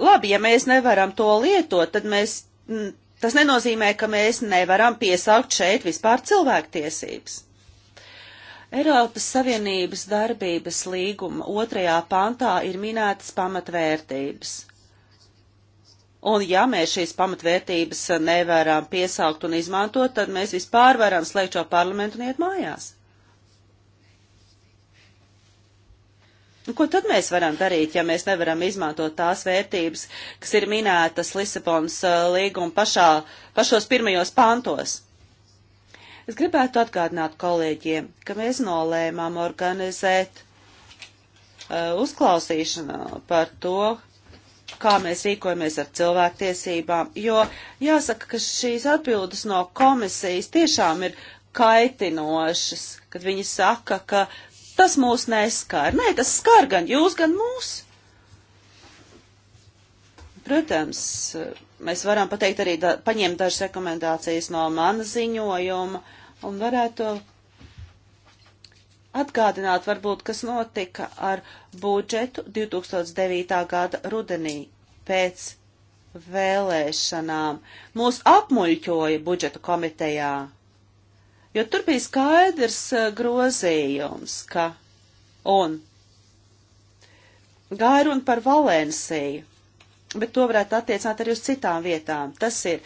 Labi, ja mēs nevaram to lietot, tad mēs, mm, tas nenozīmē, ka mēs nevaram piesaukt šeit vispār cilvēktiesības. Eiropas Savienības darbības līguma otrajā pantā ir minētas pamatvērtības. Un ja mēs šīs pamatvērtības nevaram piesaukt un izmantot, tad mēs vispār varam slēgt šo parlamentu un iet mājās. Nu, ko tad mēs varam darīt, ja mēs nevaram izmantot tās vērtības, kas ir minētas Lisabonas uh, līguma pašā, pašos pirmajos pantos? Es gribētu atgādināt kolēģiem, ka mēs nolēmām organizēt uh, uzklausīšanu par to, kā mēs rīkojamies ar cilvēktiesībām, jo jāsaka, ka šīs atbildes no komisijas tiešām ir kaitinošas, kad viņi saka, ka tas mūs neskār. Nē, tas skar gan jūs, gan mūs. Protams, mēs varam pateikt arī da, paņemt dažas rekomendācijas no mana ziņojuma un varētu atgādināt varbūt, kas notika ar budžetu 2009. gada rudenī pēc vēlēšanām. Mūs apmuļķoja budžetu komitejā jo tur bija skaidrs eh, grozījums, ka un gāja runa par Valensiju, bet to varētu attiecināt arī uz citām vietām. Tas ir,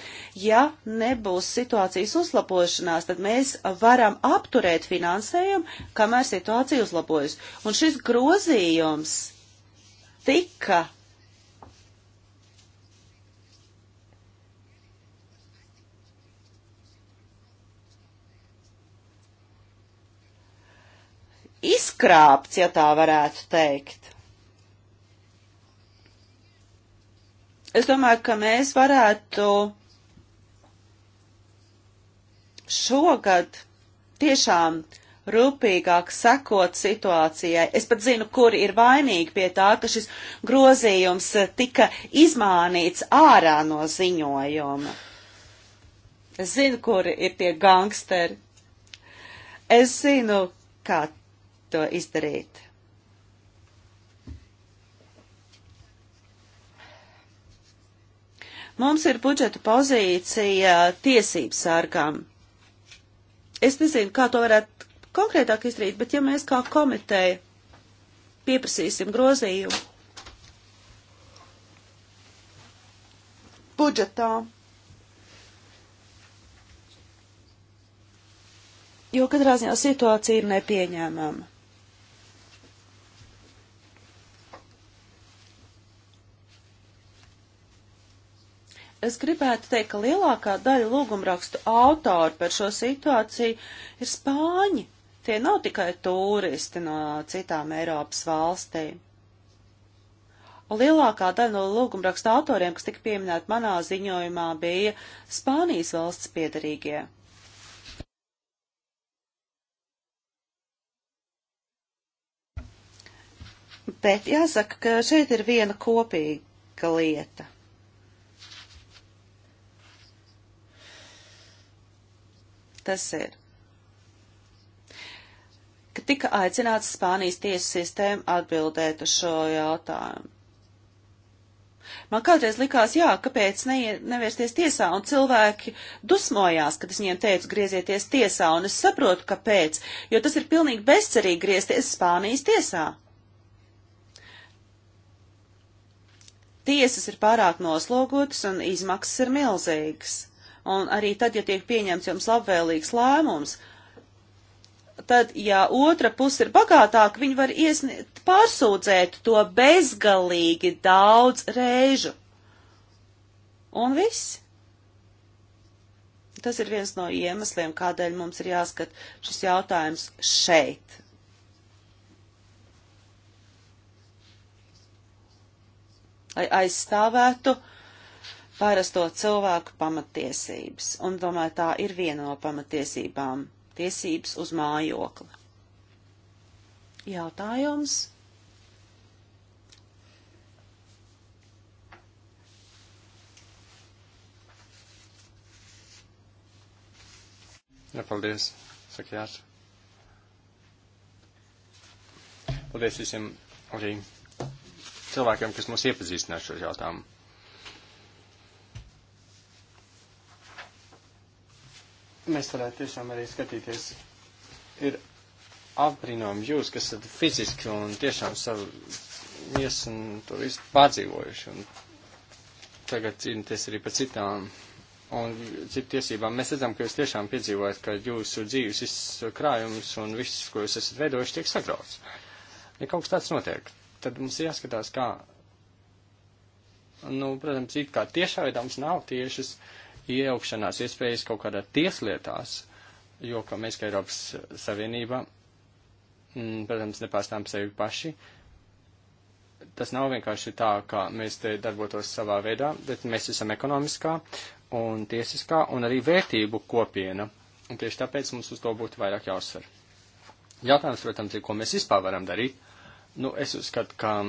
ja nebūs situācijas uzlabošanās, tad mēs varam apturēt finansējumu, kamēr situācija uzlabojas. Un šis grozījums tika izkrāpts, ja tā varētu teikt. Es domāju, ka mēs varētu šogad tiešām rūpīgāk sekot situācijai. Es pat zinu, kur ir vainīgi pie tā, ka šis grozījums tika izmānīts ārā no ziņojuma. Es zinu, kur ir tie gangsteri. Es zinu, kā to izdarīt. Mums ir budžeta pozīcija tiesības sārgām. Es nezinu, kā to varētu konkrētāk izdarīt, bet ja mēs kā komiteja pieprasīsim grozījumu budžetā, jo katrā ziņā situācija ir nepieņēmama. Es gribētu teikt, ka lielākā daļa lūgumrakstu autori par šo situāciju ir spāņi. Tie nav tikai turisti no citām Eiropas valstīm. Un lielākā daļa no lūgumrakstu autoriem, kas tika pieminēti manā ziņojumā, bija Spānijas valsts piedarīgie. Bet jāsaka, ka šeit ir viena kopīga lieta. tas ir, ka tika aicināts Spānijas tiesu sistēma atbildēt uz šo jautājumu. Man kādreiz likās, jā, kāpēc ne, nevērsties tiesā, un cilvēki dusmojās, kad es viņiem teicu, griezieties tiesā, un es saprotu, kāpēc, jo tas ir pilnīgi bezcerīgi griezties Spānijas tiesā. Tiesas ir pārāk noslogotas un izmaksas ir milzīgas. Un arī tad, ja tiek pieņemts jums labvēlīgs lēmums, tad, ja otra puse ir bagātāka, viņi var iesniegt, pārsūdzēt to bezgalīgi daudz reižu. Un viss. Tas ir viens no iemesliem, kādēļ mums ir jāskat šis jautājums šeit. Lai aizstāvētu uh, parasto cilvēku pamatiesības, un domāju, tā ir viena no pamatiesībām - tiesības uz mājokli. Jautājums? Jā, paldies, saka Jārs. Paldies visiem arī cilvēkiem, kas mums iepazīstināja šo jautājumu. mēs varētu tiešām arī skatīties. Ir apbrīnām jūs, kas esat fiziski un tiešām savu miesu un to visu pārdzīvojuši. Un tagad cīnīties arī par citām un citu tiesībām. Mēs redzam, ka jūs tiešām piedzīvojat, ka jūsu dzīves viss krājums un viss, ko jūs esat veidojuši, tiek sagrauts. Ja kaut kas tāds notiek, tad mums jāskatās, kā, nu, protams, it kā tiešā veidā mums nav tiešas. Uh, iejaukšanās iespējas kaut kādā tieslietās, jo ka mēs, kā Eiropas Savienība, m, mm, protams, nepārstām sevi paši. Tas nav vienkārši tā, ka mēs te darbotos savā veidā, bet mēs esam ekonomiskā un tiesiskā un arī vērtību kopiena. Un tieši tāpēc mums uz to būtu vairāk jāuzsver. Jautājums, protams, ir, ko mēs vispār varam darīt. Nu, es uzskatu, ka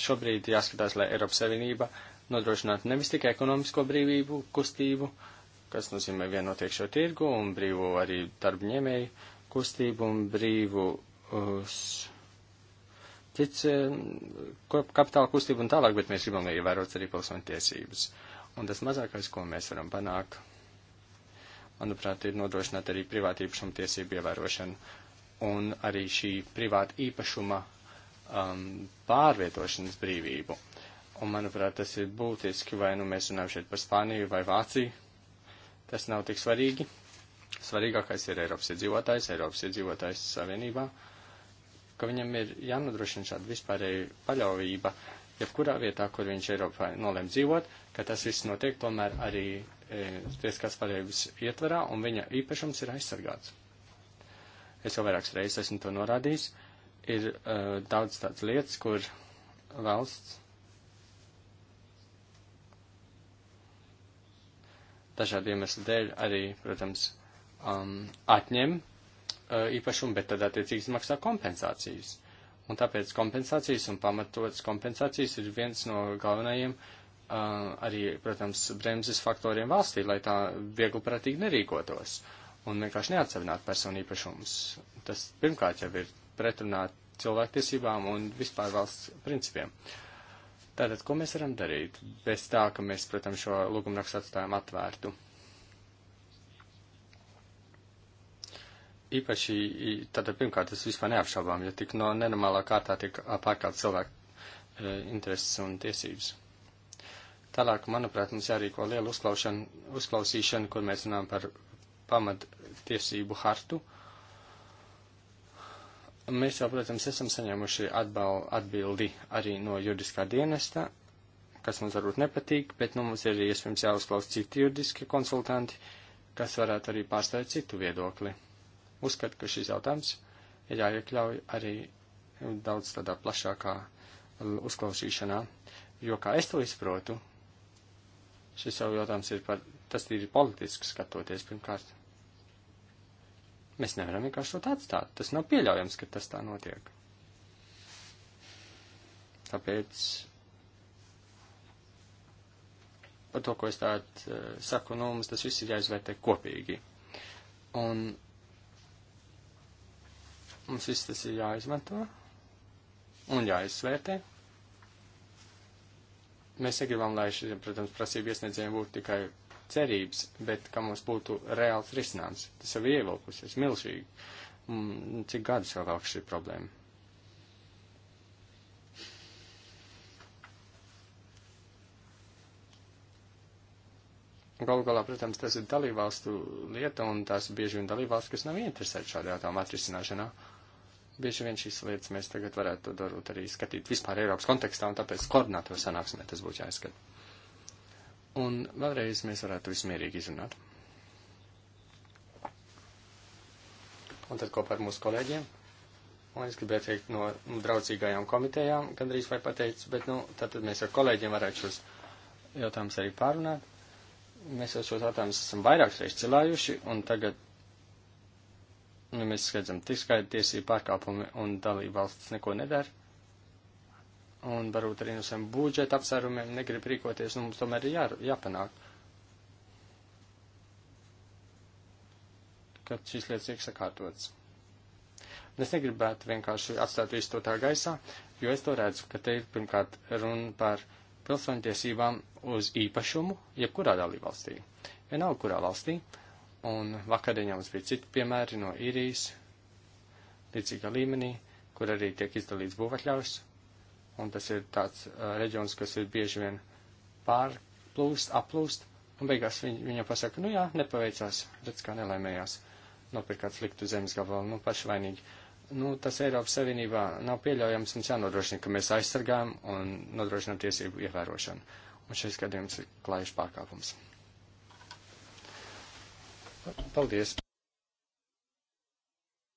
šobrīd jāskatās, lai Eiropas Savienība uh, nodrošināt nevis tikai ekonomisko brīvību kustību, kas nozīmē vienotiekšo tirgu un brīvu arī darbņēmēju kustību un brīvu uz uh, cits uh, kapitāla kustību un tālāk, bet mēs gribam, lai ievērots arī pilsoņu tiesības. Un tas mazākais, ko mēs varam panākt, manuprāt, ir nodrošināt arī privāta īpašuma tiesību ievērošanu un arī šī privāta īpašuma um, pārvietošanas brīvību. Un, manuprāt, tas ir būtiski, vai nu mēs runājam šeit par Spāniju vai Vāciju. Tas nav tik svarīgi. Svarīgākais ir Eiropas iedzīvotājs, Eiropas iedzīvotājs savienībā, ka viņam ir jānodrošina šāda vispārēja paļaujība, jebkurā vietā, kur viņš Eiropā nolēma dzīvot, ka tas viss notiek tomēr arī e, tieskās paļaujības ietvarā, un viņa īpašums ir aizsargāts. Es jau vairākas reizes esmu to norādījis. Ir e, daudz tādas lietas, kur valsts dažādu iemeslu dēļ arī, protams, um, atņem uh, īpašumu, bet tad attiecīgi maksā kompensācijas. Un tāpēc kompensācijas un pamatotas kompensācijas ir viens no galvenajiem uh, arī, protams, bremzes faktoriem valstī, lai tā viegliprātīgi nerīkotos un vienkārši neatsevinātu personu īpašumus. Tas pirmkārt jau ir pretrunāt cilvēktiesībām un vispār valsts principiem. Uh, Tātad, ko mēs varam darīt bez tā, ka mēs, protams, šo lūgumrakstu atstājam atvērtu? Īpaši, tātad, pirmkārt, tas vispār neapšaubām, ja tik no nenormālā kārtā tiek pārkāpt cilvēku e, intereses un tiesības. Tālāk, manuprāt, mums jārīko liela uzklausīšana, kur mēs runājam par pamat tiesību hartu, uh, Mēs jau, protams, esam saņēmuši atbal, atbildi arī no juridiskā dienesta, kas mums varbūt nepatīk, bet nu, mums ir iespējams jāuzklaus citi juridiski konsultanti, kas varētu arī pārstāvēt citu viedokli. Uzskatu, ka šis jautājums ir jāiekļauj arī daudz tādā plašākā uzklausīšanā, jo, kā es to izprotu, šis jau jautājums ir par, tas ir politiski skatoties pirmkārt. Mēs nevaram vienkārši to atstāt. Tas nav pieļaujams, ka tas tā notiek. Tāpēc par to, ko es tādu eh, saku, nu, mums tas viss ir jāizvērtē kopīgi. Un mums viss tas ir jāizmanto un jāizvērtē. Mēs negribam, lai šī, protams, prasība iesniedzējiem būtu tikai cerības, bet ka mums būtu reāls risinājums. Tas jau ir ievilkusies milzīgi. Cik gadus jau velk šī problēma? Galu galā, protams, tas ir dalībvalstu lieta, un tās bieži vien dalībvalsts, kas nav interesēti šādā jautājuma atrisināšanā. Bieži vien šīs lietas mēs tagad varētu darot arī skatīt vispār Eiropas kontekstā, un tāpēc koordinātoru sanāksmē tas būtu jāizskata. Un vēlreiz mēs varētu visu mierīgi izrunāt. Un tad kopā ar mūsu kolēģiem, un es gribēju teikt no draudzīgajām komitejām, gandrīz vai pateicu, bet, nu, tad, tad mēs ar kolēģiem varētu šos jautājumus arī pārunāt. Mēs jau šos jautājumus esam vairākas reizes cilājuši, un tagad, nu, mēs skatām, tik skaidri tiesību pārkāpumi un dalība valsts neko nedara un varbūt arī no saviem budžeta apsvērumiem negrib rīkoties, nu mums tomēr ir jā, jāpanāk, ka šīs lietas tiek sakārtotas. Un es negribētu vienkārši atstāt visu to tā gaisā, jo es to redzu, ka te ir pirmkārt runa par pilsoņu tiesībām uz īpašumu, jebkurā dalībvalstī. Vienalga, kurā valstī. Un vakariņā mums bija citi piemēri no īrijas, līdzīgā līmenī, kur arī tiek izdalīts būvatļaus, un tas ir tāds uh, reģions, kas ir bieži vien pārplūst, aplūst, un beigās viņ, viņam pasaka, nu jā, nepaveicās, redz, kā nelaimējās, nopirkāt sliktu zemes gabalu, nu pašvainīgi. Nu, tas Eiropas Savienībā nav pieļaujams, mums jānodrošina, ka mēs aizsargājam un nodrošinām tiesību ievērošanu. Un šis gadījums ir klājuši pārkāpums. Paldies!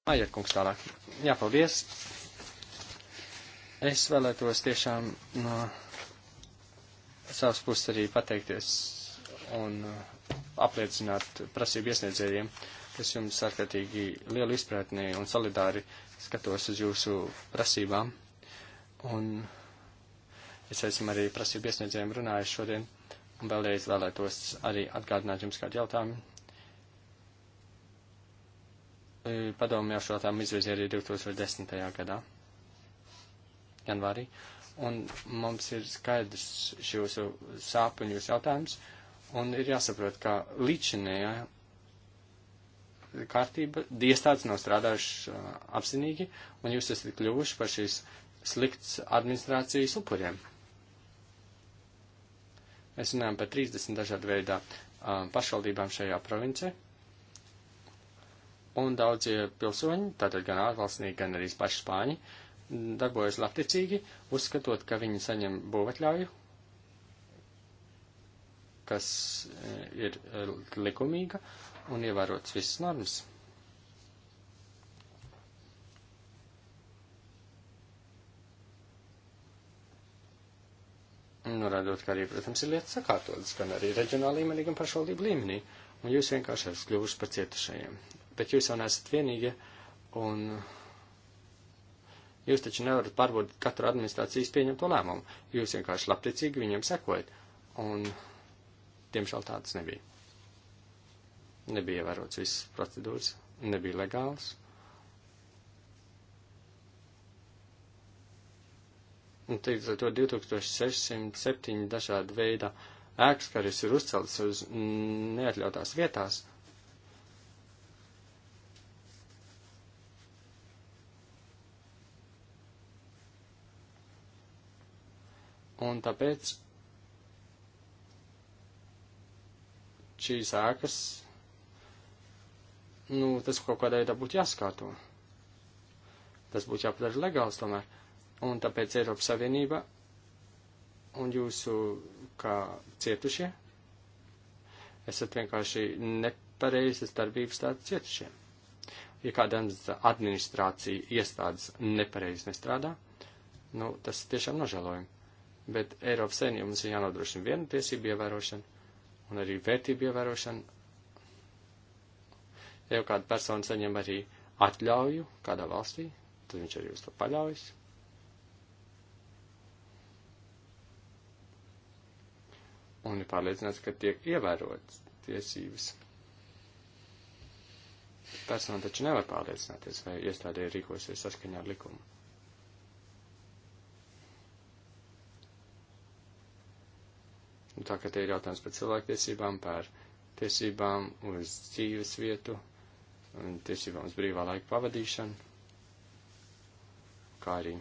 Aiet, kungs, tālāk. Jā, paldies! Es vēlētos tiešām no savas puses arī pateikties un uh, apliecināt prasību iesniedzējiem, kas jums ārkārtīgi lielu izpratni un solidāri skatos uz jūsu prasībām. Un es esmu arī prasību iesniedzējiem runājis šodien, un vēlreiz vēlētos arī atgādināt jums kādu jautājumu. E, padomu jau šo tām izvirzīja arī 2010. gadā janvārī, un mums ir skaidrs jūsu sāp un jūsu jautājums, un ir jāsaprot, ka līdšanējā kārtība iestādes nav strādājuši apzinīgi, un jūs esat kļuvuši par šīs slikts administrācijas upuriem. Mēs runājam par 30 dažādu veidā pašvaldībām šajā provincē. Un daudzie pilsoņi, tātad gan ārvalstnieki, gan arī paši spāņi, darbojas labticīgi, uzskatot, ka viņi saņem būvatļauju, kas e, ir e, likumīga un ievērots visas normas. Norādot, ka arī, protams, ir lietas sakārtotas, gan arī reģionāla līmenī, gan pašvaldību līmenī, un jūs vienkārši esat kļuvuši par cietušajiem. Bet jūs jau neesat vienīgie, un uh, Jūs taču nevarat pārbaudīt katru administrācijas pieņemto lēmumu. Jūs vienkārši labticīgi viņiem sekojat. Un, diemžēl, tādas nebija. Nebija ievērots visas procedūras, nebija legāls. Un teikt, to 2607 dažāda veida ēkas, kas ir uzceltas uz neatļautās vietās, Un tāpēc šīs ēkas, nu, tas kaut kādā veidā būtu jāskārto. Tas būtu jāpadara legāls tomēr. Un tāpēc Eiropas Savienība un jūsu kā cietušie esat vienkārši nepareizas darbības tādu cietušiem. Ja kāda administrācija iestādes nepareizi nestrādā, nu, tas tiešām nožēlojami bet Eiropas saimnība mums ir jānodrošina viena tiesība ievērošana un arī vērtība ievērošana. Ja jau kāda persona saņem arī atļauju kādā valstī, tad viņš arī uz to paļaujas. Un ir pārliecināts, ka tiek ievērotas tiesības. Persona taču nevar pārliecināties, vai iestādē rīkosies saskaņā ar likumu. Un tā kā te ir jautājums par cilvēktiesībām, par tiesībām uz dzīves vietu un tiesībām uz brīvā laika pavadīšanu, kā arī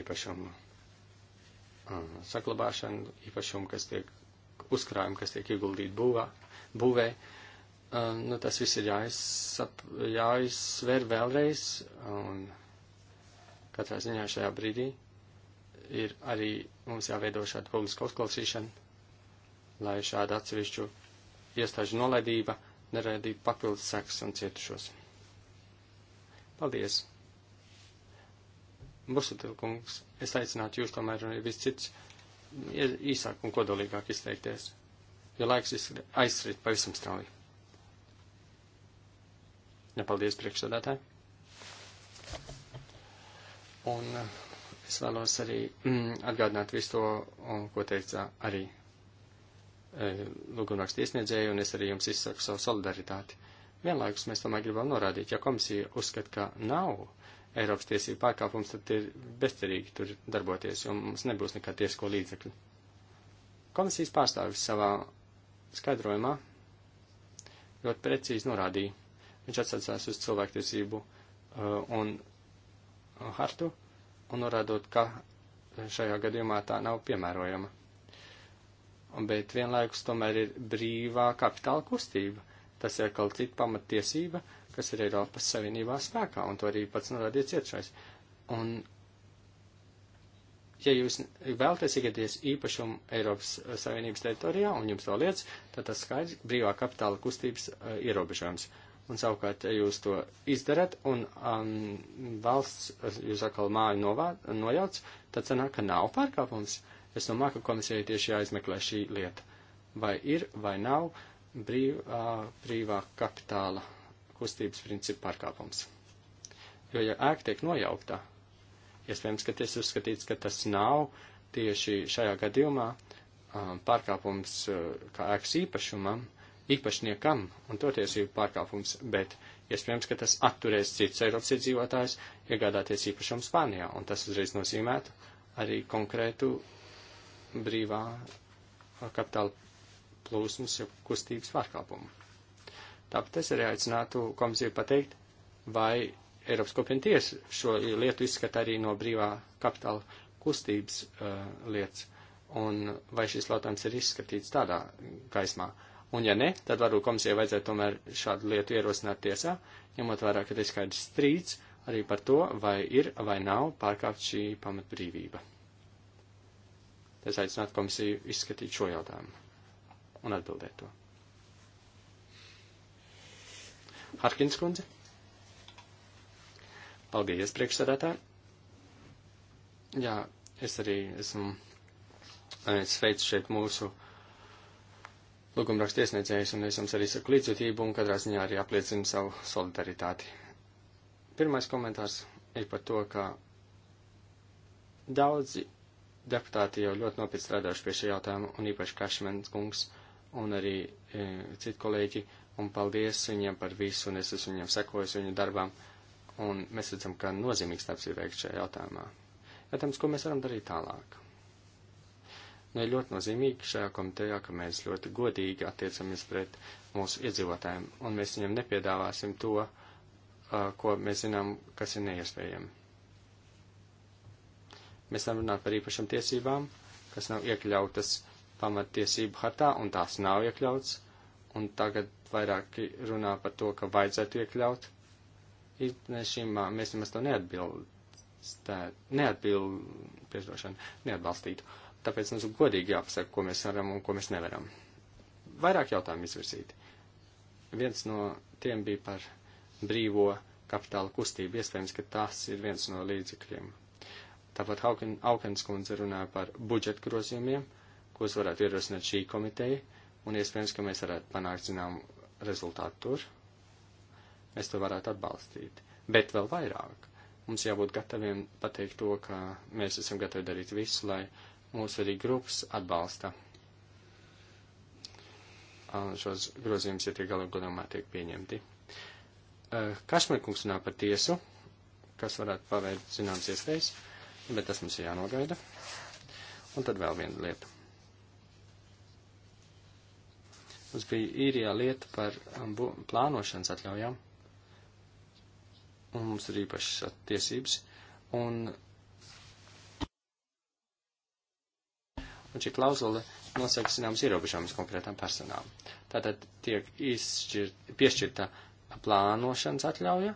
īpašumu uh, saglabāšanu, īpašumu, kas tiek uzkrājumi, kas tiek ieguldīti būvā, būvē. Uh, nu, tas viss ir jāizsap, jāizsver vēlreiz, un katrā ziņā šajā brīdī ir arī mums jāveido šāda publiska uzklausīšana, lai šāda atsevišķu iestāžu nolaidība neradītu papildus sekas un cietušos. Paldies! Busutilkungs, es aicinātu jūs tomēr un viss cits īsāk un kodolīgāk izteikties, jo laiks aizsrit pavisam strauji. Nepaldies priekšsēdētāji! Un uh, Es vēlos arī mm, atgādināt visu to, ko teica arī e, lūgumrakstu iesniedzēju, un es arī jums izsaku savu solidaritāti. Vienlaikus mēs tomēr gribam norādīt, ja komisija uzskata, ka nav Eiropas tiesību pārkāpums, tad ir bezcerīgi tur darboties, jo mums nebūs nekā tiesko līdzekļu. Komisijas pārstāvis savā skaidrojumā ļoti precīzi norādīja, viņš atsacās uz cilvēktiesību uh, un hartu, un norādot, ka šajā gadījumā tā nav piemērojama. Bet vienlaikus tomēr ir brīvā kapitāla kustība. Tas ir kaut cita pamatiesība, kas ir Eiropas Savienībā spēkā, un to arī pats norādīja cietušais. Un, ja jūs vēlaties iegādāties īpašumu Eiropas Savienības teritorijā un jums to lietas, tad tas skaidrs brīvā kapitāla kustības uh, ierobežojums. Uh, un savukārt jūs to izdarat, un um, valsts jūs atkal māju novā, nojauc, tad sanāk, ka nav pārkāpums. Es domāju, ka komisijai tieši jāizmeklē šī lieta. Vai ir vai nav brīvā, uh, brīvā kapitāla kustības principa pārkāpums. Jo, ja ēka tiek nojaukta, iespējams, ka tiesa uzskatīts, ka tas nav tieši šajā gadījumā um, pārkāpums uh, kā ēkas īpašumam, uh, īpašniekam un to tiesību pārkāpums, bet iespējams, ka tas atturēs cits Eiropas iedzīvotājs iegādāties īpašumu Spānijā, un tas uzreiz nozīmētu arī konkrētu brīvā kapitāla plūsmas jau kustības pārkāpumu. Tāpēc es arī aicinātu komisiju pateikt, vai Eiropas kopienu tiesa šo lietu izskata arī no brīvā kapitāla kustības uh, lietas, un vai šis jautājums ir izskatīts tādā gaismā. Uh, Un ja ne, tad varbūt komisijai vajadzētu tomēr šādu lietu ierosināt tiesā, ņemot vērā, ka ir skaidrs strīds arī par to, vai ir vai nav pārkāpt šī pamatbrīvība. Es aicinātu komisiju izskatīt šo jautājumu un atbildēt to. Harkins kundze. Paldies, priekšsēdētāji. Jā, es arī esmu, es eh, veicu šeit mūsu lūgumrakstu iesniedzējus un es jums arī saku līdzjūtību un katrā ziņā arī apliecinu savu solidaritāti. Pirmais komentārs ir par to, ka daudzi deputāti jau ļoti nopietni strādājuši pie šī jautājuma, un īpaši Kašmens kungs un arī e, citi kolēģi, un paldies viņiem par visu, un es esmu viņiem sekojis viņu darbām, un mēs redzam, ka nozīmīgs darbs ir veikts šajā jautājumā. Jautājums, ko mēs varam darīt tālāk? Un nu, ir ļoti nozīmīgi šajā komitejā, ka mēs ļoti godīgi attiecamies pret mūsu iedzīvotājiem, un mēs viņiem nepiedāvāsim to, uh, ko mēs zinām, kas ir neiespējami. Mēs varam runāt par īpašām tiesībām, kas nav iekļautas pamatiesību hartā, un tās nav iekļauts, un tagad vairāk runā par to, ka vajadzētu iekļaut. Īpašīm uh, mēs nemaz to neatbild, neatbild, neatbalstītu. Tāpēc mums godīgi jāpasaka, ko mēs varam un ko mēs nevaram. Vairāk jautājumu izvirzīt. Viens no tiem bija par brīvo kapitāla kustību. Iespējams, ka tas ir viens no līdzekļiem. Tāpat Haukens kundze runāja par budžeta grozījumiem, kurus varētu ierosināt šī komiteja, un iespējams, ka mēs varētu panākt zināmu rezultātu tur. Mēs to varētu atbalstīt. Bet vēl vairāk. Mums jābūt gataviem pateikt to, ka mēs esam gatavi darīt visu, lai mūsu arī grupas atbalsta šos grozījumus, ja tie galu galā tiek pieņemti. Kašmerkungs runā par tiesu, kas varētu pavērt zināmas iespējas, bet tas mums ir jānogaida. Un tad vēl viena lieta. Mums bija īrijā lieta par um, plānošanas atļaujām, un mums ir īpašas tiesības, un un šī klauzula nosaka zināmas ierobežojumus konkrētām personām. Tātad tiek izšķirt, piešķirta plānošanas atļauja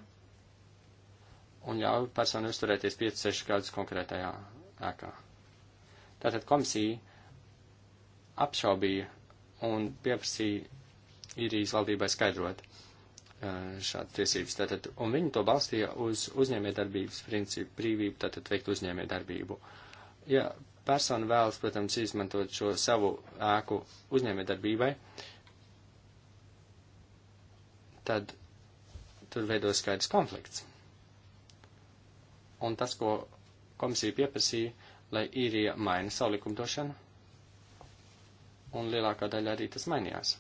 un ļauj personu uzturēties 5-6 gadus konkrētajā ēkā. Tātad komisija apšaubīja un pieprasīja īrijas valdībai skaidrot eh, šādas tiesības. Tātad, un viņi to balstīja uz uzņēmējdarbības principu brīvību, tātad veikt uzņēmējdarbību. Ja persona vēlas, protams, izmantot šo savu ēku uzņēmējdarbībai, tad tur veidos skaidrs konflikts. Un tas, ko komisija pieprasīja, lai īrija maina savu likumdošanu, un lielākā daļa arī tas mainījās.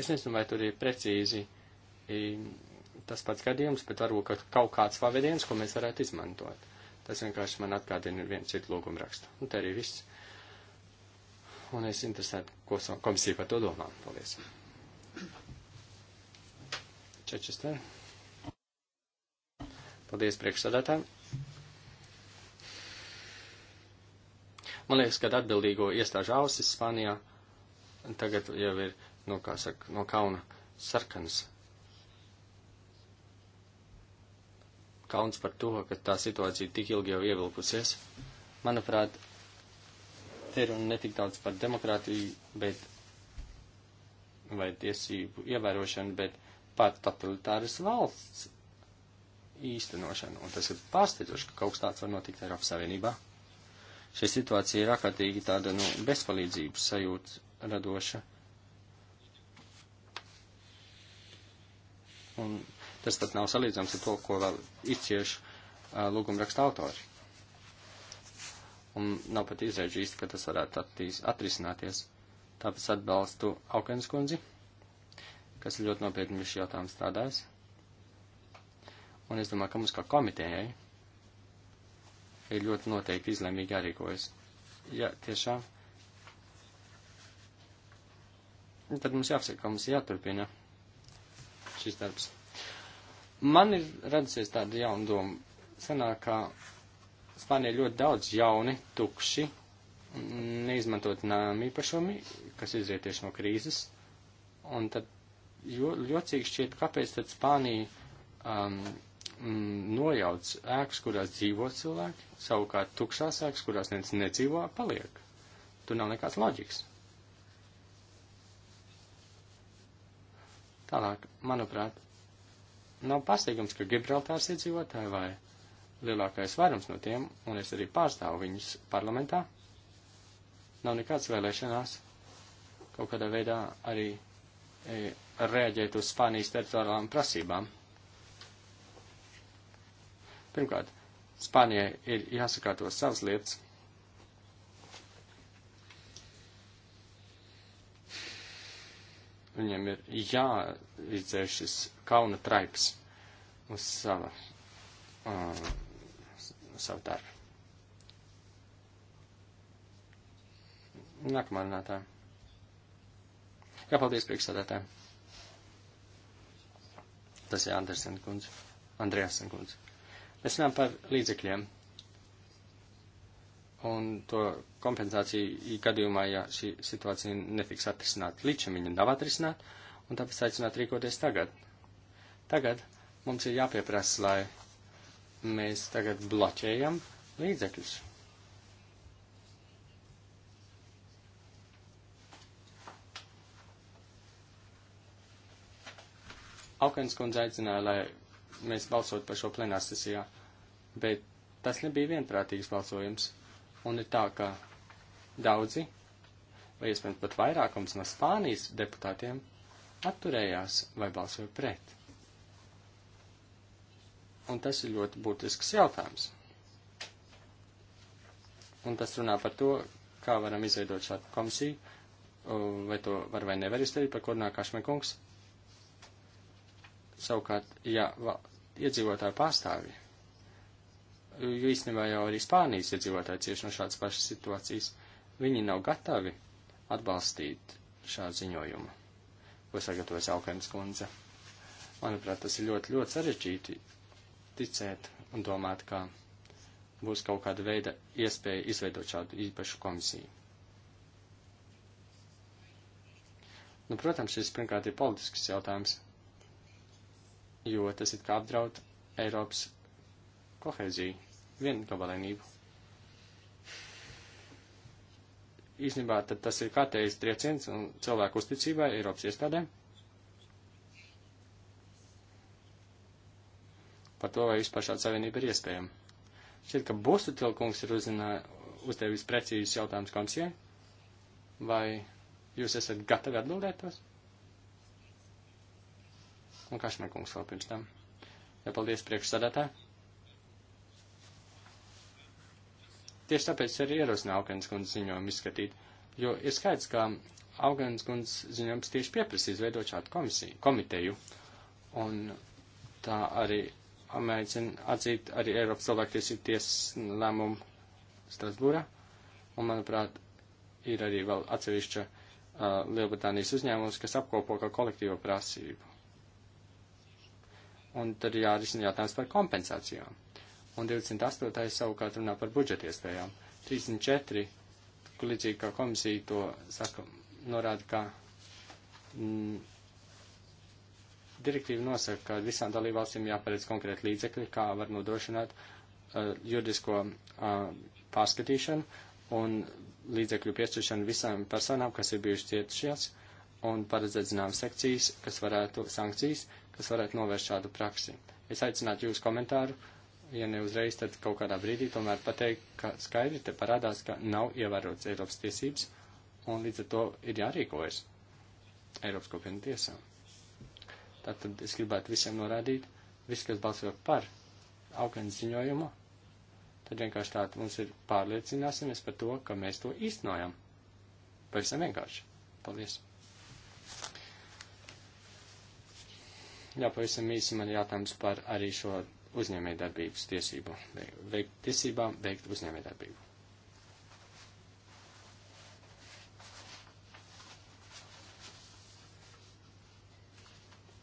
Es nezinu, vai tur ir precīzi tas pats gadījums, bet varbūt kaut kāds pavadiens, ko mēs varētu izmantot. Tas vienkārši man atgādina vienu citu lūgumu rakstu. Un te arī viss. Un es interesētu, ko komisija par to domā. Paldies. Čečester. Paldies priekšsādātājiem. Man liekas, ka atbildīgo iestāžu ausis Spānijā tagad jau ir, nu, kā saka, no kauna sarkanas kauns par to, ka tā situācija tik ilgi jau ievilkusies. Manuprāt, te ir un netik daudz par demokrātiju, bet vai tiesību ievērošanu, bet par totalitāras valsts īstenošanu. Un tas ir pārsteidzoši, ka kaut kas tāds var notikt Eiropas Savienībā. Šī situācija ir ārkārtīgi tāda, nu, bezpalīdzības sajūta radoša. Un Tas pat nav salīdzams ar to, ko vēl izcieš uh, lūgumraksta autori. Un nav pat izrēģi īsti, ka tas varētu attīs, atrisināties. Tāpēc atbalstu Aukens kundzi, kas ļoti nopietni visu jautājumu strādājas. Un es domāju, ka mums kā komitējai ir ļoti noteikti izlēmīgi jārīkojas. Ja tiešām, tad mums jāapsaka, ka mums jāturpina šis darbs. Man ir radusies tāda jauna doma. Sanāk, ka Spānija ļoti daudz jauni, tukši, neizmantot nām īpašumi, kas izriet tieši no krīzes. Un tad jocīgi šķiet, kāpēc tad Spānija um, nojauc ēkas, kurās dzīvo cilvēki, savukārt tukšās ēkas, kurās neviens nedzīvo, paliek. Tur nav nekāds loģikas. Tālāk, manuprāt, Nav pārsteigums, ka Gibraltārs iedzīvotāji vai lielākais vairums no tiem, un es arī pārstāvu viņus parlamentā, nav nekāds vēlēšanās kaut kādā veidā arī e, reaģēt uz Spānijas teritoriālām prasībām. Pirmkārt, Spānijai ir jāsakārto savas lietas, Viņiem ir jāizdzēr šis kalna traips uz sava, uh, savu darbu. Nākamā runātā. Jā, paldies priekšsādātā. Tas ir Andersen kundze. Andrēsen kundze. Mēs runājam par līdzekļiem un to kompensāciju gadījumā, ja šī situācija netiks atrisināt līdz šim, viņa nav atrisināt, un tāpēc aicināt rīkoties tagad. Tagad mums ir jāpieprasa, lai mēs tagad bloķējam līdzekļus. Aukens kundze aicināja, lai mēs balsotu par šo plenārsesijā, bet tas nebija vienprātīgs balsojums. Un ir tā, ka daudzi, vai iespējams pat vairākums no Spānijas deputātiem, atturējās vai balsoja pret. Un tas ir ļoti būtisks jautājums. Un tas runā par to, kā varam izveidot šādu komisiju, vai to var vai nevar izdarīt, par ko runā Kašmekungs. Savukārt, ja iedzīvotāju pārstāvji jo īstenībā jau arī Spānijas iedzīvotāji cieši no šādas pašas situācijas. Viņi nav gatavi atbalstīt šādu ziņojumu, ko sagatavojas Alkainas kundze. Manuprāt, tas ir ļoti, ļoti sarežģīti ticēt un domāt, ka būs kaut kāda veida iespēja izveidot šādu īpašu komisiju. Nu, protams, šis pirmkārt ir politisks jautājums, jo tas it kā apdraud Eiropas kohēziju vienu gabalenību. Īsnībā tad tas ir kārtējs trieciens un cilvēku uzticībai Eiropas iestādēm. Par to, vai vispār šāda savienība ir iespējama. Šķiet, ka Bostutilkungs ir uzzinā, uzdevis precīzus jautājumus komisijai. Vai jūs esat gatavi atbildēt tos? Un Kašmerkungs vēl pirms tam. Jā, paldies priekšsādātāji. Tieši tāpēc arī ierosina Alkanas kundzes ziņojumu izskatīt, jo ir skaidrs, ka Alkanas kundzes ziņojums tieši pieprasīs veidot šādu komisiju, komiteju, un tā arī mēģina atzīt arī Eiropas cilvēktiesību tiesas lēmumu Strasbūrā, un, manuprāt, ir arī vēl atsevišķa uh, Lielbritānijas uzņēmums, kas apkopo kā kolektīvo prasību. Un tad jārisina jautājums par kompensācijām un 28. savukārt runā par budžeta iespējām. 34, līdzīgi kā komisija to saka, norāda, ka mm, direktīva nosaka, ka visām dalībvalstīm jāparedz konkrēti līdzekļi, kā var nodrošināt uh, juridisko uh, pārskatīšanu un līdzekļu piešķiršanu visām personām, kas ir bijušas cietušies, un paredzēt zināmas sekcijas, kas varētu, sankcijas, kas varētu novērst šādu praksi. Es aicinātu jūs komentāru, uh, ja ne uzreiz, tad kaut kādā brīdī tomēr pateikt, ka skaidri te parādās, ka nav ievērots Eiropas tiesības, un līdz ar to ir jārīkojas Eiropas kopienu tiesā. Tātad es gribētu visiem norādīt, viss, kas balso par Augens ziņojumu, tad vienkārši tā mums ir pārliecināsimies par to, ka mēs to īstenojam. Pavisam vienkārši. Paldies! Jā, pavisam īsi man jautājums par arī šo uzņēmē darbības tiesību, veikt tiesībām veikt uzņēmē darbību.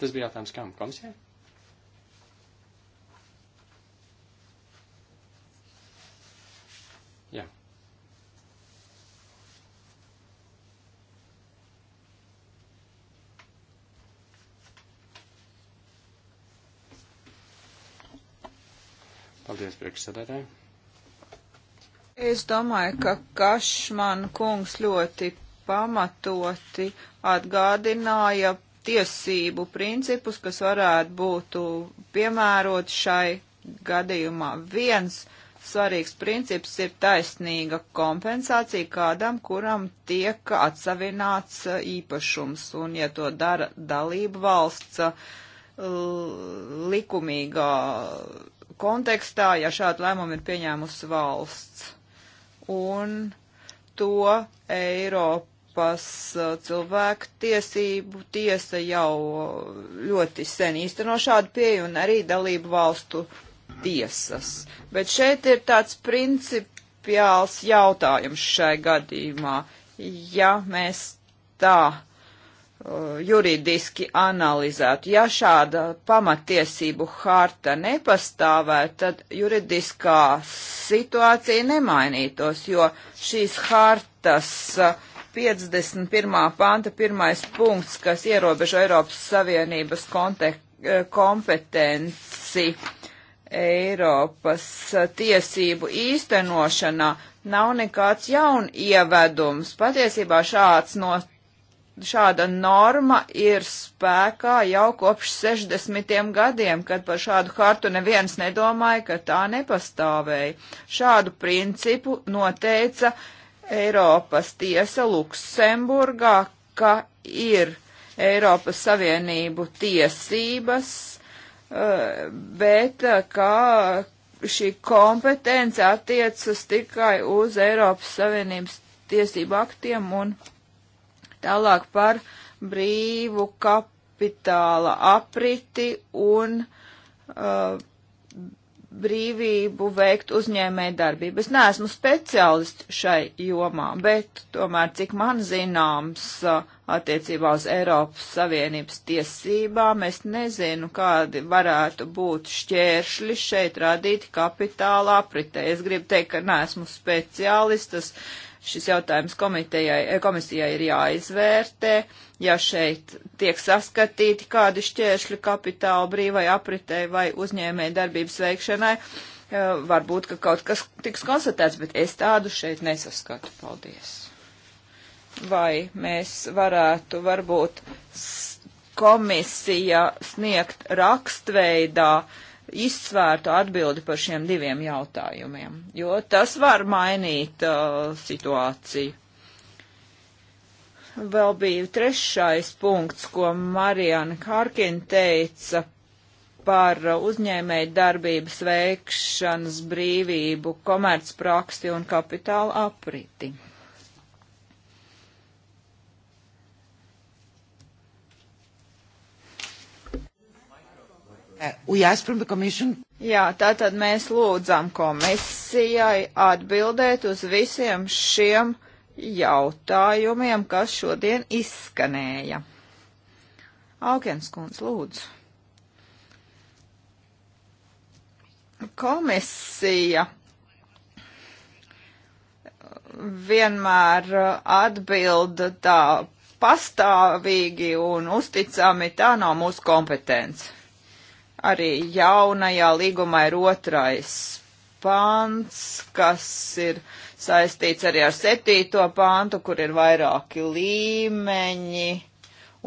Tas bija jautājums kam? Komisijai? Paldies, priekšsēdētāji. Es domāju, ka Kašman kungs ļoti pamatoti atgādināja tiesību principus, kas varētu būt piemērot šai gadījumā. Viens svarīgs princips ir taisnīga kompensācija kādam, kuram tiek atsavināts īpašums, un ja to dara dalība valsts likumīgā kontekstā, ja šādu lēmumu ir pieņēmusi valsts. Un to Eiropas uh, cilvēku tiesību tiesa jau ļoti sen īsteno šādu pieeju un arī dalību valstu tiesas. Bet šeit ir tāds principiāls jautājums šai gadījumā. Ja mēs tā Uh, juridiski analizētu. Ja šāda pamatiesību harta nepastāvētu, tad juridiskā situācija nemainītos, jo šīs hartas 51. Uh, panta pirmais punkts, kas ierobežo Eiropas Savienības uh, kompetenci Eiropas tiesību īstenošanā, nav nekāds jaun ievedums. Patiesībā šāds no šāda norma ir spēkā jau kopš 60. gadiem, kad par šādu hartu neviens nedomāja, ka tā nepastāvēja. Šādu principu noteica Eiropas tiesa Luksemburgā, ka ir Eiropas Savienību tiesības, eh, bet eh, ka šī kompetence attiecas tikai uz Eiropas Savienības tiesību aktiem un Tālāk par brīvu kapitāla apriti un uh, brīvību veikt uzņēmēju darbību. Es neesmu speciālists šai jomā, bet tomēr, cik man zināms, uh, attiecībā uz Eiropas Savienības tiesībām, es nezinu, kādi varētu būt šķēršļi šeit radīti kapitāla apritē. Es gribu teikt, ka neesmu speciālists, tas Šis jautājums eh, komisijai ir jāizvērtē, ja šeit tiek saskatīti kādi šķēršļi kapitāla brīvai apritei vai uzņēmē darbības veikšanai. Eh, varbūt, ka kaut kas tiks konstatēts, bet es tādu šeit nesaskatu. Paldies. Vai mēs varētu varbūt komisija sniegt rakstveidā uh, izsvērtu atbildi par šiem diviem jautājumiem, jo tas var mainīt uh, situāciju. Vēl bija trešais punkts, ko Marijana Harkina teica par uzņēmēju darbības veikšanas brīvību, komercpraksti un kapitāla apriti. Uh, Jā, tātad mēs lūdzam komisijai atbildēt uz visiem šiem jautājumiem, kas šodien izskanēja. Aukenskundz, lūdzu. Komisija vienmēr atbild tā pastāvīgi un uzticami, tā nav mūsu kompetence Arī jaunajā līgumā ir otrais pants, kas ir saistīts arī ar septīto pantu, kur ir vairāki līmeņi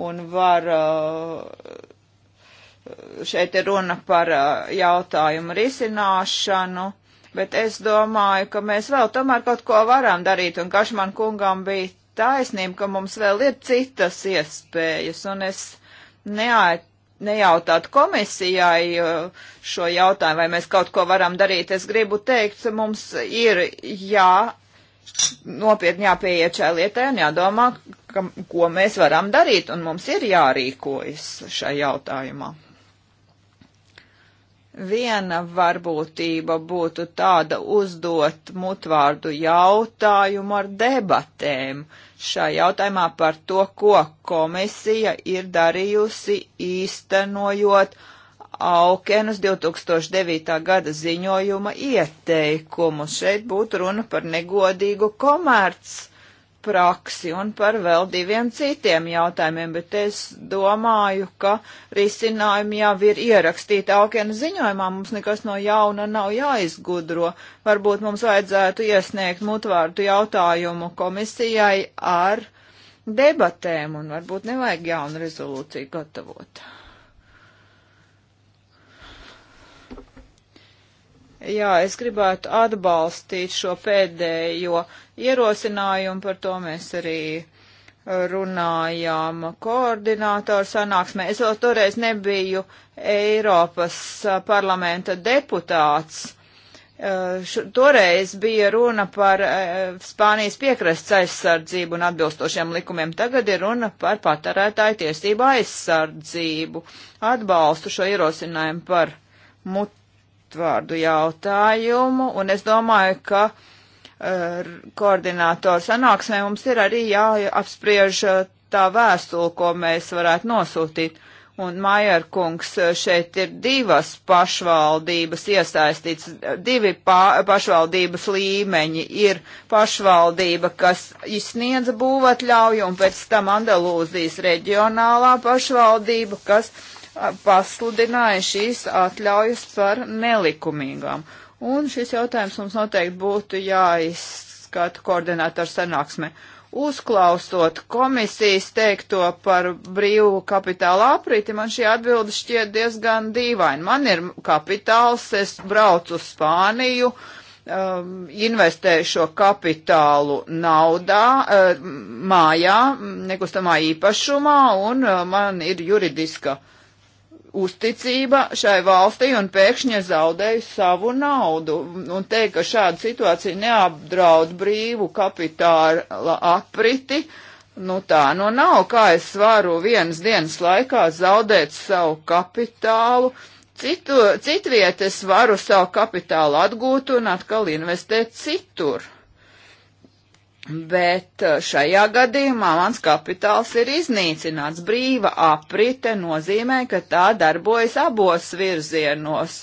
un var uh, šeit ir runa par uh, jautājumu risināšanu, bet es domāju, ka mēs vēl tomēr kaut ko varam darīt, un Kašman kungam bija taisnība, ka mums vēl ir citas iespējas, un es neait, nejautāt komisijai uh, šo jautājumu, vai mēs kaut ko varam darīt. Es gribu teikt, mums ir jā, nopietni jāpieiet šai lietai un jādomā, ka, ko mēs varam darīt, un mums ir jārīkojas šai jautājumā. Viena varbūtība būtu tāda uzdot mutvārdu jautājumu ar debatēm, šajā jautājumā par to, ko komisija ir darījusi īstenojot Aukenus 2009. gada ziņojuma ieteikumu. Šeit būtu runa par negodīgu komerci praksi un par vēl diviem citiem jautājumiem, bet es domāju, ka risinājumi jau ir ierakstīti Aukena ziņojumā, mums nekas no jauna nav jāizgudro. Varbūt mums vajadzētu iesniegt mutvārdu jautājumu komisijai ar debatēm un varbūt nevajag jaunu rezolūciju gatavot. Jā, es gribētu atbalstīt šo pēdējo ierosinājumu, par to mēs arī runājām koordinātoru sanāksmē. Es vēl toreiz nebiju Eiropas parlamenta deputāts. Eh, Š, toreiz bija runa par eh, Spānijas piekrasts aizsardzību un atbilstošiem likumiem. Tagad ir runa par patērētāju tiesību aizsardzību. Atbalstu šo ierosinājumu par mut vārdu jautājumu, un es domāju, ka uh, koordinātoru sanāksmē mums ir arī jāapspriež eh, tā vēstule, ko mēs varētu nosūtīt. Un Majerkungs eh, šeit ir divas pašvaldības iesaistīts, divi pā, pašvaldības līmeņi. Ir pašvaldība, kas izsniedza būvatļauju, un pēc tam Andalūzijas reģionālā pašvaldība, kas uh, pasludināja šīs atļaujas par nelikumīgām. Un šis jautājums mums noteikti būtu jāizskata koordinātoru sanāksmē. Uzklausot komisijas teikto par brīvu kapitāla aprīti, man šī atbilde šķiet diezgan dīvaina. Man ir kapitāls, es braucu uz Spāniju, um, investēju šo kapitālu naudā, uh, mājā, nekustamā īpašumā, un uh, man ir juridiska uh, uzticība šai valstī un pēkšņi zaudēju savu naudu. Un teikt, ka šāda situācija neapdraud brīvu kapitāla apriti, nu tā nu nav, kā es varu vienas dienas laikā zaudēt savu kapitālu. Citu, citviet es varu savu kapitālu atgūt un atkal investēt citur. Bet eh, šajā gadījumā mans kapitāls ir iznīcināts. Brīva aprite nozīmē, ka tā darbojas abos virzienos.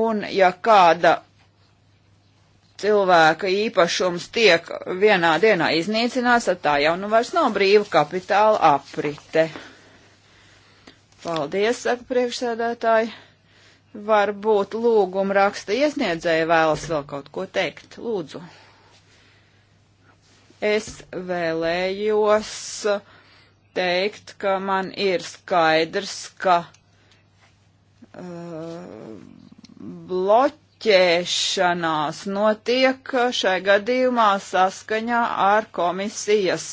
Un ja kāda cilvēka īpašums tiek vienā dienā iznīcināts, tad tā jau nu vairs nav brīva kapitāla aprite. Paldies, saka priekšsēdētāji. Varbūt lūguma raksta iesniedzēja vēlas vēl kaut ko teikt. Lūdzu. Es vēlējos teikt, ka man ir skaidrs, ka uh, bloķēšanās notiek šai gadījumā saskaņā ar komisijas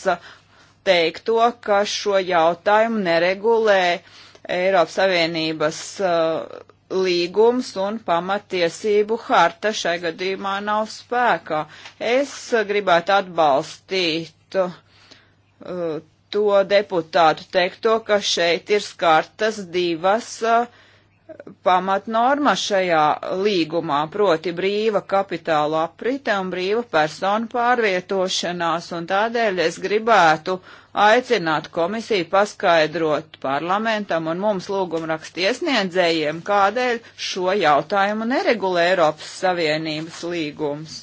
teikto, ka šo jautājumu neregulē Eiropas Savienības uh, līgums un pamatiesību harta šai gadījumā nav spēkā. Es gribētu atbalstīt uh, to deputātu teikto, ka šeit ir skartas divas uh, pamatnormas šajā līgumā, proti brīva kapitāla aprite un brīva persona pārvietošanās, un tādēļ es gribētu uh, aicināt komisiju paskaidrot parlamentam un mums lūgumrakstu iesniedzējiem, kādēļ šo jautājumu neregulē Eiropas Savienības līgums.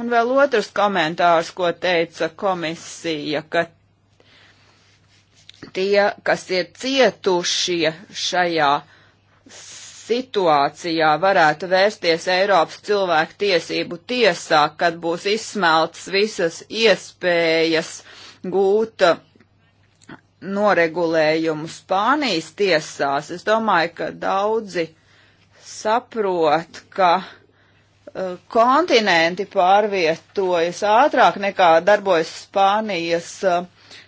Un vēl otrs komentārs, ko teica komisija, ka tie, kas ir cietušie šajā situācijā, varētu vērsties Eiropas cilvēku tiesību tiesā, kad būs izsmelts visas iespējas gūt uh, noregulējumu Spānijas tiesās, es domāju, ka daudzi saprot, ka uh, kontinenti pārvietojas ātrāk nekā darbojas Spānijas uh,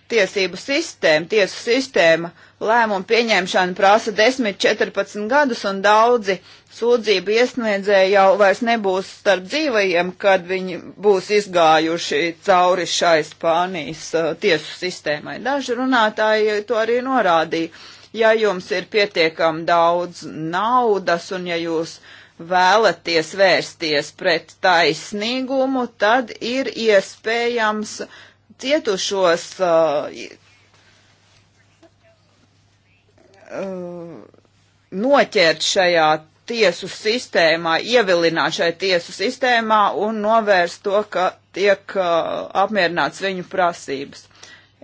tiesību sistēma. Tiesu sistēma lēmumu pieņemšana prasa 10-14 gadus un daudzi sūdzību iesniedzēji jau vairs nebūs starp dzīvajiem, kad viņi būs izgājuši cauri šai Spānijas uh, tiesu sistēmai. Daži runātāji to arī norādīja. Ja jums ir pietiekami daudz naudas un ja jūs vēlaties vērsties pret taisnīgumu, tad ir iespējams cietušos uh, uh, noķert šajā tiesu sistēmā, ievilināt šai tiesu sistēmā un novērst to, ka tiek uh, apmierināts viņu prasības.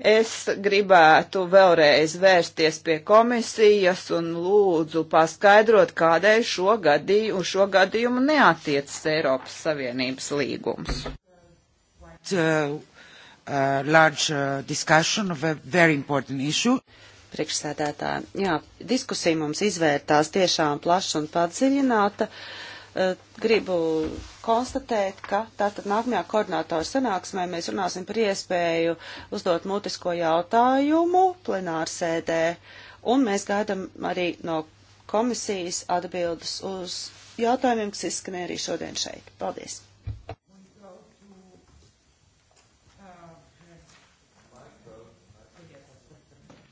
Es gribētu vēlreiz vērsties pie komisijas un lūdzu paskaidrot, kādēļ šo gadījumu, šo gadījumu neatiecas Eiropas Savienības līgums. Uh, uh, large uh, discussion of a very important issue. Uh, priekšsēdētāja. Jā, diskusija mums izvērtās tiešām plaša un padziļināta. E, gribu konstatēt, ka tātad nākamajā koordinātoru sanāksmē mēs runāsim par iespēju uzdot mutisko jautājumu plenārsēdē, un mēs gaidam arī no komisijas atbildes uz jautājumiem, kas izskanēja arī šodien šeit. Paldies!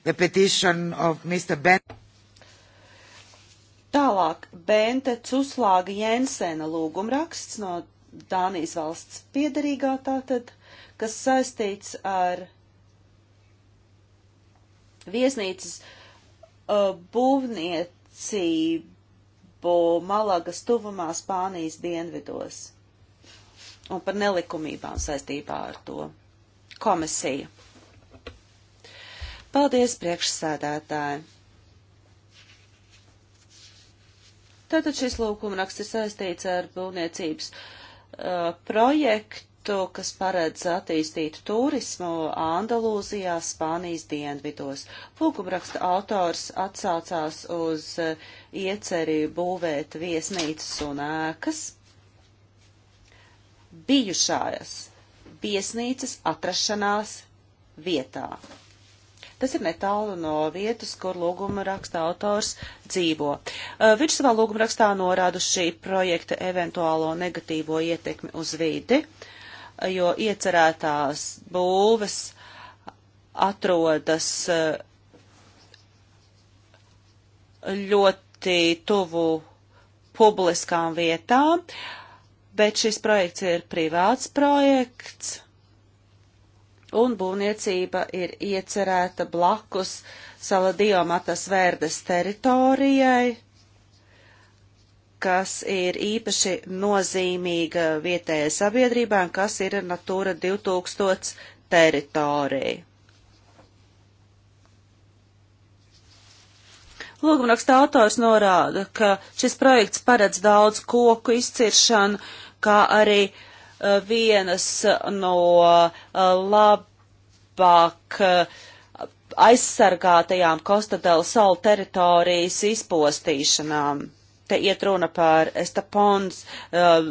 the petition of Mr. Ben. Tālāk Bente Cuslāga Jensena lūgumraksts no Dānijas valsts piedarīgā tātad, kas saistīts ar viesnīcas uh, būvniecību Malagas tuvumā Spānijas dienvidos un par nelikumībām saistībā ar to komisiju. Paldies, priekšsēdētāji! Tātad šis lūkumraksts ir saistīts ar būvniecības uh, projektu, kas paredz attīstīt turismu Andalūzijā, Spānijas dienvidos. Lūkumraksta autors atsaucās uz uh, ieceri būvēt viesnīcas un ēkas. Bijušās viesnīcas atrašanās vietā. Tas ir netālu no vietas, kur lūguma raksta autors dzīvo. Uh, viņš savā lūguma rakstā norāda šī projekta eventuālo negatīvo ietekmi uz vidi, uh, jo iecerētās būves atrodas uh, ļoti tuvu publiskām vietām, bet šis projekts ir privāts projekts un būvniecība ir iecerēta blakus Saladiomatas vērdes teritorijai, kas ir īpaši nozīmīga vietējai sabiedrībā un kas ir Natūra 2000 teritorija. Lūgumraksta autors norāda, ka šis projekts paredz daudz koku izciršanu, kā arī uh, vienas no uh, labāk uh, aizsargātajām Kostadela salu teritorijas izpostīšanām te iet runa par estapons uh,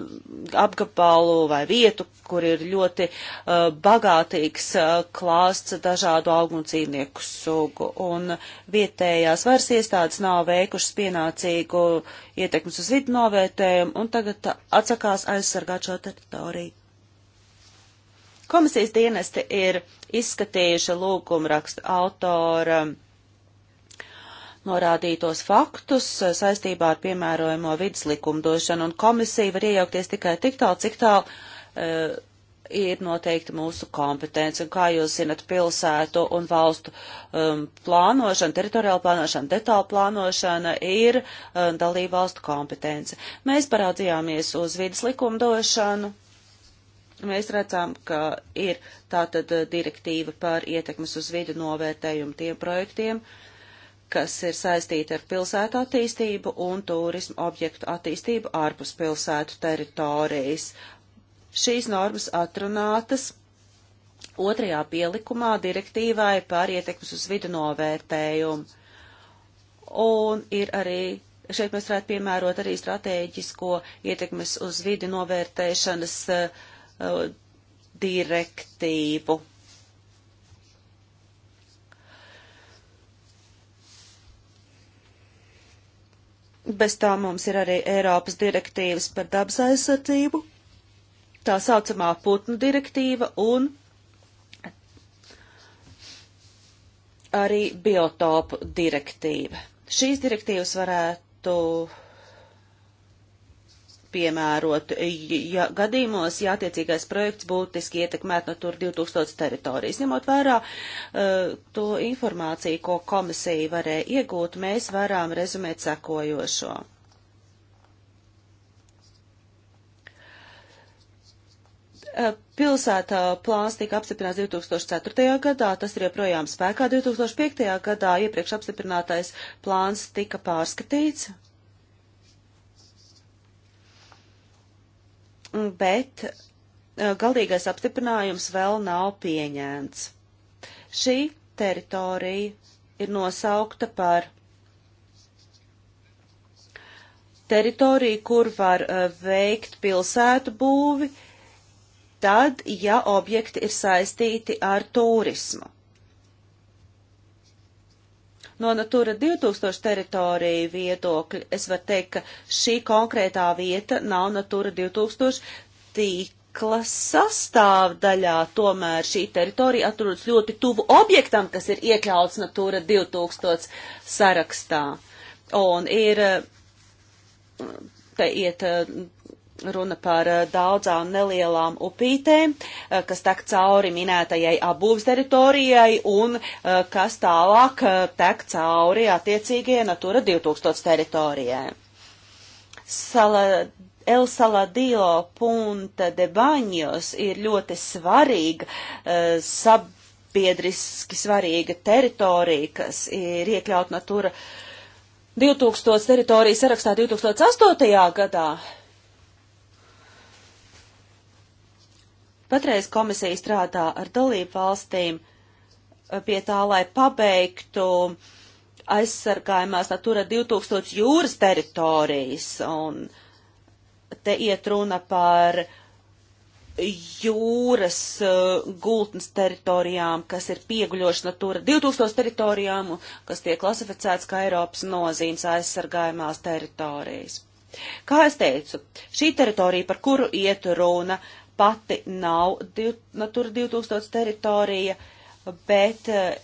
apgabalu vai vietu, kur ir ļoti uh, bagātīgs uh, klāsts dažādu augu un dzīvnieku sugu. Un vietējās varas iestādes nav veikušas pienācīgu ietekmes uz vidu novērtējumu un tagad atsakās aizsargāt šo teritoriju. Komisijas dienesti ir izskatījuši lūgumrakstu autora. Um, norādītos faktus eh, saistībā ar piemērojamo vidas likumdošanu, un komisija var iejaukties tikai tik tālu, cik tālu uh, ir noteikti mūsu kompetence. Un kā jūs zinat, pilsētu un valstu um, plānošana, teritoriāla plānošana, detāla plānošana ir um, dalība valstu kompetence. Mēs paraudzījāmies uz vidas likumdošanu. Mēs redzam, ka ir tātad eh, direktīva par ietekmes uz vidu novērtējumu tiem projektiem, uh, kas ir saistīti ar pilsētu attīstību un turismu objektu attīstību ārpus pilsētu teritorijas. Šīs normas atrunātas otrajā pielikumā direktīvai par ietekmes uz vidu novērtējumu. Un ir arī, šeit mēs varētu piemērot arī strateģisko ietekmes uz vidu novērtēšanas uh, direktīvu. Bez tā mums ir arī Eiropas direktīvas par dabas aizsardzību, tā saucamā putnu direktīva un arī biotopu direktīva. Šīs direktīvas varētu piemērotu ja, gadījumos, ja attiecīgais projekts būtiski ietekmētu Natura 2000 teritorijas. Ņemot vērā uh, to informāciju, ko komisija varēja iegūt, mēs varam rezumēt sekojošo. Uh, pilsētā plāns tika apstiprināts 2004. gadā, tas ir joprojām spēkā. 2005. gadā iepriekš apstiprinātais plāns tika pārskatīts, bet eh, galīgais apstiprinājums vēl nav pieņēmts. Šī teritorija ir nosaukta par teritoriju, kur var eh, veikt pilsētu būvi, tad, ja objekti ir saistīti ar turismu. No Natura 2000 teritoriju viedokļa es varu teikt, ka šī konkrētā vieta nav Natura 2000 tīkla sastāvdaļā, tomēr šī teritorija atrodas ļoti tuvu objektam, kas ir iekļauts Natura 2000 sarakstā. Un ir te iet runa par eh, daudzām nelielām upītēm, eh, kas tek cauri minētajai abūvs teritorijai un eh, kas tālāk tek cauri attiecīgajai Natura 2000 teritorijai. Sala, El Saladillo Punta de Baņos ir ļoti svarīga sabiedriski svarīga teritorija, kas ir iekļaut Natura 2000 teritoriju sarakstā 2008. gadā Patreiz komisija strādā ar dalību valstīm eh, pie tā, lai pabeigtu aizsargājumās Natura 2000 jūras teritorijas, un te iet runa par jūras uh, gultnes teritorijām, kas ir pieguļošas Natura 2000 teritorijām, kas tiek klasificēts kā Eiropas nozīmes aizsargājumās teritorijas. Kā es teicu, šī teritorija, par kuru iet runa, uh, pati nav div, Natura nu, 2000 teritorija, bet eh,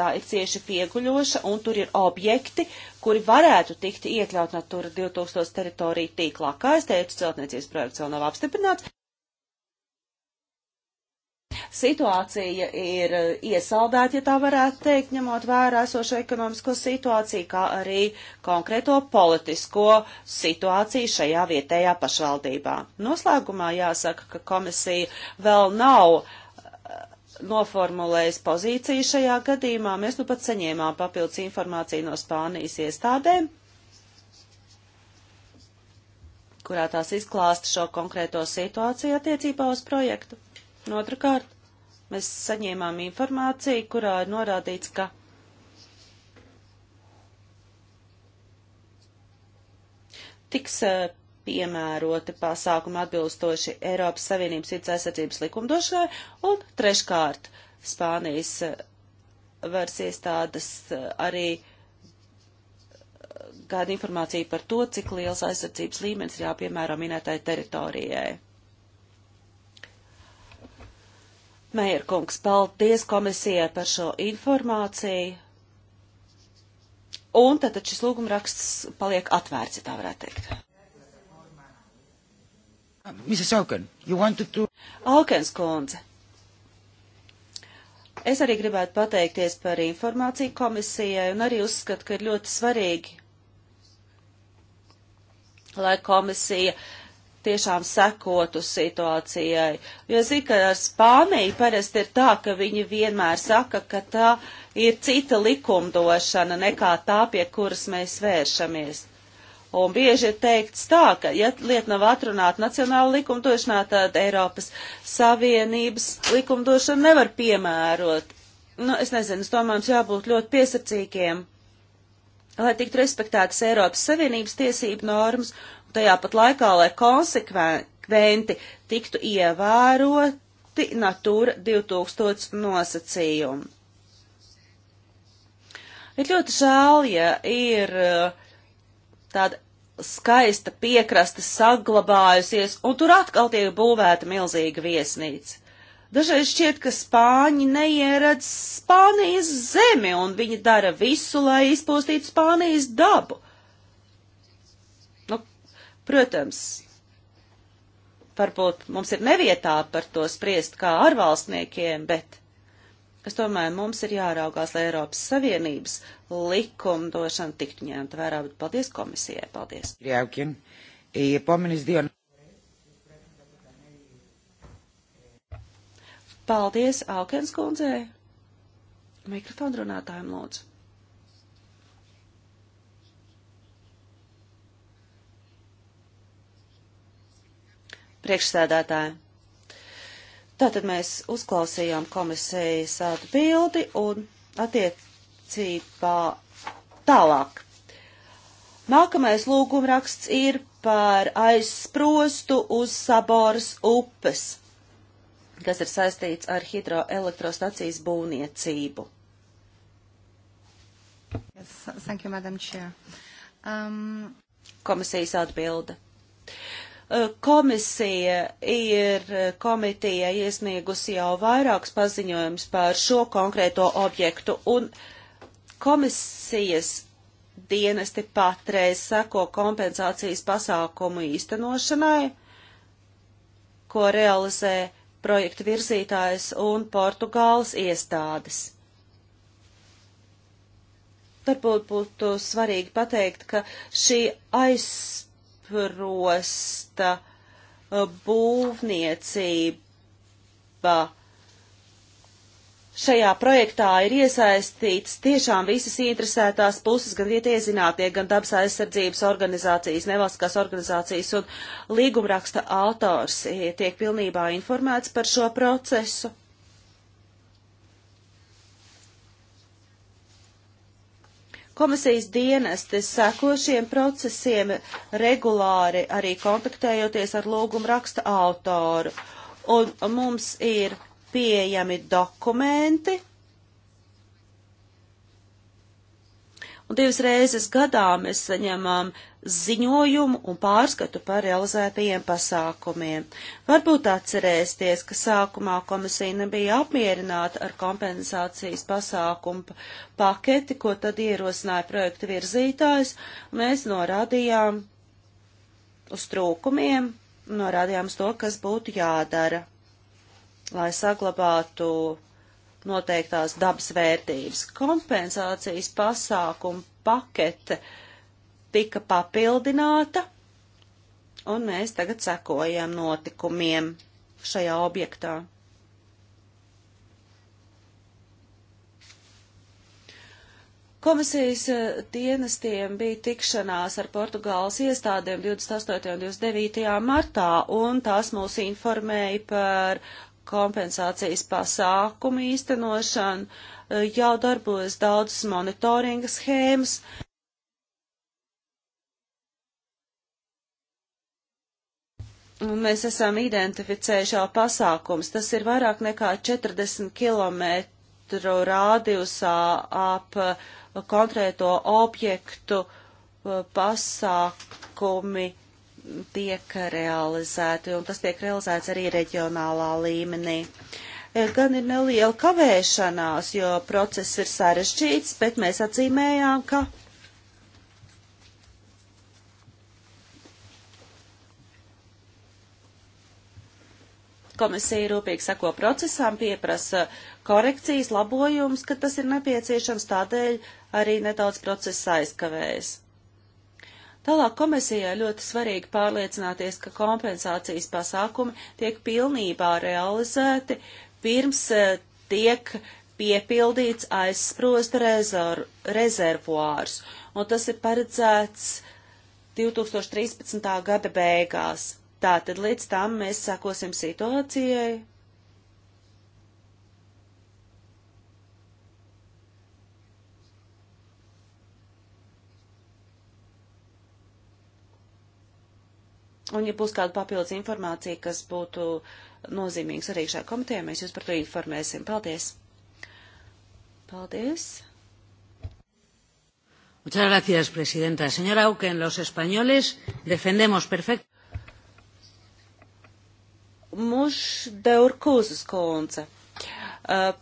tā ir cieši pieguļoša, un tur ir objekti, kuri varētu tikt iekļaut Natura nu, 2000 teritoriju tīklā. Kā es teicu, celtniecības projekts vēl nav apstiprināts. Situācija ir eh, iesaldēta, ja tā varētu teikt, ņemot vērā esošo ekonomisko situāciju, kā arī konkrēto politisko situāciju šajā vietējā pašvaldībā. Noslēgumā jāsaka, ka komisija vēl nav eh, noformulējis pozīciju šajā gadījumā. Mēs nu pat saņēmām papildus informāciju no Spānijas iestādēm, kurā tās izklāsta šo konkrēto situāciju attiecībā uz projektu. Otrakārt, Mēs saņēmām informāciju, kurā ir norādīts, ka tiks eh, piemēroti pasākumi atbilstoši Eiropas Savienības sirds aizsardzības likumdošanai, un treškārt Spānijas eh, varas iestādes eh, arī gada informāciju par to, cik liels aizsardzības līmenis ir jāpiemēro minētai teritorijai. Meierkungs, paldies komisijai par šo informāciju. Un tad šis lūgumraksts paliek atvērts, ja tā varētu teikt. Mrs. Auken, you wanted to... Aukens kundze. Es arī gribētu pateikties par informāciju komisijai un arī uzskatu, ka ir ļoti svarīgi, lai komisija uh, tiešām sekotu situācijai. Jo zinu, ka ar Spāniju parasti ir tā, ka viņi vienmēr saka, ka tā ir cita likumdošana nekā tā, pie kuras mēs vēršamies. Un bieži ir teikts tā, ka, ja lieta nav atrunāta nacionāla likumdošanā, tad Eiropas Savienības likumdošana nevar piemērot. Nu, es nezinu, es domāju, mums jābūt ļoti piesardzīgiem, lai tiktu respektētas Eiropas Savienības tiesību normas tajā pat laikā, lai konsekventi tiktu ievēroti Natūra 2000 nosacījumi. Ir ļoti žēl, ja ir uh, tāda skaista piekraste saglabājusies, un tur atkal tiek būvēta milzīga viesnīca. Dažreiz šķiet, ka spāņi neieredz Spānijas zemi, un viņi dara visu, lai izpostītu Spānijas dabu. Protams, varbūt mums ir nevietā par to spriest kā ārvalstniekiem, bet es domāju, mums ir jāraugās, lai Eiropas Savienības likumdošana tiktu ņemta vērā, bet paldies komisijai, paldies. Ļaukin, iepomenis dienu. Paldies Alkens kundzei. Mikrofonu runātājiem lūdzu. priekšsēdētāji. Tātad mēs uzklausījām komisijas atbildi un attiecībā tālāk. Nākamais lūgumraksts ir par aizsprostu uz Saboras upes, kas ir saistīts ar hidroelektrostacijas būvniecību. Yes, thank you, Madam Chair. Um... Komisijas atbilde. Uh, Komisija ir komitija iesniegusi jau vairākus paziņojumus par šo konkrēto objektu, un komisijas dienesti patreiz seko kompensācijas pasākumu īstenošanai, ko realizē projektu virzītājs un Portugāles iestādes. Varbūt būtu svarīgi pateikt, ka šī aiz oprosta uh, būvniecība. Šajā projektā ir iesaistīts tiešām visas interesētās puses, gan vietējie zinātnieki, gan dabas aizsardzības organizācijas, nevalstiskās organizācijas un līgumraksta autors eh, tiek pilnībā informēts par šo procesu. Komisijas dienesti seko šiem procesiem regulāri, arī kontaktējoties ar lūgumu raksta autoru. Un mums ir pieejami dokumenti, un divas reizes gadā mēs saņemam ziņojumu un pārskatu par realizētajiem pasākumiem. Varbūt atcerēsties, ka sākumā komisija nebija apmierināta ar kompensācijas pasākumu paketi, ko tad ierosināja projekta virzītājs. Mēs norādījām uz trūkumiem, norādījām uz to, kas būtu jādara, lai saglabātu noteiktās dabas vērtības. Kompensācijas pasākumu pakete tika papildināta, un mēs tagad sekojam notikumiem šajā objektā. Komisijas eh, dienestiem bija tikšanās ar Portugāles iestādēm 28. un 29. martā, un tās mūs informēja par kompensācijas pasākumu īstenošanu, e, jau darbojas daudzas monitoringa schēmas. Un mēs esam identificējuši jau pasākums. Tas ir vairāk nekā 40 km rādījusā ap e, konkrēto objektu e, pasākumi tiek realizēti, un tas tiek realizēts arī reģionālā līmenī. E, gan ir neliela kavēšanās, jo process ir sarežģīts, bet mēs atzīmējām, ka Komisija rūpīgi sako procesām, pieprasa korekcijas, labojums, kad tas ir nepieciešams, tādēļ arī nedaudz procesa aizkavējas. Tālāk komisijai ļoti svarīgi pārliecināties, ka kompensācijas pasākumi tiek pilnībā realizēti pirms eh, tiek piepildīts aizsprosta rezerv, rezervuārs, un tas ir paredzēts 2013. gada beigās. Tātad līdz tam mēs sakosim situācijai Un, ja būs kāda papildus informācija, kas būtu nozīmīgs arī šajā komitejā, mēs jūs par to informēsim. Paldies! Paldies! Muchas gracias, presidenta. Señora Auken, los españoles defendemos perfecto. Muš Deurkūzes konce. Uh,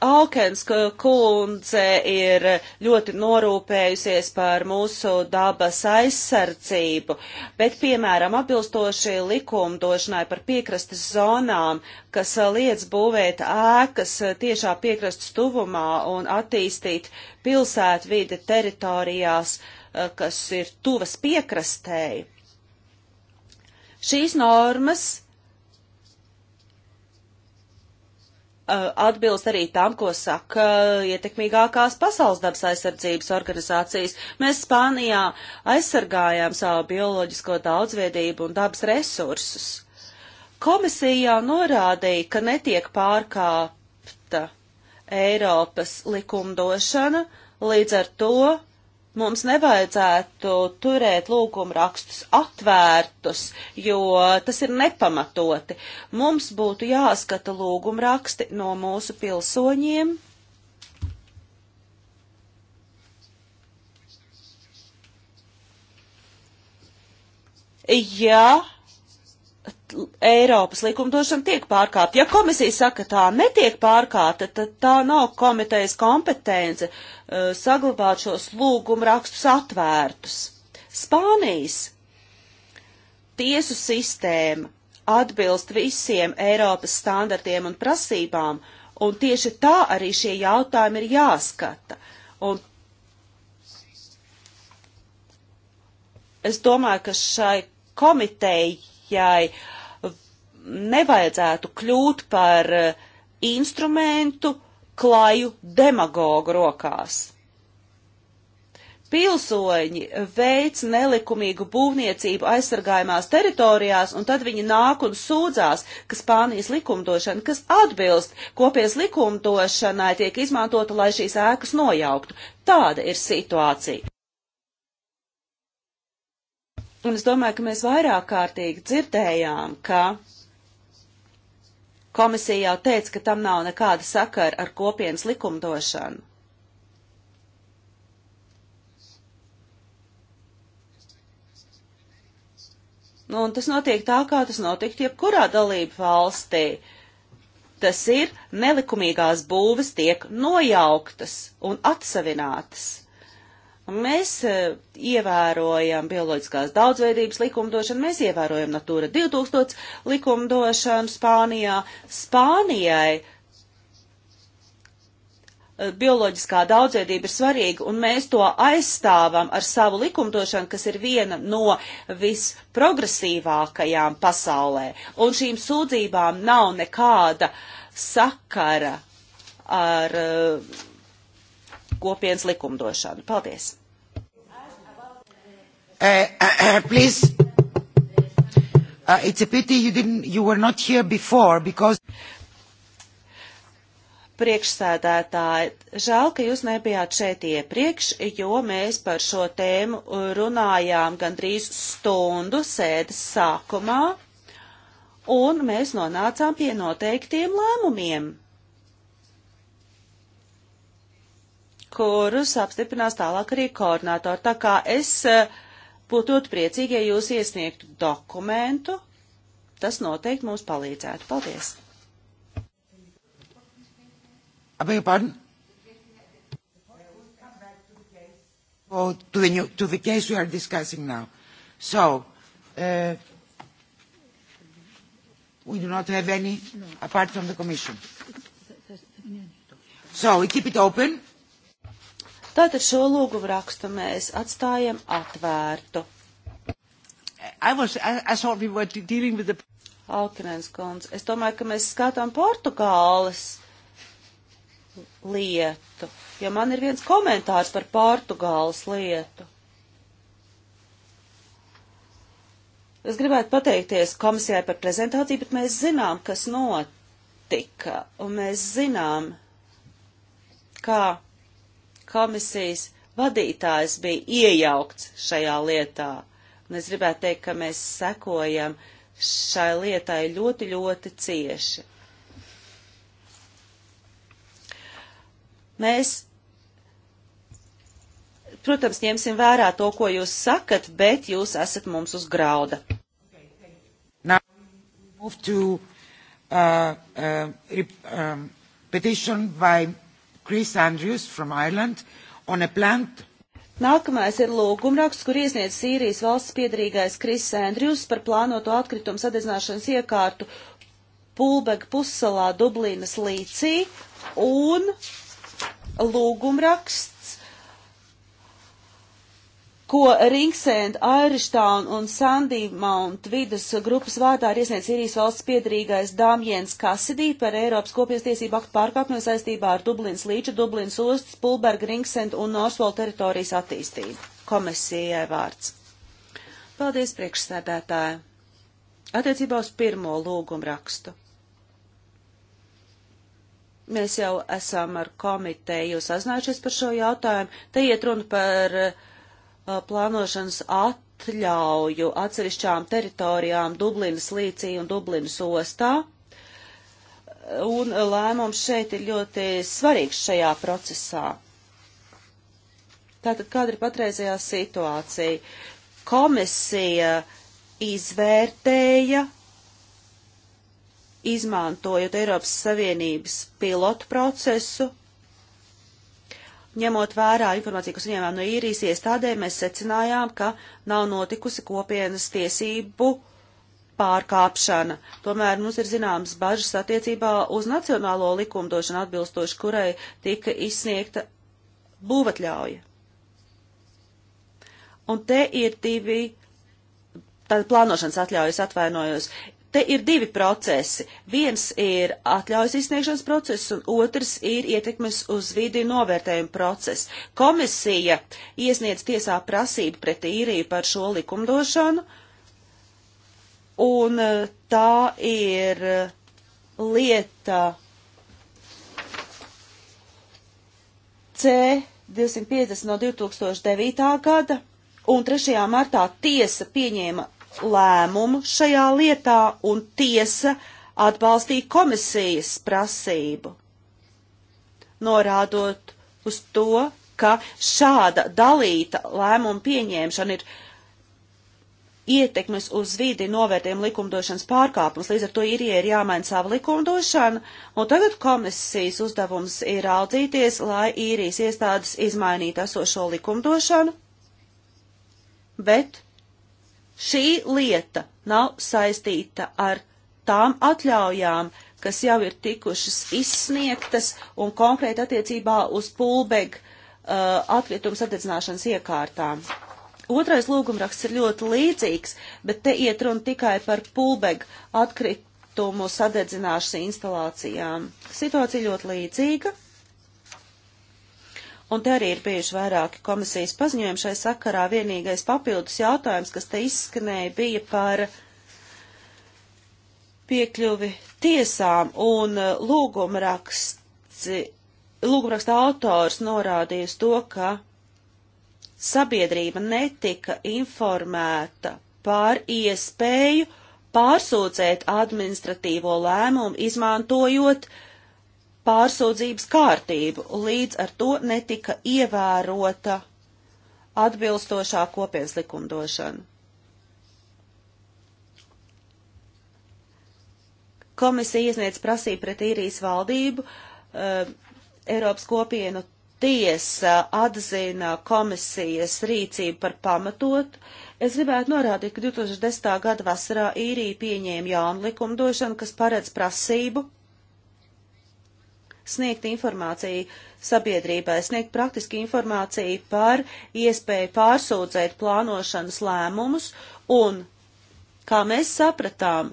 Alkens kundze ir ļoti norūpējusies par mūsu dabas aizsardzību, bet, piemēram, atbilstoši likumdošanai par piekrastes zonām, kas liec būvēt ēkas tiešā piekrastes tuvumā un attīstīt pilsētvide teritorijās, eh, kas ir tuvas piekrastēji. Šīs normas Uh, atbilst arī tam, ko saka ietekmīgākās pasaules dabas aizsardzības organizācijas. Mēs Spānijā aizsargājām savu bioloģisko daudzveidību un dabas resursus. Komisija jau norādīja, ka netiek pārkāpta Eiropas likumdošana, līdz ar to mums nevajadzētu turēt lūgumu rakstus atvērtus, jo tas ir nepamatoti. Mums būtu jāskata lūgumu raksti no mūsu pilsoņiem. Ja Eiropas likumdošana tiek pārkāpta. Ja komisija saka, tā netiek pārkāpta, tad tā nav komitejas kompetence uh, saglabāt šos lūgumu rakstus atvērtus. Spānijas tiesu sistēma atbilst visiem Eiropas standartiem un prasībām, un tieši tā arī šie jautājumi ir jāskata. Un es domāju, ka šai komitejai uh, nevajadzētu kļūt par eh, instrumentu klaju demagogu rokās. Pilsoņi veic nelikumīgu būvniecību aizsargājumās teritorijās, un tad viņi nāk un sūdzās, ka Spānijas likumdošana, kas atbilst kopies likumdošanai, tiek izmantota, lai šīs ēkas nojauktu. Tāda ir situācija. Un es domāju, ka mēs vairāk kārtīgi dzirdējām, ka Komisija jau teica, ka tam nav nekāda sakara ar kopienas likumdošanu. Nu, un tas notiek tā, kā tas notiktu jebkurā dalību valstī. Tas ir nelikumīgās būves tiek nojauktas un atsevinātas. Mēs e, ievērojam bioloģiskās daudzveidības likumdošanu, mēs ievērojam Natūra 2000 likumdošanu Spānijā. Spānijai e, bioloģiskā daudzveidība ir svarīga, un mēs to aizstāvam ar savu likumdošanu, kas ir viena no visprogresīvākajām pasaulē. Un šīm sūdzībām nav nekāda sakara ar uh, kopienas likumdošanu. Paldies! Uh, uh, uh, please. Uh, it's a pity you didn't, you were not here before because. Priekšsēdētāji, žēl, ka jūs nebijāt šeit iepriekš, jo mēs par šo tēmu runājām gandrīz stundu sēdes sākumā, un mēs nonācām pie noteiktiem lēmumiem, kurus apstiprinās tālāk arī koordinātori. Tā kā es uh, Būtu ļoti priecīgi, ja jūs iesniegtu dokumentu. Tas noteikti mums palīdzētu. Paldies! I beg your pardon? Oh, to the, new, to the case we are discussing now. So, uh, we do not have any no. apart from the Commission. So we keep it open Tātad šo lūgumu rakstu mēs atstājam atvērtu. I was, I, I thought we were dealing with the... Alkinens kundze, es domāju, ka mēs skatām Portugāles lietu, ja man ir viens komentārs par Portugāles lietu. Es gribētu pateikties komisijai par prezentāciju, bet mēs zinām, kas notika, un mēs zinām, kā komisijas vadītājs bija iejaukts šajā lietā. Un es gribētu teikt, ka mēs sekojam šai lietai ļoti, ļoti cieši. Mēs, protams, ņemsim vērā to, ko jūs sakat, bet jūs esat mums uz grauda. Now, move to uh, uh, um, petition by Chris Andrews from Ireland on a planned Nākamais ir lūgumraksts, kur iesniedz Sīrijas valsts piedarīgais Kris Andrews par plānoto atkritumu sadedzināšanas iekārtu Pulbeg pussalā Dublīnas līcī un lūgumraksts ko Ringsend, Airištaun un Sandī Mount vidus grupas vārtā ir iesniedz Sīrijas valsts piedarīgais Dāmjens Kasidī par Eiropas kopienas tiesību aktu pārkāpumiem saistībā ar Dublins līča, Dublins ostas, Pulberga, Ringsend un Norsvola teritorijas attīstību. Komisijai vārds. Paldies, priekšsēdētāji. Attiecībā uz pirmo lūgumu rakstu mēs jau esam ar komiteju sazinājušies par šo jautājumu. Te iet runa par uh, Uh, plānošanas atļauju atsevišķām teritorijām Dublinas līcī un Dublinas ostā. Un lēmums šeit ir ļoti svarīgs šajā procesā. Tātad kāda ir patreizējā situācija? Komisija izvērtēja, izmantojot Eiropas Savienības pilotu procesu, Ņemot vērā informāciju, kas saņēmām no īrijas iestādēm, mēs secinājām, ka nav notikusi kopienas tiesību pārkāpšana. Tomēr mums ir zināmas bažas attiecībā uz nacionālo likumdošanu atbilstoši, kurai tika izsniegta būvatļauja. Un te ir divi tāda plānošanas atļaujas atvainojos. Te ir divi procesi. Viens ir atļaujas izsniegšanas process, un otrs ir ietekmes uz vidi novērtējuma process. Komisija iesniedz tiesā prasību pret īriju par šo likumdošanu, un eh, tā ir eh, lieta C 250 no 2009. gada, un 3. martā tiesa pieņēma lēmumu šajā lietā, un tiesa atbalstīja komisijas prasību, norādot uz to, ka šāda dalīta lēmuma pieņemšana ir ietekmes uz vidi novērtējuma likumdošanas pārkāpums. Līdz ar to ir, ir jāmaina sava likumdošana, un tagad komisijas uzdevums ir raudzīties, lai īrijas iestādes izmainītu esošo likumdošanu, bet Šī lieta nav saistīta ar tām atļaujām, kas jau ir tikušas izsniegtas un konkrēti attiecībā uz pulbeg uh, atkritumu sadedzināšanas iekārtām. Otrais lūgumraksts ir ļoti līdzīgs, bet te iet runa tikai par pulbeg atkritumu sadedzināšanas instalācijām. Situācija ļoti līdzīga. Un te arī ir bijuši vairāki komisijas paziņojumi šai sakarā. Vienīgais papildus jautājums, kas te izskanēja, bija par piekļuvi tiesām un uh, lūgumraksti. Lūgumraksta autors norādīja uz to, ka sabiedrība netika informēta par iespēju pārsūdzēt administratīvo lēmumu, izmantojot uh, pārsūdzības kārtību, līdz ar to netika ievērota atbilstošā kopienas likumdošana. Komisija iesniedz prasību pret īrijas valdību, uh, Eiropas kopienu tiesa atzina komisijas rīcību par pamatotu. Es gribētu norādīt, ka 2010. gada vasarā īrija pieņēma jaunu likumdošanu, kas paredz prasību sniegt informāciju sabiedrībai, sniegt praktiski informāciju par iespēju pārsūdzēt plānošanas lēmumus un, kā mēs sapratām,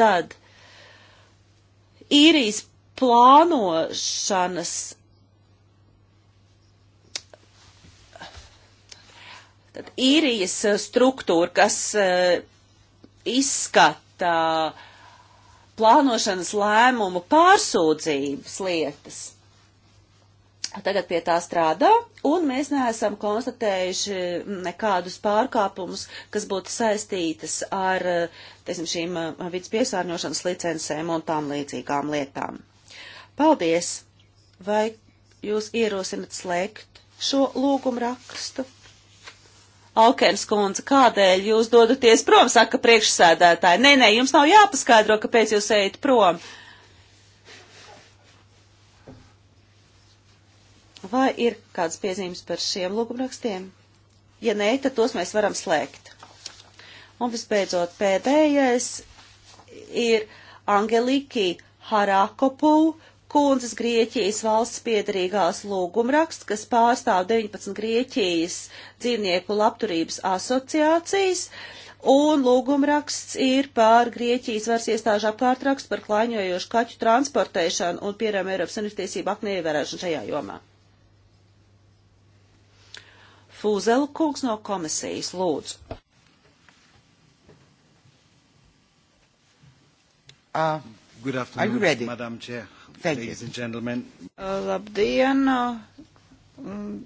tad īrijas plānošanas tad īrijas struktūra, kas uh, izskata uh, plānošanas lēmumu pārsūdzības lietas. Tagad pie tā strādā, un mēs neesam konstatējuši nekādus pārkāpumus, kas būtu saistītas ar, teiksim, šīm uh, vidas piesārņošanas licencēm un tām līdzīgām lietām. Paldies! Vai jūs ierosinat slēgt šo lūgumu rakstu? Alkers kundze, kādēļ jūs dodaties prom, saka priekšsēdētāji. Nē, nē, jums nav jāpaskaidro, kāpēc jūs ejat prom. Vai ir kādas piezīmes par šiem lūgumrakstiem? Ja nē, tad tos mēs varam slēgt. Un visbeidzot, pēdējais ir Angeliki Harakopu kundzes Grieķijas valsts piedarīgās lūgumraksts, kas pārstāv 19 Grieķijas dzīvnieku labturības asociācijas, un lūgumraksts ir pār Grieķijas varas iestāžu apkārtrakstu par klaiņojošu kaķu transportēšanu un pieram Eiropas Savienības aktu neievērēšanu šajā jomā. Fūzela kungs no komisijas lūdzu. Uh, Good afternoon, Madam Chair. Thank you. Uh, labdien! Uh, mm,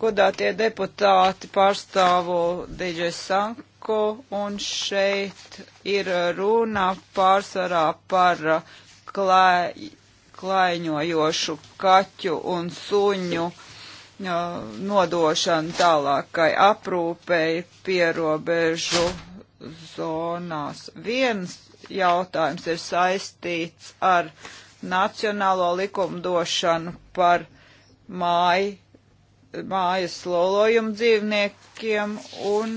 godātie deputāti pārstāvu Dīdžai Sanko un šeit ir runa pārsvarā par uh, klai, klaiņojošu kaķu un suņu nodošanu tālākai aprūpei pierobežu zonās. Viens jautājums ir saistīts ar uh, nacionālo likumdošanu par māju, mājas lolojumu dzīvniekiem un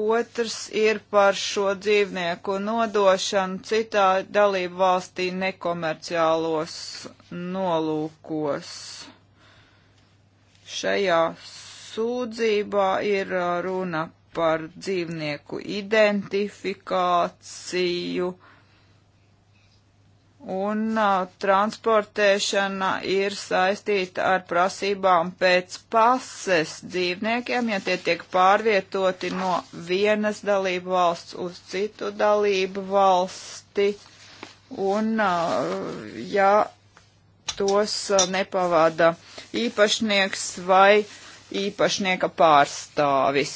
otrs ir par šo dzīvnieku nodošanu citā dalību valstī nekomerciālos nolūkos. Šajā sūdzībā ir uh, runa par dzīvnieku identifikāciju, un uh, transportēšana ir saistīta ar prasībām pēc pases dzīvniekiem, ja tie tiek pārvietoti no vienas dalību valsts uz citu dalību valsti, un uh, ja tos uh, nepavada īpašnieks vai īpašnieka pārstāvis.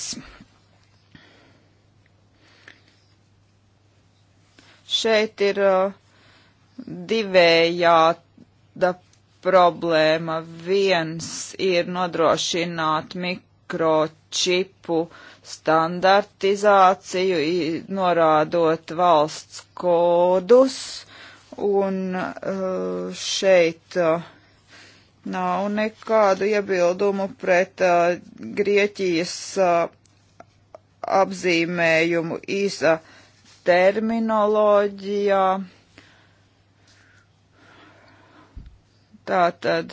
Šeit ir uh, divējāda problēma. Viens ir nodrošināt mikročipu standartizāciju, norādot valsts kodus, un uh, šeit uh, nav nekādu iebildumu pret uh, Grieķijas apzīmējumu īsa terminoloģijā. Tātad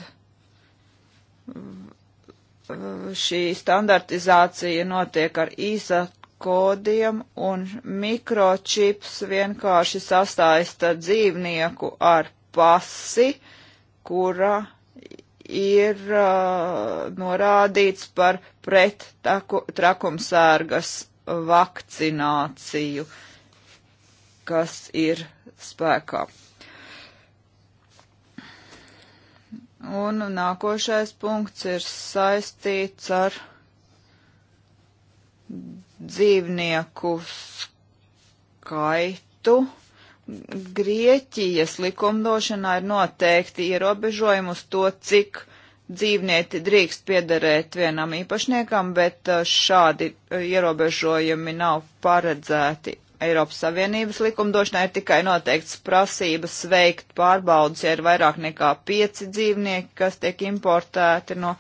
šī standartizācija notiek ar īsa kodiem un mikročips vienkārši sastāsta dzīvnieku ar pasi, kura ir uh, norādīts par prettrakumsērgas vakcināciju, kas ir spēkā. Un nākošais punkts ir saistīts ar dzīvnieku skaitu. Grieķijas likumdošanā ir noteikti ierobežojumi uz to, cik dzīvnieki drīkst piederēt vienam īpašniekam, bet uh, šādi uh, ierobežojumi nav paredzēti Eiropas Savienības likumdošanā ir tikai noteikts prasības veikt pārbaudas, ja ir vairāk nekā pieci dzīvnieki, kas tiek importēti no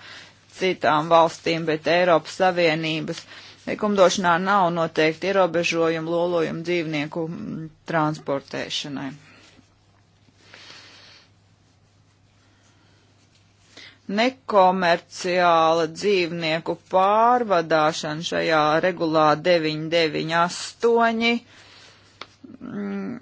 citām valstīm, bet Eiropas Savienības likumdošanā nav noteikti ierobežojumi lolojumu dzīvnieku mm, transportēšanai. nekomerciāla dzīvnieku pārvadāšana šajā regulā 998 mm,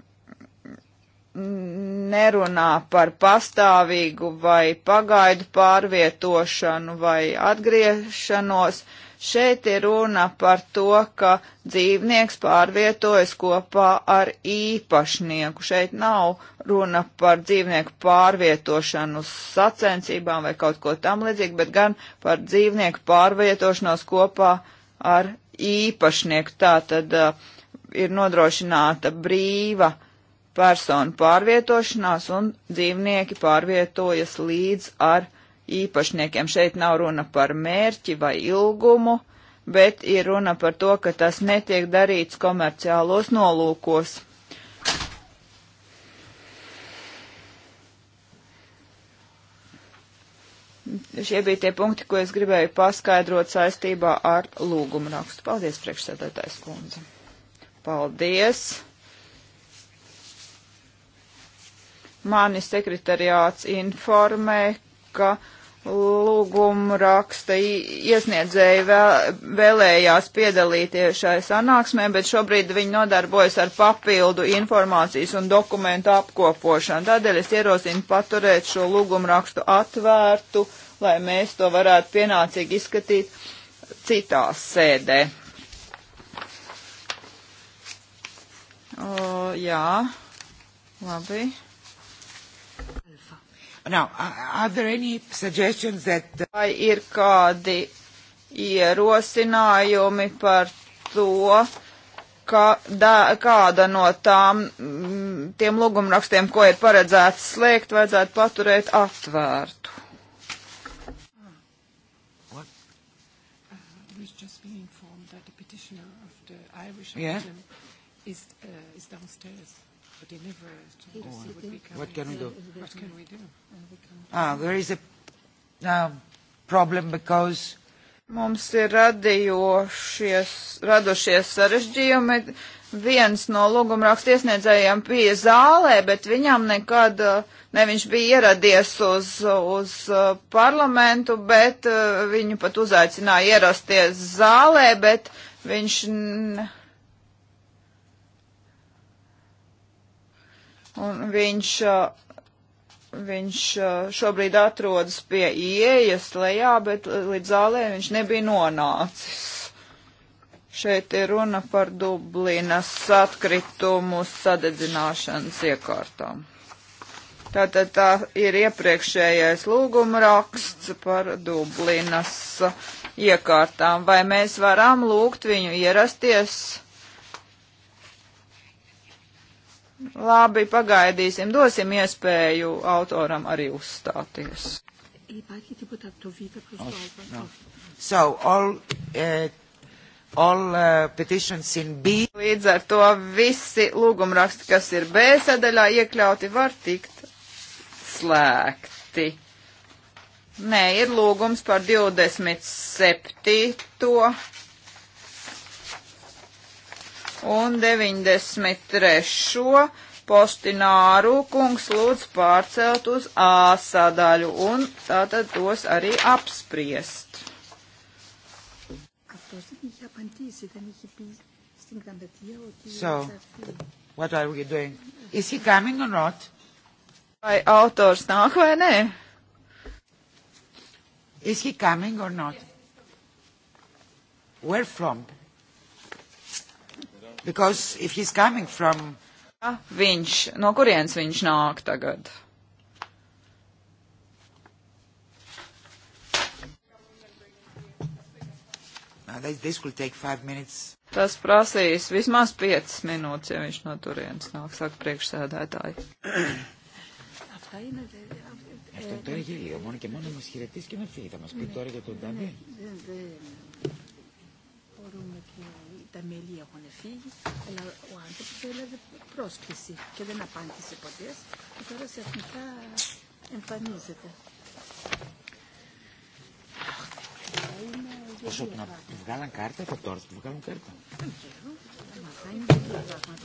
nerunā par pastāvīgu vai pagaidu pārvietošanu vai atgriešanos, uh, Šeit ir runa par to, ka dzīvnieks pārvietojas kopā ar īpašnieku. Šeit nav runa par dzīvnieku pārvietošanos sacensībām vai kaut ko tam līdzīgu, bet gan par dzīvnieku pārvietošanos kopā ar īpašnieku. Tā tad uh, ir nodrošināta brīva personu pārvietošanās un dzīvnieki pārvietojas līdz ar īpašnieku īpašniekiem. Šeit nav runa par mērķi vai ilgumu, bet ir runa par to, ka tas netiek darīts komerciālos nolūkos. Šie bija tie punkti, ko es gribēju paskaidrot saistībā ar lūgumu rakstu. Paldies, priekšsēdētājs kundze. Paldies. Mani sekretariāts informē, ka lūgumu raksta iesniedzēji vēl, vēlējās piedalīties šai sanāksmē, bet šobrīd viņi nodarbojas ar papildu informācijas un dokumentu apkopošanu. Tādēļ es ierosinu paturēt šo lūgumu rakstu atvērtu, lai mēs to varētu pienācīgi izskatīt citās sēdē. O, jā, labi. Now, are there any suggestions that... Uh, Vai ir kādi ierosinājumi par to, ka da, kāda no tām mm, tiem lūgumrakstiem, ko ir paredzēts slēgt, vajadzētu paturēt atvērtu? Uh, yeah. Is, uh, is downstairs, but he never. He, he would be what can we do? What can we do? Ah, there is a uh, problem because Mums ir radušies sarežģījumi. Viens no lūgumrakstu iesniedzējiem bija zālē, bet viņam nekad uh, ne viņš bija ieradies uz, uz uh, parlamentu, bet uh, viņu pat uzaicināja ierasties zālē, bet viņš. Un viņš Viņš šobrīd atrodas pie ieejas lejā, bet līdz zālē viņš nebija nonācis. Šeit ir runa par Dublinas atkritumu sadedzināšanas iekārtām. Tātad tā ir iepriekšējais lūguma raksts par Dublinas iekārtām. Vai mēs varam lūgt viņu ierasties? Labi, pagaidīsim, dosim iespēju autoram arī uzstāties. So, all, uh, all, uh, petitions in B. Līdz ar to visi lūgumraksti, kas ir B sadaļā iekļauti, var tikt slēgti. Nē, ir lūgums par 27 un 93. Postināru kungs lūdz pārcelt uz A sadaļu un tātad tos arī apspriest. So, what are we doing? Is he coming or not? Vai autors nāk vai nē? Is he coming or not? Where from? Because if he's coming from... Viņš, no kurienes viņš nāk tagad? Tas prasīs vismaz 5 minūtes, ja viņš no turienes nāk, saka priekšsēdētāji. Αυτά είναι Αυτό τώρα γελίο. Μόνο και μόνο μας χαιρετήσει και να φύγει. Θα μας πει τώρα για τον Νταμπέ. Δεν μπορούμε και τα μέλη έχουν φύγει, αλλά ο άνθρωπος έλαβε πρόσκληση και δεν απάντησε ποτέ και τώρα ξαφνικά εμφανίζεται. Όσο του βγάλαν κάρτα, από τώρα του βγάλουν κάρτα. Δεν ξέρω, μαθαίνει δύο πράγματα.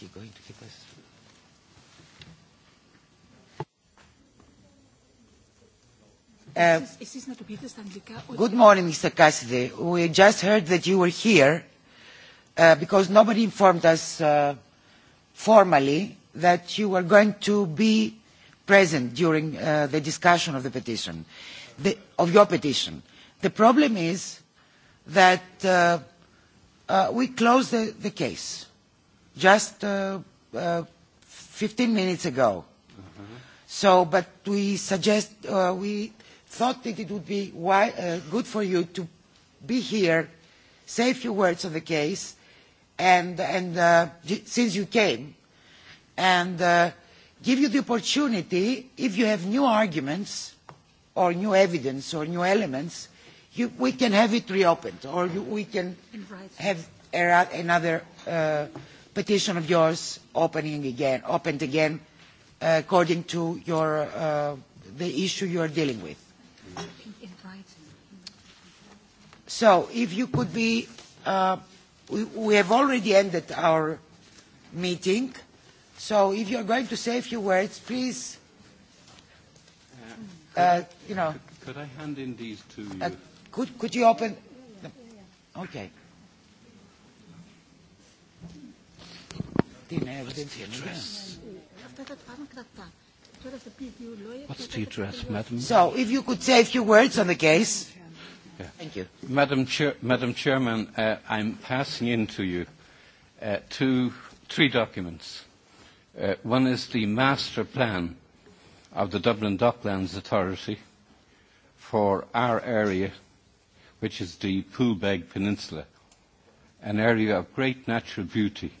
he going to give us? Uh, good morning, Mr. Cassidy. We just heard that you were here uh, because nobody informed us uh, formally that you were going to be present during uh, the discussion of the petition, the, of your petition. The problem is that uh, uh, we closed the, the case just uh, uh, 15 minutes ago. Mm-hmm. So, but we suggest, uh, we thought that it would be why, uh, good for you to be here, say a few words on the case, and, and uh, since you came, and uh, give you the opportunity, if you have new arguments or new evidence or new elements, you, we can have it reopened, or you, we can have a, another uh, petition of yours opening again, opened again uh, according to your, uh, the issue you are dealing with. So if you could be, uh, we, we have already ended our meeting. So if you're going to say a few words, please, uh, uh you know. Could I hand in these to uh, you? Uh, could, could you open? Okay. την evidence anywhere? What's the address, Madam? So, if you could say a few words on the case. Yeah. Thank you. Madam, Chair, Madam Chairman, uh, I'm passing in to you uh, two, three documents. Uh, one is the master plan of the Dublin Docklands Authority for our area, which is the Poolbeg Peninsula, an area of great natural beauty –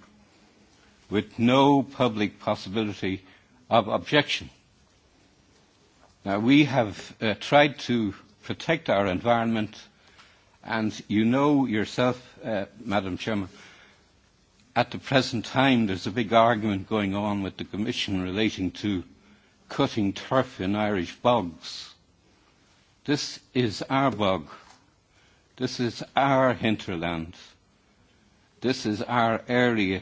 with no public possibility of objection. Now, we have uh, tried to protect our environment, and you know yourself, uh, Madam Chairman, at the present time there's a big argument going on with the Commission relating to cutting turf in Irish bogs. This is our bog. This is our hinterland. This is our area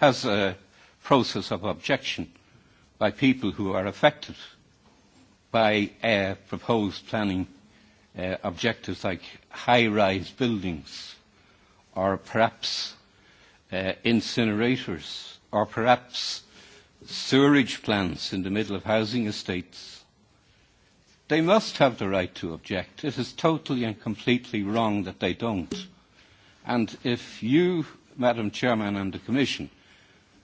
has a process of objection by people who are affected by uh, proposed planning uh, objectives like high-rise buildings or perhaps uh, incinerators or perhaps sewerage plants in the middle of housing estates. They must have the right to object. It is totally and completely wrong that they don't. And if you, Madam Chairman and the Commission,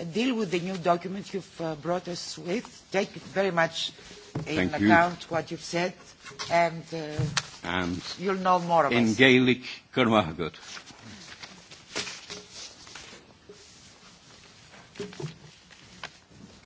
Uh, deal with the new document you've uh, brought us with. Take very much in Thank account you. what you've said, and, uh, and you'll know more of in us. In Gaelic, Kermahagot. Thank you.